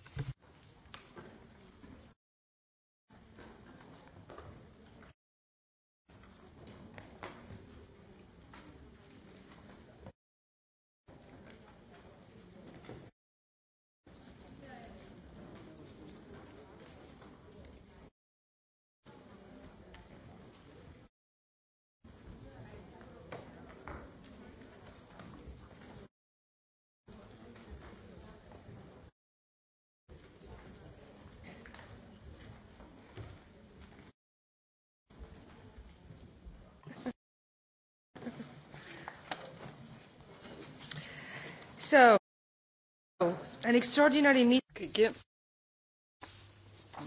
Taigi,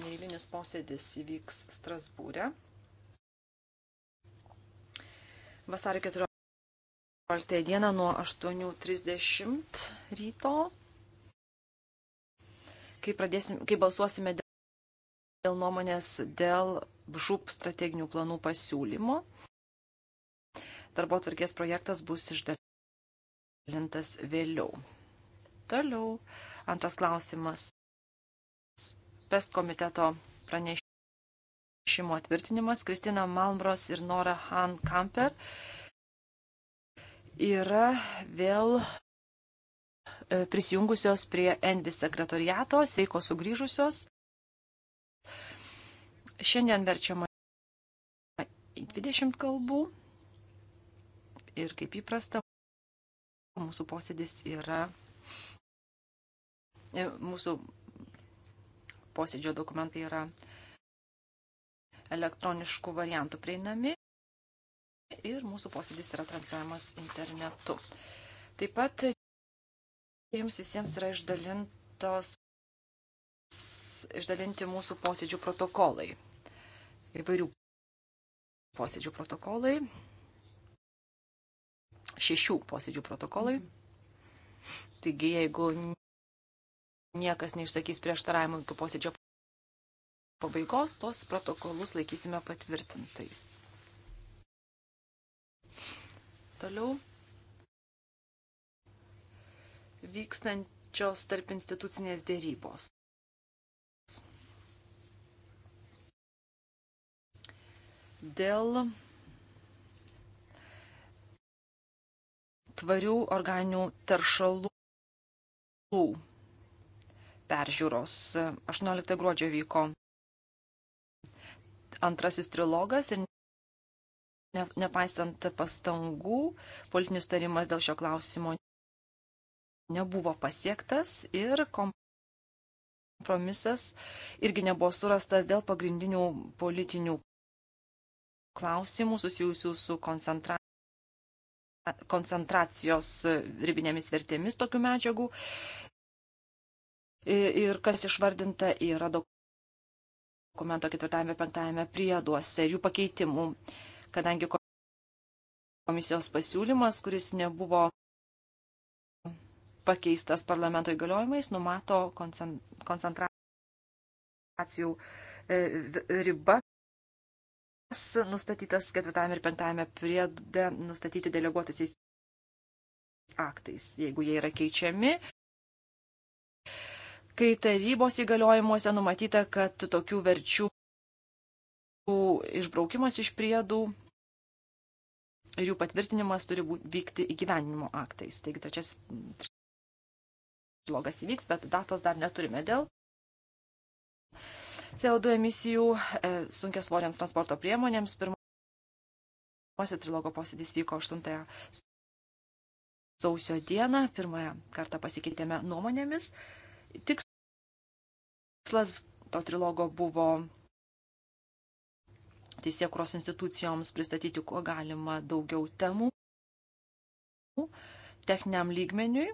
neįlinis posėdis įvyks Strasbūrė. Vasario 14 dieną nuo 8.30 ryto, kai, pradėsim, kai balsuosime dėl nuomonės dėl žūp strateginių planų pasiūlymo. Darbo tvarkės projektas bus išdalintas vėliau. Toliau. Antras klausimas. PEST komiteto pranešimo tvirtinimas Kristina Malmbros ir Nora Han Kamper yra vėl e, prisijungusios prie Envis sekretoriato, sveiko sugrįžusios. Šiandien verčiama į 20 kalbų ir kaip įprasta, mūsų posėdis yra E, mūsų posėdžio dokumentai yra elektroniškų variantų prieinami ir mūsų posėdis yra transliuojamas internetu. Taip pat jums visiems yra išdalintos, išdalinti mūsų posėdžių protokolai, įvairių posėdžių protokolai, šešių posėdžių protokolai. Taigi, jeigu niekas neišsakys prieštaravimų iki posėdžio pabaigos, tos protokolus laikysime patvirtintais. Toliau vykstančios tarp institucinės dėrybos. Dėl tvarių organinių taršalų peržiūros. 18 gruodžio vyko antrasis trilogas ir ne, nepaisant pastangų, politinis tarimas dėl šio klausimo nebuvo pasiektas ir kompromisas irgi nebuvo surastas dėl pagrindinių politinių klausimų susijusių su koncentra... koncentracijos ribinėmis vertėmis tokių medžiagų ir kas išvardinta yra dokumento ketvirtame, penktame prieduose ir jų pakeitimų, kadangi komisijos pasiūlymas, kuris nebuvo pakeistas parlamento įgaliojimais, numato koncentracijų e, riba nustatytas ketvirtame ir penktame priede nustatyti deleguotaisiais aktais, jeigu jie yra keičiami kai tarybos įgaliojimuose numatyta, kad tokių verčių išbraukimas iš priedų ir jų patvirtinimas turi vykti įgyvenimo aktais. Taigi trečiasis trilogas įvyks, bet datos dar neturime dėl. CO2 emisijų e, sunkia svoriams transporto priemonėms. Pirmasis trilogo posėdis vyko 8 sausio dieną. Pirmąją kartą pasikeitėme nuomonėmis. E, Tikslas to trilogo buvo teisėkuros institucijoms pristatyti kuo galima daugiau temų techniniam lygmeniui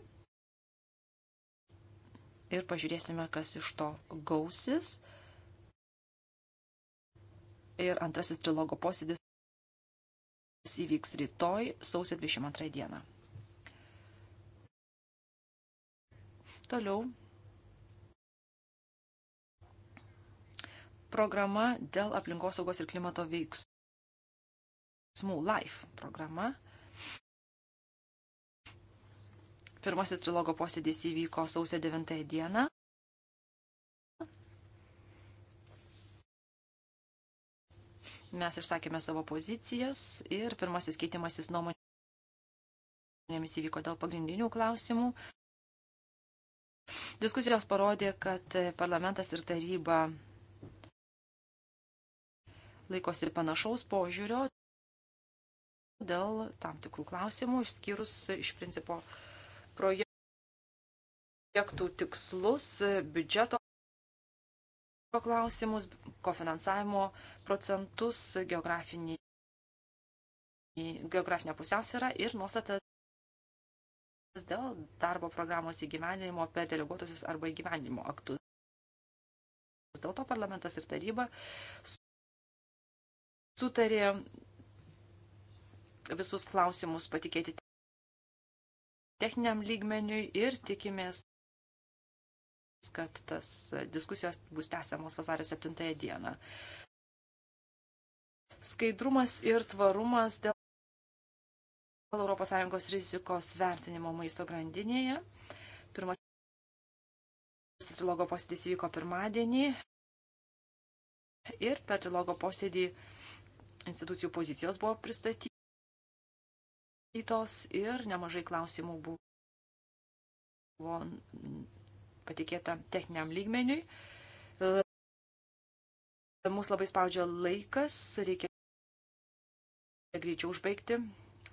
ir pažiūrėsime, kas iš to gausis. Ir antrasis trilogo posėdis įvyks rytoj, sausio 22 dieną. Toliau programa dėl aplinkosaugos ir klimato veiksmų LIFE programa. Pirmasis trilogo posėdis įvyko sausio 9 dieną. Mes išsakėme savo pozicijas ir pirmasis keitimasis nuomonėmis įvyko dėl pagrindinių klausimų. Diskusijos parodė, kad parlamentas ir taryba laikosi panašaus požiūrio dėl tam tikrų klausimų, išskyrus iš principo projektų tikslus, biudžeto klausimus, kofinansavimo procentus, geografinį, geografinę pusiausvyrą ir nuostatą dėl darbo programos įgyvendinimo per deleguotusius arba įgyvendinimo aktus. Dėl to parlamentas ir taryba sutarė visus klausimus patikėti techniniam lygmeniui ir tikimės, kad tas diskusijos bus tęsiamos vasario 7 dieną. Skaidrumas ir tvarumas dėl ES rizikos vertinimo maisto grandinėje. Pirmasis trilogo posėdis įvyko pirmadienį ir per trilogo posėdį institucijų pozicijos buvo pristatytos ir nemažai klausimų buvo patikėta techniniam lygmeniui. Mūsų labai spaudžia laikas, reikia greičiau užbaigti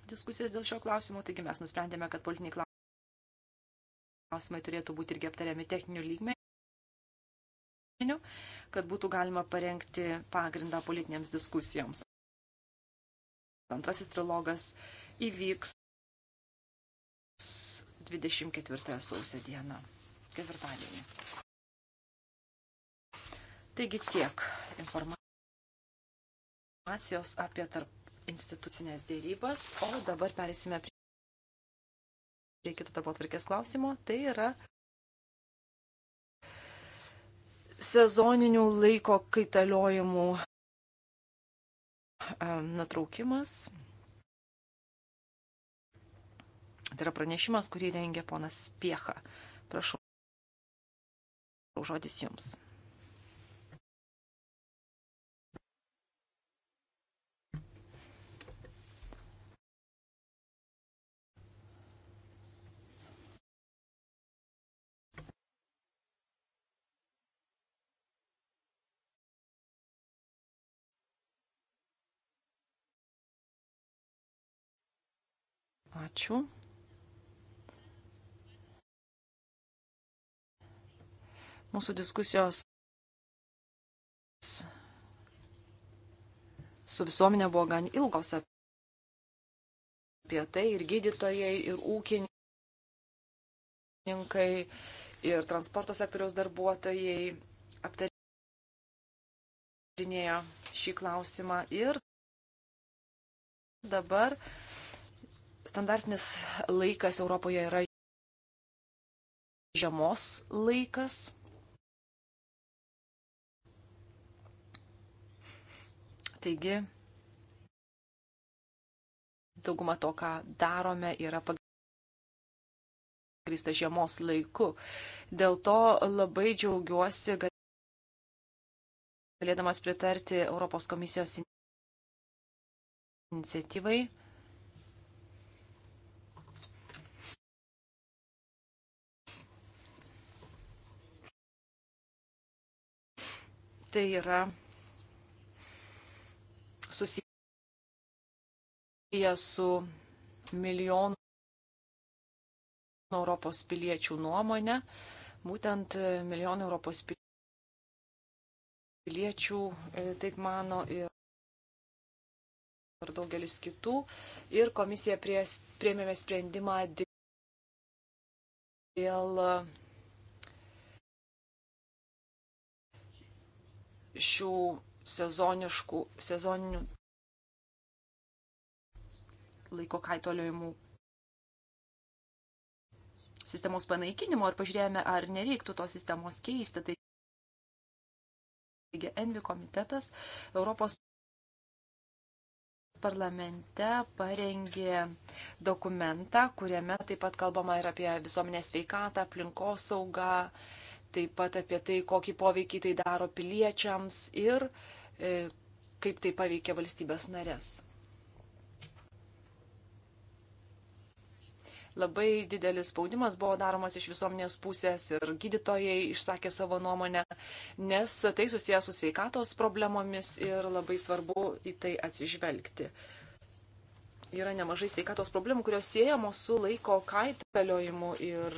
diskusijas dėl šio klausimo, taigi mes nusprendėme, kad politiniai klausimai turėtų būti irgi aptariami techninių lygmenių, kad būtų galima parengti pagrindą politinėms diskusijoms. Antrasis trilogas įvyks 24 sausio dieną, ketvirtadienį. Taigi tiek informacijos apie tarp institucinės dėrybas, o dabar perėsime prie, prie kito tarpo atvarkės klausimo. Tai yra sezoninių laiko kaitaliojimų nutraukimas. Tai yra pranešimas, kurį rengė ponas Piecha. Prašau, žodis jums. Ačiū. Mūsų diskusijos su visuomenė buvo gan ilgos apie tai ir gydytojai, ir ūkininkai, ir transporto sektoriaus darbuotojai aptarinėjo šį klausimą ir dabar Standartinis laikas Europoje yra žiemos laikas. Taigi, dauguma to, ką darome, yra pagrįsta žiemos laiku. Dėl to labai džiaugiuosi, galėdamas pritarti Europos komisijos iniciatyvai tai yra susiję su milijonų Europos piliečių nuomonę. Būtent milijonų Europos piliečių e, taip mano ir, ir daugelis kitų. Ir komisija prie, priemėme sprendimą dėl šių sezoniškų, sezoninių laiko kaitoliojimų sistemos panaikinimo ir pažiūrėjome, ar nereiktų tos sistemos keisti. Tai taigi Envi komitetas Europos parlamente parengė dokumentą, kuriame taip pat kalbama ir apie visuomenės veikatą, aplinkosaugą saugą taip pat apie tai, kokį poveikį tai daro piliečiams ir e, kaip tai paveikia valstybės narės. Labai didelis spaudimas buvo daromas iš visuomenės pusės ir gydytojai išsakė savo nuomonę, nes tai susijęs su sveikatos problemomis ir labai svarbu į tai atsižvelgti yra nemažai sveikatos problemų, kurios siejamos su laiko kaitaliojimu ir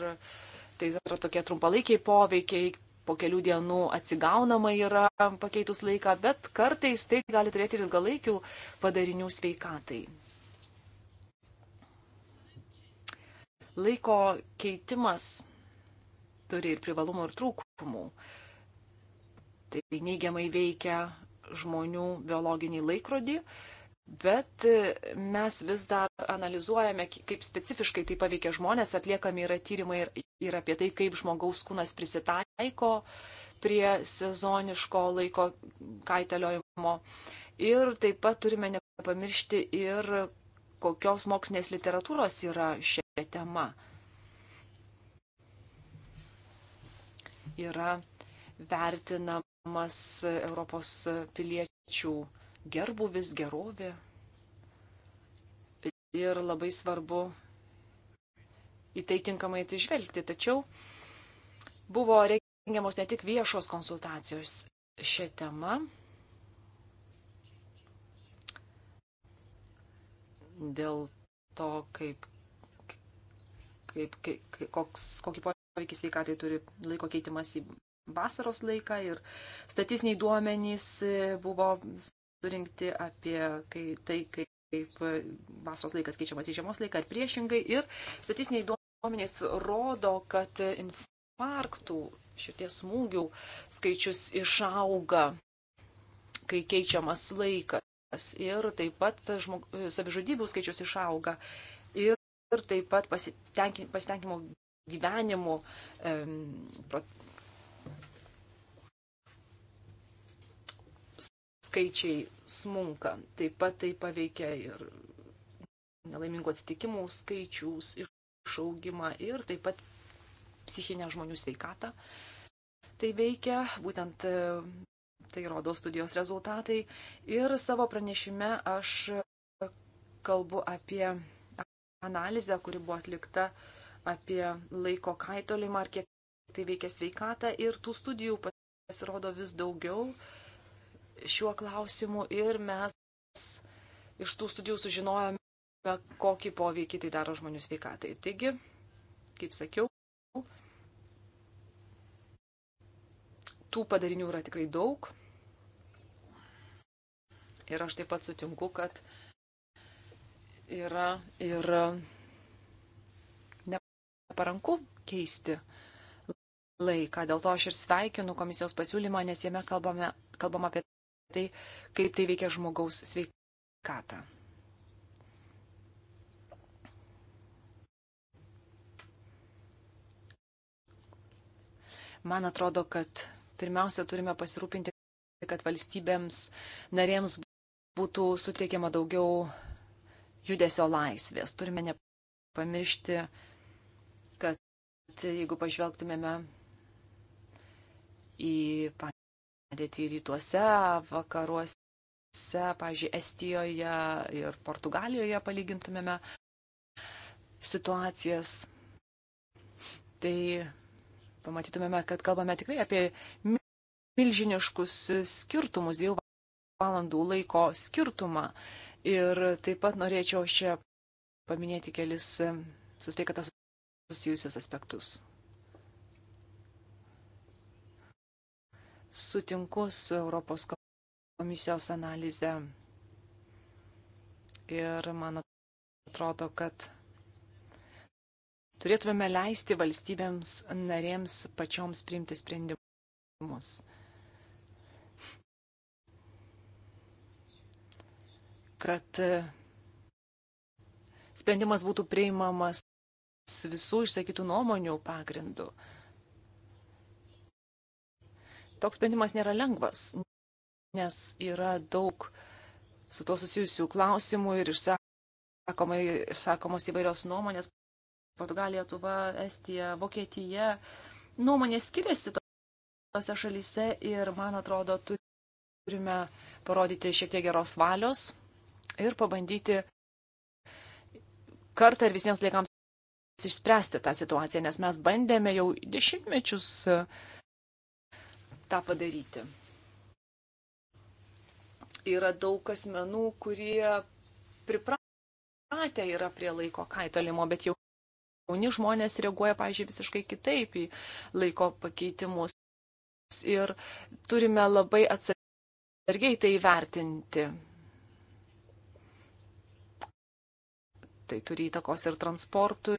tai yra tokie trumpalaikiai poveikiai, po kelių dienų atsigaunama yra pakeitus laiką, bet kartais tai gali turėti ir ilgalaikių padarinių sveikatai. Laiko keitimas turi ir privalumų, ir trūkumų. Tai neigiamai veikia žmonių biologinį laikrodį, Bet e, mes vis dar analizuojame, kaip specifiškai tai paveikia žmonės, atliekami yra tyrimai ir, ir apie tai, kaip žmogaus kūnas prisitaiko prie sezoniško laiko kaiteliojimo. Ir taip pat turime nepamiršti ir kokios mokslinės literatūros yra šią temą. Yra vertinamas Europos piliečių gerbuvis, gerovė. Ir labai svarbu į tai tinkamai atsižvelgti. Tačiau buvo rengiamos ne tik viešos konsultacijos šią temą. Dėl to, kaip, kaip, kaip koks, kokį poveikį sveikatai turi laiko keitimas į vasaros laiką ir statistiniai duomenys buvo surinkti apie kai, tai, kaip vasaros laikas keičiamas į žiemos laiką ir priešingai. Ir statistiniai duomenys rodo, kad infarktų šitie smūgių skaičius išauga, kai keičiamas laikas. Ir taip pat žmog, savižudybių skaičius išauga. Ir, ir taip pat pasitenkinimo gyvenimu. Um, prot, skaičiai smunka. Taip pat tai paveikia ir nelaimingų atsitikimų skaičius, išaugimą ir taip pat psichinę žmonių sveikatą. Tai veikia, būtent e, tai rodo studijos rezultatai. Ir savo pranešime aš kalbu apie analizę, kuri buvo atlikta apie laiko kaitolimą, ar kiek tai veikia sveikatą. Ir tų studijų pasirodo vis daugiau. Uh, šiuo klausimu ir mes iš tų studijų sužinojome, kokį poveikį tai daro žmonių sveikatai. Taigi, kaip sakiau, tų padarinių yra tikrai daug. Ir aš taip pat sutinku, kad yra ir neparanku keisti laiką. Dėl to aš ir sveikinu komisijos pasiūlymą, nes jame kalbame, kalbam apie tai, kaip tai veikia žmogaus sveikatą. Man atrodo, kad pirmiausia turime pasirūpinti, kad valstybėms narėms būtų suteikiama daugiau judesio laisvės. Turime nepamiršti, kad jeigu pažvelgtumėme į padėtį rytuose, vakaruose, pažiūrėjau, Estijoje ir Portugalijoje palygintumėme situacijas, tai pamatytumėme, kad kalbame tikrai apie milžiniškus skirtumus, dviejų valandų laiko skirtumą. Ir taip pat norėčiau čia paminėti kelis su sveikata susijusius aspektus. sutinku su Europos komisijos analize. Ir man atrodo, kad turėtumėme leisti valstybėms narėms pačioms priimti sprendimus. Kad e, sprendimas būtų priimamas visų išsakytų nuomonių pagrindų. Toks sprendimas nėra lengvas, nes yra daug su tuo susijusių klausimų ir išsakomos įvairios nuomonės. Portugalija, Lietuva, Estija, Vokietija. Nuomonės skiriasi tose šalyse ir, man atrodo, turime parodyti šiek tiek geros valios ir pabandyti kartą ir visiems laikams išspręsti tą situaciją, nes mes bandėme jau dešimtmečius uh, tą padaryti. Yra daug asmenų, kurie pripratę yra prie laiko kaitolimo, bet jau jauni žmonės reaguoja, pažiūrėjau, visiškai kitaip į laiko pakeitimus. Ir turime labai atsargiai tai vertinti. Tai turi įtakos ir transportui,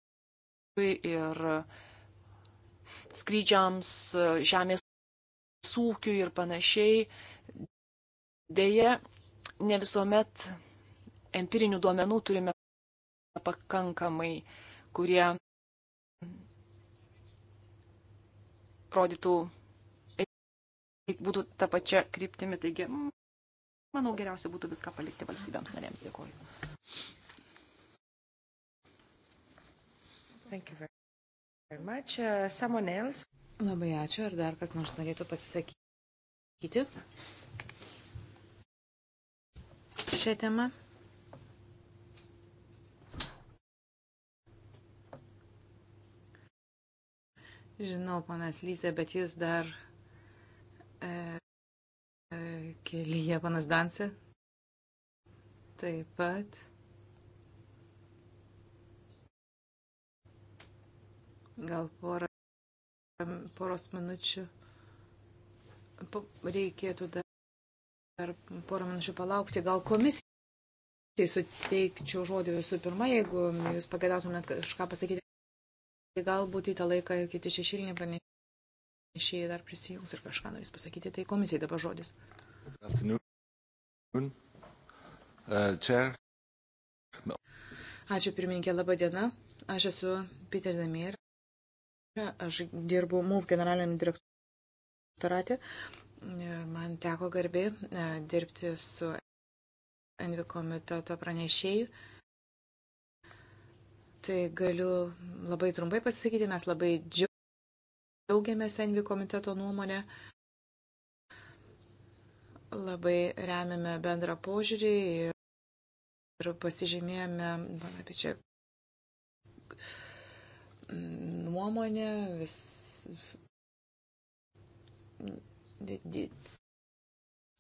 ir skrydžiams, žemės sūkių ir panašiai. Deja, ne visuomet empirinių duomenų turime pakankamai, kurie rodytų, būtų ta pačia kryptimi. Taigi, manau, geriausia būtų viską palikti valstybėms narėms. Dėkuoju. Thank you very much. Uh, someone else? Labai ačiū. Ar dar kas nors norėtų pasisakyti šią temą? Žinau, panas Lyse, bet jis dar e, e, kelyje, panas Dansi. Taip pat. Gal porą poros minučių. Reikėtų dar porą minučių palaukti. Gal komisijai suteikčiau žodį visų pirma, jeigu jūs pagėdautumėt kažką pasakyti. Galbūt į tą laiką kiti šešiliniai pranešėjai dar prisijungs ir kažką norės pasakyti. Tai komisijai dabar žodis. Uh, Ačiū pirmininkė, laba diena. Aš esu Peter Damir Aš dirbu MUF generaliniam direktorate ir man teko garbė e, dirbti su Envi komiteto pranešėjų. Tai galiu labai trumpai pasakyti, mes labai džiaugiamės Envi komiteto nuomonę. Labai remiame bendrą požiūrį ir, ir pasižymėjome, man apie čia nuomonė, vis,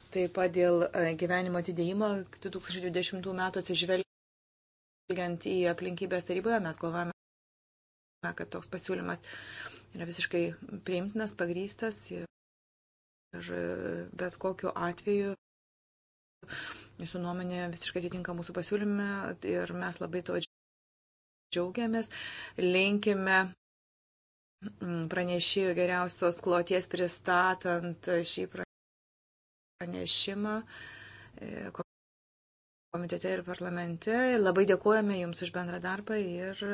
taip pat dėl e, gyvenimo atidėjimo 2020 metų atsižvelgiant į aplinkybės taryboje, mes galvojame, kad toks pasiūlymas yra visiškai priimtinas, pagrystas ir bet kokiu atveju jūsų nuomonė visiškai atitinka mūsų pasiūlymę ir mes labai to džiaugiamės, linkime mm, pranešėjų geriausios kloties pristatant šį pranešimą e, komitete ir parlamente. Labai dėkojame Jums už bendrą darbą ir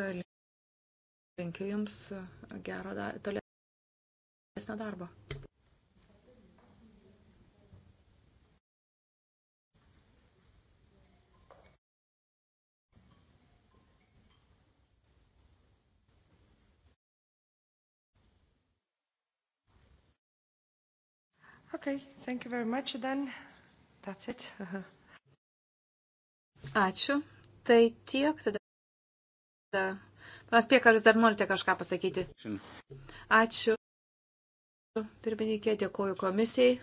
linkiu Jums gero dar, tolesnio darbo. Okay, thank you very much then. That's it. Ačiū. Tai tiek tada. Pas Pieka, ar jūs dar norite kažką pasakyti? Ačiū. Pirmininkė, dėkoju komisijai.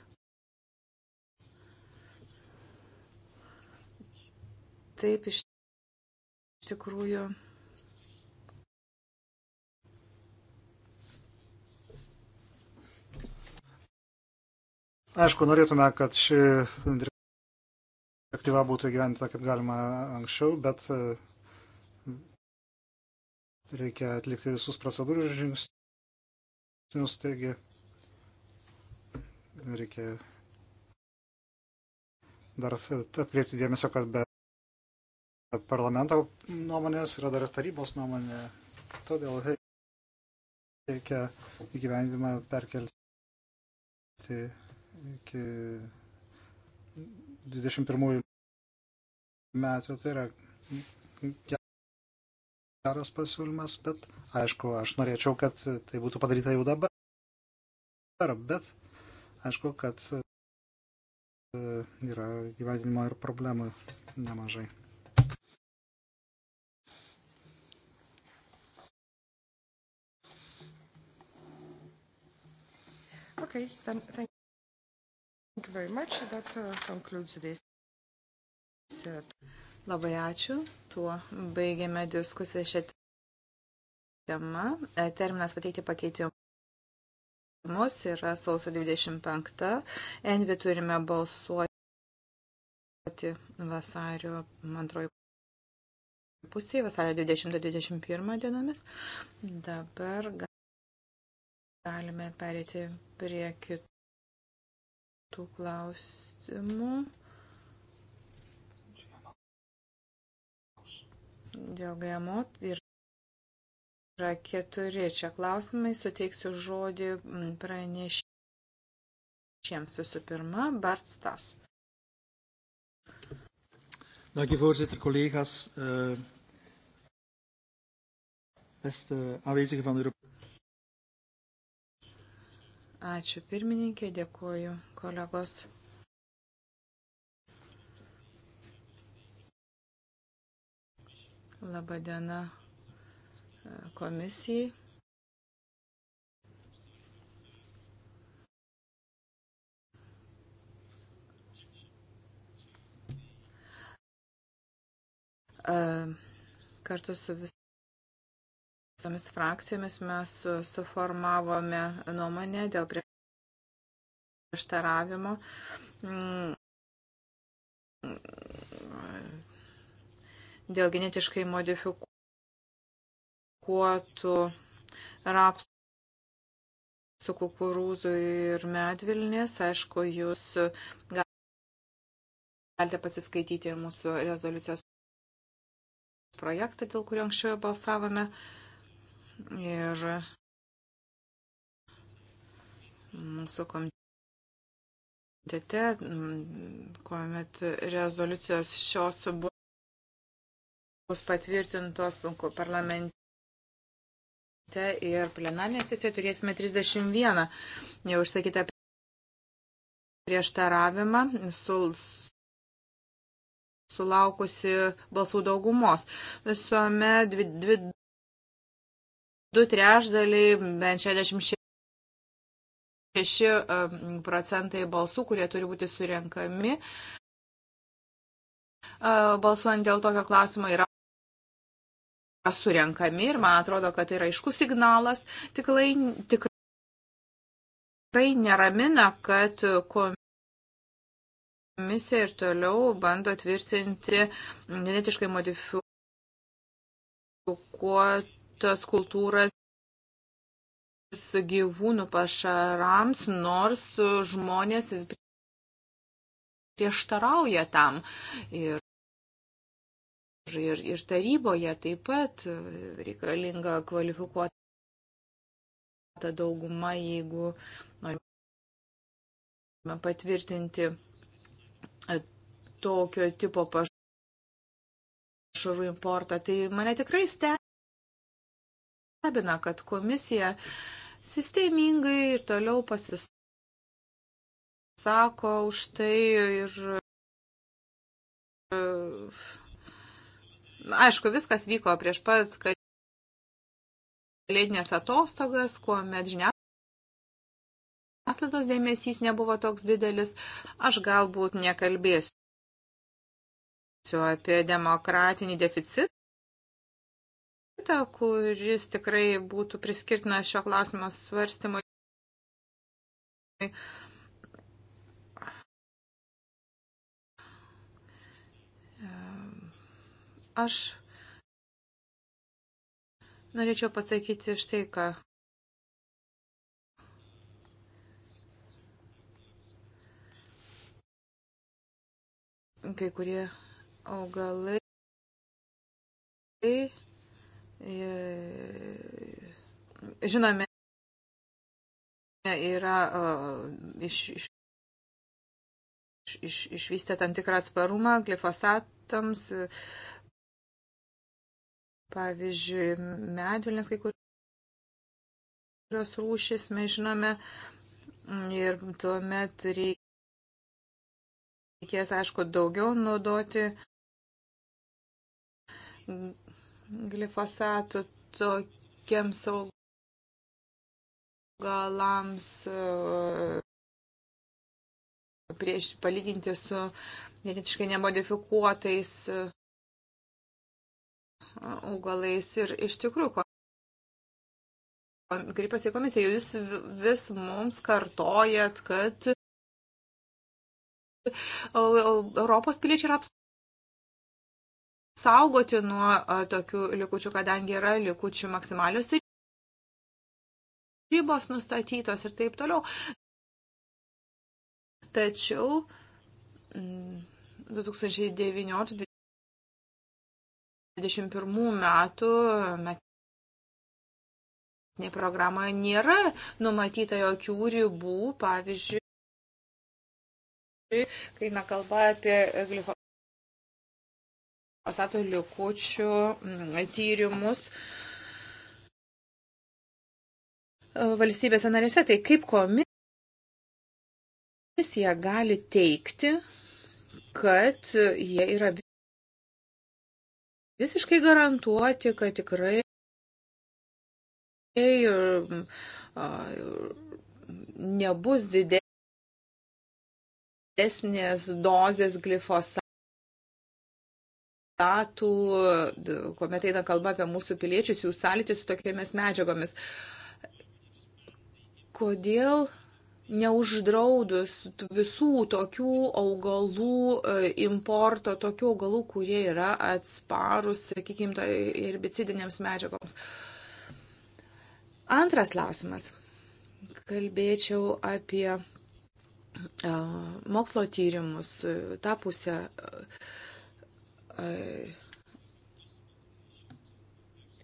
Taip, iš tikrųjų. Aišku, norėtume, kad ši direktyva būtų įgyventa kaip galima anksčiau, bet e, reikia atlikti visus procedūrų žingsnius, taigi reikia dar atkreipti dėmesio, kad be parlamento nuomonės yra dar tarybos nuomonė, todėl reikia įgyvendimą perkelti iki 21 metų. Tai yra geras pasiūlymas, bet aišku, aš norėčiau, kad tai būtų padaryta jau dabar. Bet aišku, kad e, yra gyvenimo ir problemų nemažai. Okay, then thank Thank you very much. That uh, concludes this. Labai ačiū. Tuo baigėme diskusiją šią temą. E, terminas pateikti pakeitimus yra sausio 25. Envi turime balsuoti vasario antrojo pusėje, vasario 20-21 dienomis. Dabar galime perėti prie kitų tų klausimų. Dėl GMO yra keturi čia klausimai. Suteiksiu žodį pranešėjams visų pirma. Bartstas. Dank u voorzitter, collega's, uh, beste aanwezigen van de Europese Ačiū pirmininkė, dėkuoju kolegos. Labadiena e, komisijai. E, kartu su vis visomis frakcijomis mes e, suformavome nuomonę dėl prieštaravimo. Mm. Dėl genetiškai modifikuotų rapsų su kukurūzu ir medvilnės. Aišku, jūs galite pasiskaityti ir mūsų rezoliucijos projektą, dėl kurio anksčiau balsavome. Uh, Ir mūsų komitete, mm, kuomet rezoliucijos šios bus patvirtintos parlamente ir plenarinė sesija turėsime 31 jau išsakytą prieštaravimą su, sulaukusi balsų daugumos. Visuome dvi, dvi du trešdaliai, bent 66 procentai balsų, kurie turi būti surenkami. Balsuojant dėl tokio klausimo yra surenkami ir man atrodo, kad tai yra aiškus signalas. Tiklai, tikrai neramina, kad komisija ir toliau bando tvirtinti genetiškai modifikuotų skirtos kultūras gyvūnų pašarams, nors žmonės prieštarauja tam. Ir, ir, ir taryboje taip pat reikalinga kvalifikuota dauguma, jeigu norime patvirtinti tokio tipo pašarų importą. Tai mane tikrai stebina stebina, kad komisija sistemingai ir toliau pasisako už tai ir. E, aišku, viskas vyko prieš pat kalėdinės atostogas, kuomet žiniasklaidos dėmesys nebuvo toks didelis. Aš galbūt nekalbėsiu apie demokratinį deficitą kuris tikrai būtų priskirtina šio klausimo svarstymui. Aš norėčiau pasakyti štai ką. Kai kurie augalai E, žinome, yra e, iš, iš, iš, išvystę tam tikrą atsparumą glifosatams, e, pavyzdžiui, medvilnės kai kurios rūšis, mes žinome, ir tuomet reikės, aišku, daugiau naudoti glifosatų tokiems augalams e, prieš palyginti su genetiškai nemodifikuotais e, augalais ir iš tikrųjų kreipiuosi į komisiją, jūs vis mums kartojat, kad Europos piliečiai yra apsaugoti apsaugoti nuo tokių likučių, kadangi yra likučių maksimalios ribos nustatytos ir taip toliau. Tačiau 2019 mm, 2021 metų metinė programa nėra numatyta jokių ribų, pavyzdžiui, kai na, kalba apie glifo asato likučių mm, tyrimus e, valstybėse narėse. Tai kaip komisija gali teikti, kad jie yra visiškai garantuoti, kad tikrai e, nebus didesnės dozės glifosat rezultatų, kuomet eina kalba apie mūsų piliečius, jų sąlytį su tokiamis medžiagomis. Kodėl neuždraudus visų tokių augalų e, importo, tokių augalų, kurie yra atsparus, sakykime, tai herbicidinėms medžiagoms. Antras klausimas. Kalbėčiau apie mokslo tyrimus, tą pusę. Uh,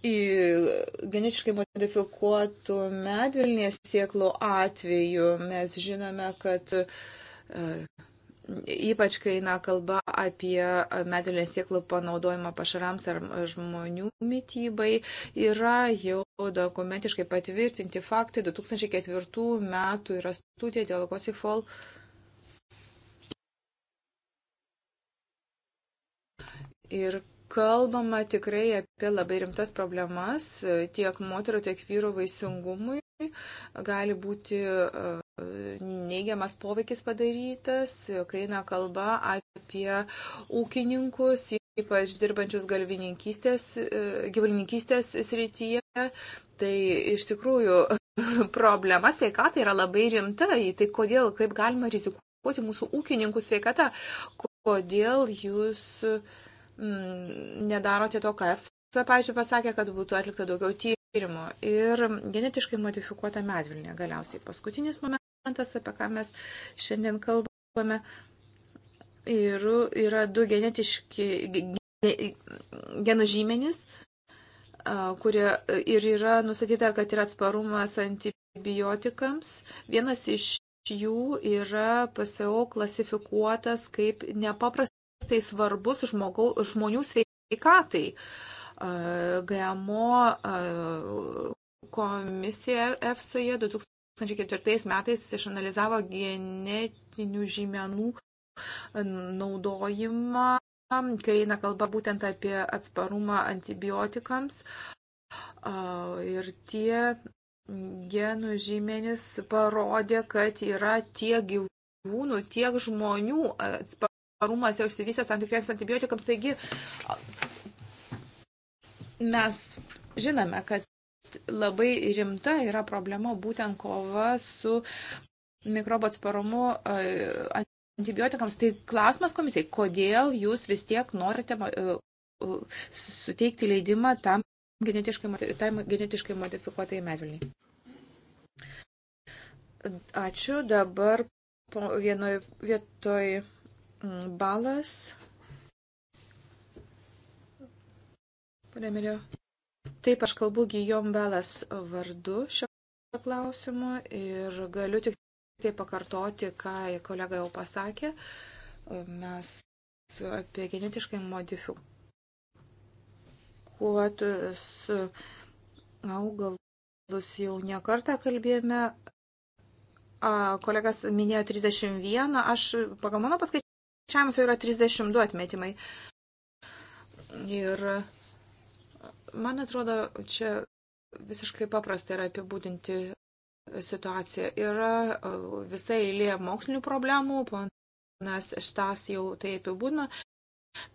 į genetiškai modifikuotų medvilnės sieklų atveju mes žinome, kad ypač kai eina kalba apie medvilnės sieklų panaudojimą pašarams ar žmonių mytybai, yra jau dokumentiškai patvirtinti faktai. 2004 metų yra studija dėl Gosifol. Uh, Ir kalbama tikrai apie labai rimtas problemas tiek moterų, tiek vyrų vaisingumui. Gali būti e, neigiamas poveikis padarytas, kai eina kalba apie ūkininkus, ypač dirbančius galvininkystės, e, gyvulininkystės srityje. Tai iš tikrųjų problema sveikatai yra labai rimta. Tai kodėl, kaip galima rizikuoti mūsų ūkininkų sveikata, kodėl jūs uh, Mm, nedarote to, ką EFSA, pavyzdžiui, pasakė, kad būtų atlikta daugiau tyrimų. Ir genetiškai modifikuota medvilnė galiausiai. Paskutinis momentas, apie ką mes šiandien kalbame, ir yra du genetiški genų žymenys, kurie ir yra nustatyta, kad yra atsparumas antibiotikams. Vienas iš jų yra PSO klasifikuotas kaip nepaprastas tai svarbus žmogau, žmonių sveikatai. GMO komisija EFSOje 2004 metais išanalizavo genetinių žymenų naudojimą, kai eina kalba būtent apie atsparumą antibiotikams. Ir tie genų žymenys parodė, kad yra tiek gyvūnų, tiek žmonių atsparumų atsparumas jau išsivystęs antikriems antibiotikams. Taigi mes žinome, kad labai rimta yra problema būtent kova su mikrobo atsparumu e, antibiotikams. Tai klausimas komisijai, kodėl jūs vis tiek norite e, e, suteikti leidimą tam genetiškai, tam genetiškai modifikuotai medvilniai. Ačiū dabar po vienoj vietoj Mm, Balas. Pane Milio. Taip, aš kalbu Gijom Belas vardu šio klausimu ir galiu tik tai pakartoti, ką kolega jau pasakė. Mes apie genetiškai modifikuotus augalus jau nekartą kalbėjome. A, kolegas minėjo 31, aš pagal mano paskaičiavimą Šiamus yra 32 atmetimai. Ir man atrodo, čia visiškai paprasta yra apibūdinti situaciją. Yra e, visai eilė mokslinių problemų, ponas Štas jau tai apibūdino.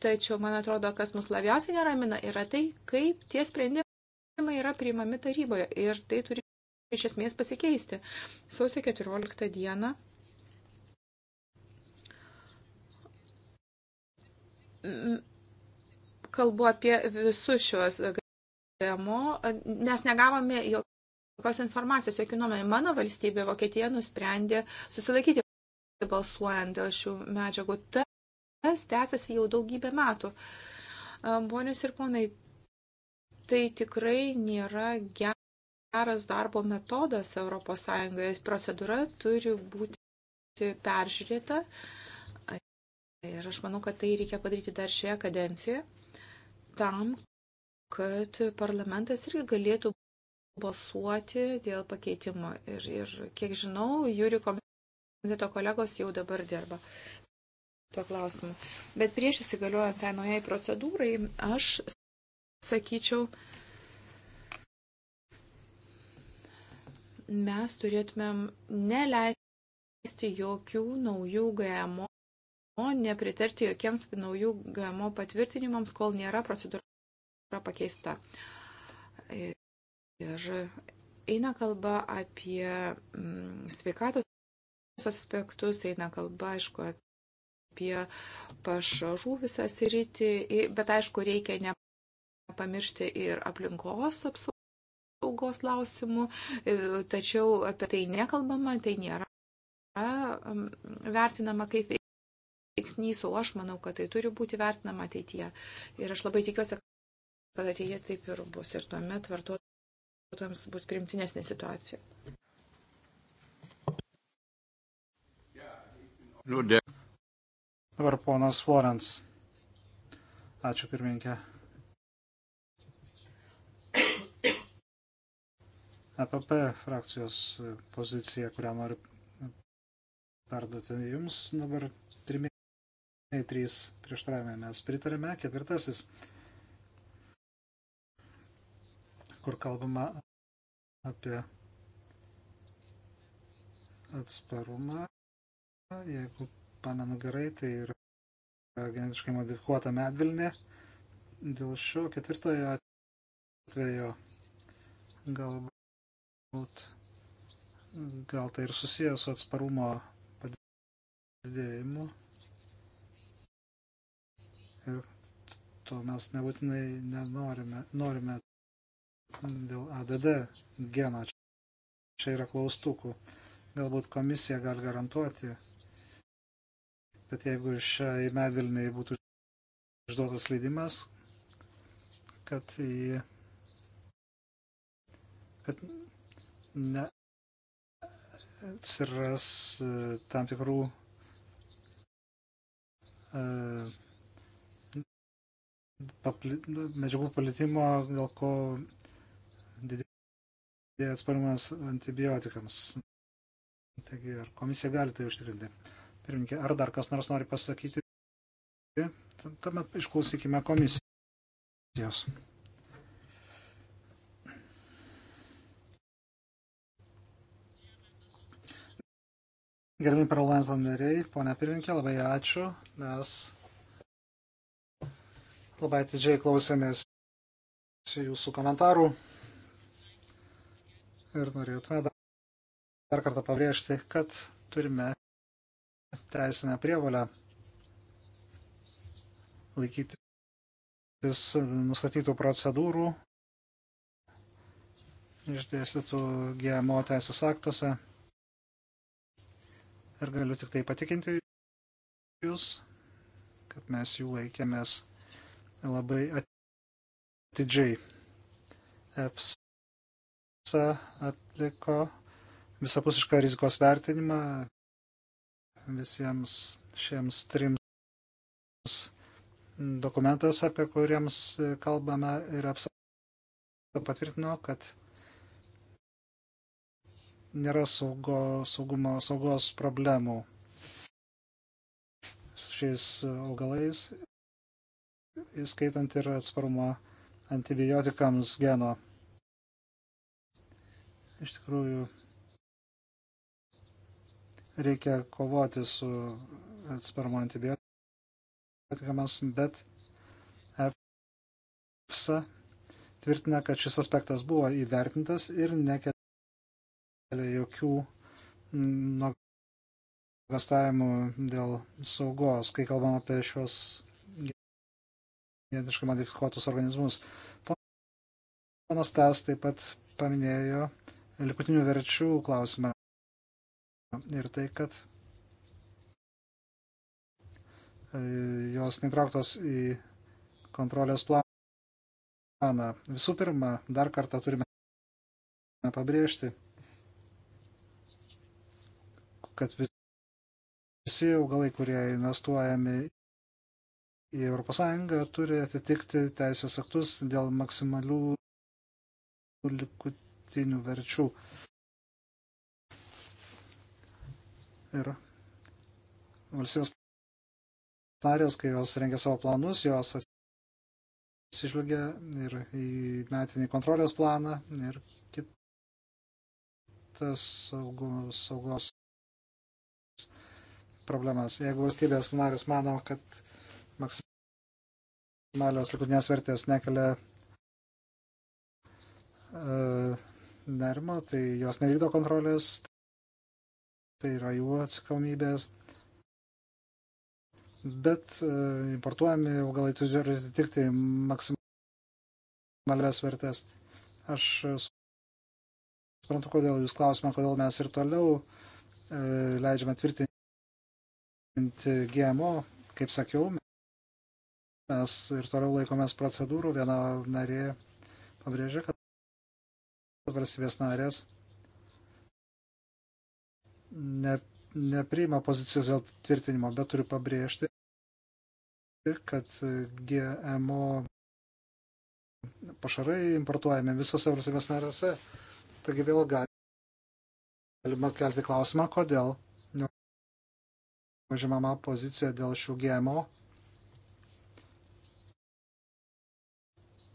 Tačiau, man atrodo, kas mus labiausiai neramina, yra tai, kaip tie sprendimai yra priimami taryboje. Ir tai turi iš esmės pasikeisti. Sausio 14 dieną kalbu apie visus šiuos GMO, nes negavome jokios informacijos, jokių nuomonių. Mano valstybė, Vokietija, nusprendė susilaikyti balsuojant dėl šių medžiagų. Tas tęsiasi jau daugybę metų. Ponios ir ponai, tai tikrai nėra geras darbo metodas ES. Procedūra turi būti peržiūrėta. Uh, Ir aš manau, kad tai reikia padaryti dar šioje kadencijoje, tam, kad parlamentas irgi galėtų balsuoti dėl pakeitimo. Ir, ir kiek žinau, Jūri komiteto kolegos jau dabar dirba tuo klausimu. Bet prieš įsigaliuojant tai naujai procedūrai, aš sakyčiau, mes turėtumėm neleisti jokių naujų GMO nepritarti jokiems naujų GMO patvirtinimams, kol nėra procedūra pakeista. Ir eina kalba apie mm, sveikatos aspektus, eina kalba, aišku, apie pašarų visą sritį, bet aišku, reikia nepamiršti ir aplinkos apsaugos klausimų, tačiau apie tai nekalbama, tai nėra mm, vertinama kaip veiksnys, o aš manau, kad tai turi būti vertinama ateityje. Ir aš labai tikiuosi, kad ateityje taip ir bus. Ir tuomet vartotojams bus primtinesnė situacija. Liūdė. Dabar ponas Florence. Ačiū pirmininkė. APP e frakcijos pozicija, kurią noriu perduoti jums dabar Nei trys prieštaravimai mes pritarėme. Ketvirtasis, kur kalbama apie atsparumą. Jeigu pamenu gerai, tai yra genetiškai modifikuota medvilnė. Dėl šio ketvirtojo atvejo galbūt gal tai ir susijęs su atsparumo padidėjimu. Ir to mes nebūtinai nenorime, norime dėl ADD geno. Čia yra klaustukų. Galbūt komisija gali garantuoti, kad jeigu šiai medvilniai būtų išduotas leidimas, kad jį kad ne atsiras e, tam tikrų uh, papli, nu, medžiagų plitimo, dėl ko didėja atsparumas antibiotikams. Taigi, ar komisija gali tai užtikrinti? Pirminkė, ar dar kas nors nori pasakyti? Tuomet išklausykime komisijos. Gerbimi parlamento nariai, ponia pirmininkė, labai ačiū. Mes Labai atidžiai klausėmės jūsų komentarų ir norėtume dar kartą pabrėžti, kad turime teisinę prievalę laikytis nustatytų procedūrų išdėstytų GMO teisės aktuose. Ir galiu tik tai patikinti jūs, kad mes jų laikėmės labai atidžiai. EPSA atliko visapusišką rizikos vertinimą visiems šiems trims dokumentas, apie kuriems kalbame ir EPSA patvirtino, kad nėra saugo, saugumo, saugos problemų šiais augalais įskaitant ir atsparumą antibiotikams geno. Iš tikrųjų, reikia kovoti su atsparumo antibiotikams, bet EFSA tvirtina, kad šis aspektas buvo įvertintas ir nekelia jokių nuogastavimų dėl saugos, kai kalbam apie šios genetiškai modifikuotus organizmus. Ponas Tas taip pat paminėjo likutinių verčių klausimą ir tai, kad e, jos netrauktos į kontrolės planą. Visų pirma, dar kartą turime pabrėžti, kad visi augalai, kurie investuojami į ES turi atitikti teisės aktus dėl maksimalių likutinių verčių. Ir valstybės narės, kai jos rengia savo planus, jos atsižvelgia ir į metinį kontrolės planą ir kitas saugos, saugos problemas. Jeigu valstybės narės mano, kad maksimalios likutinės vertės nekelia e, nerimo, tai jos nevykdo kontrolės, tai yra jų atsakomybės. Bet e, importuojami augalai turi atitikti maksimalias vertės. Aš suprantu, kodėl jūs klausime, kodėl mes ir toliau e, leidžiame tvirtinti GMO, kaip sakiau, Mes ir toliau laikomės procedūrų. Viena narė pabrėžė, kad valstybės narės ne, nepriima pozicijos dėl tvirtinimo, bet turiu pabrėžti, kad GMO pašarai importuojami visose valstybės narėse. Taigi vėl galima kelti klausimą, kodėl neužimama pozicija dėl šių GMO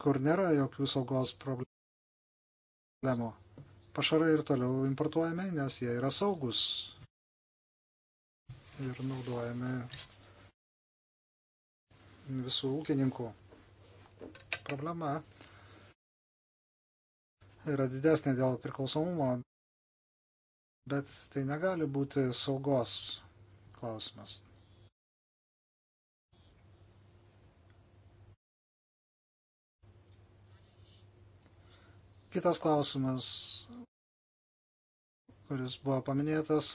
kur nėra jokių saugos problemų. Pašarai ir toliau importuojami, nes jie yra saugus ir naudojami visų ūkininkų. Problema yra didesnė dėl priklausomumo, bet tai negali būti saugos klausimas. Kitas klausimas, kuris buvo paminėtas,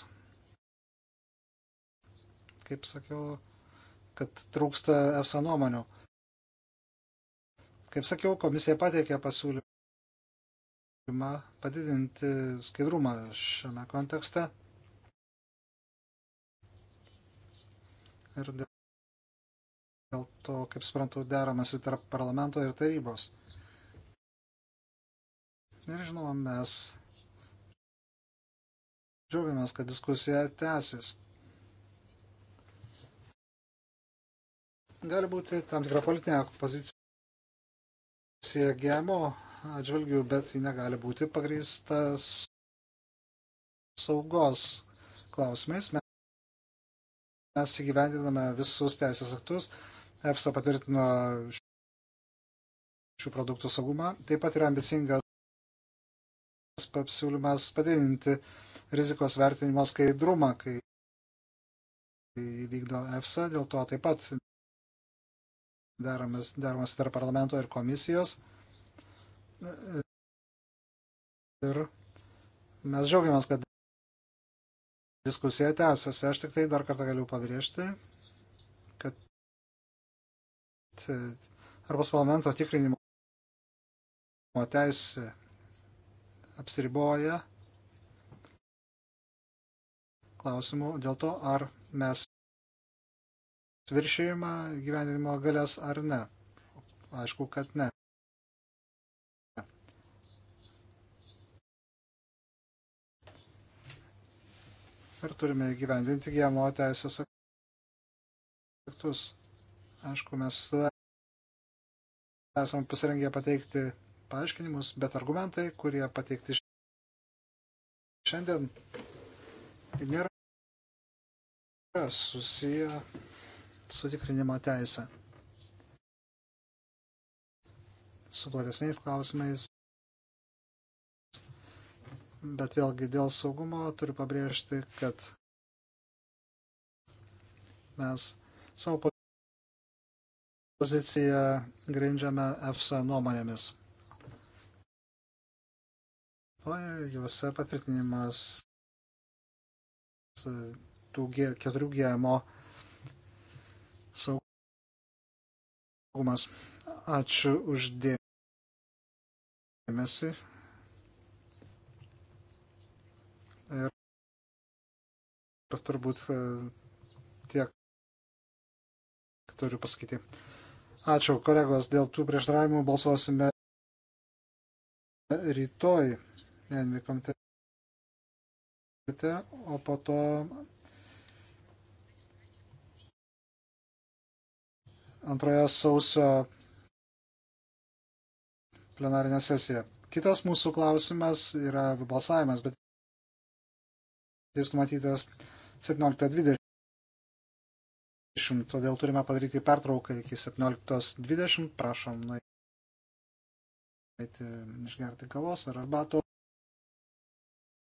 kaip sakiau, kad trūksta EFSA nuomonių. Kaip sakiau, komisija pateikė pasiūlymą padidinti skaidrumą šiame kontekste. Ir dėl to, kaip suprantu, deramasi tarp parlamento ir tarybos. Ir žinoma, mes džiaugiamės, kad diskusija tęsis. Gali būti tam tikra politinė pozicija GMO atžvilgių, bet ji negali būti pagrįsta saugos klausimais. Mes įgyvendiname visus teisės aktus. EFSA patvirtino šių produktų saugumą. Taip pat yra ambicingas pasiūlymas padidinti rizikos vertinimo skaidrumą, kai įvykdo EFSA, dėl to taip pat daromas, daromas tarp parlamento ir komisijos. Ir mes džiaugiamės, kad diskusija tęsiasi. Aš tik tai dar kartą galiu pabrėžti, kad Europos parlamento tikrinimo teisė apsiriboja klausimų dėl to, ar mes viršėjimą gyvenimo galės ar ne. Aišku, kad ne. Ir turime gyvendinti GMO teisės aktus. Aišku, mes visada esame pasirengę pateikti paaiškinimus, bet argumentai, kurie pateikti šiandien, nėra susiję su tikrinimo teise. Su platesniais klausimais. Bet vėlgi dėl saugumo turiu pabrėžti, kad mes savo poziciją grindžiame EFSA nuomonėmis. O juose patvirtinimas e, tų keturių GMO saugumas. Ačiū uždėmesi. Ir turbūt e, tiek turiu pasakyti. Ačiū kolegos, dėl tų prieštaravimų balsuosime rytoj. Envi komitete, o po to antroje sausio plenarinė sesija. Kitas mūsų klausimas yra balsavimas, bet jis numatytas 17.20. Todėl turime padaryti pertrauką iki 17.20. Prašom nueiti išgerti kavos ar arbato.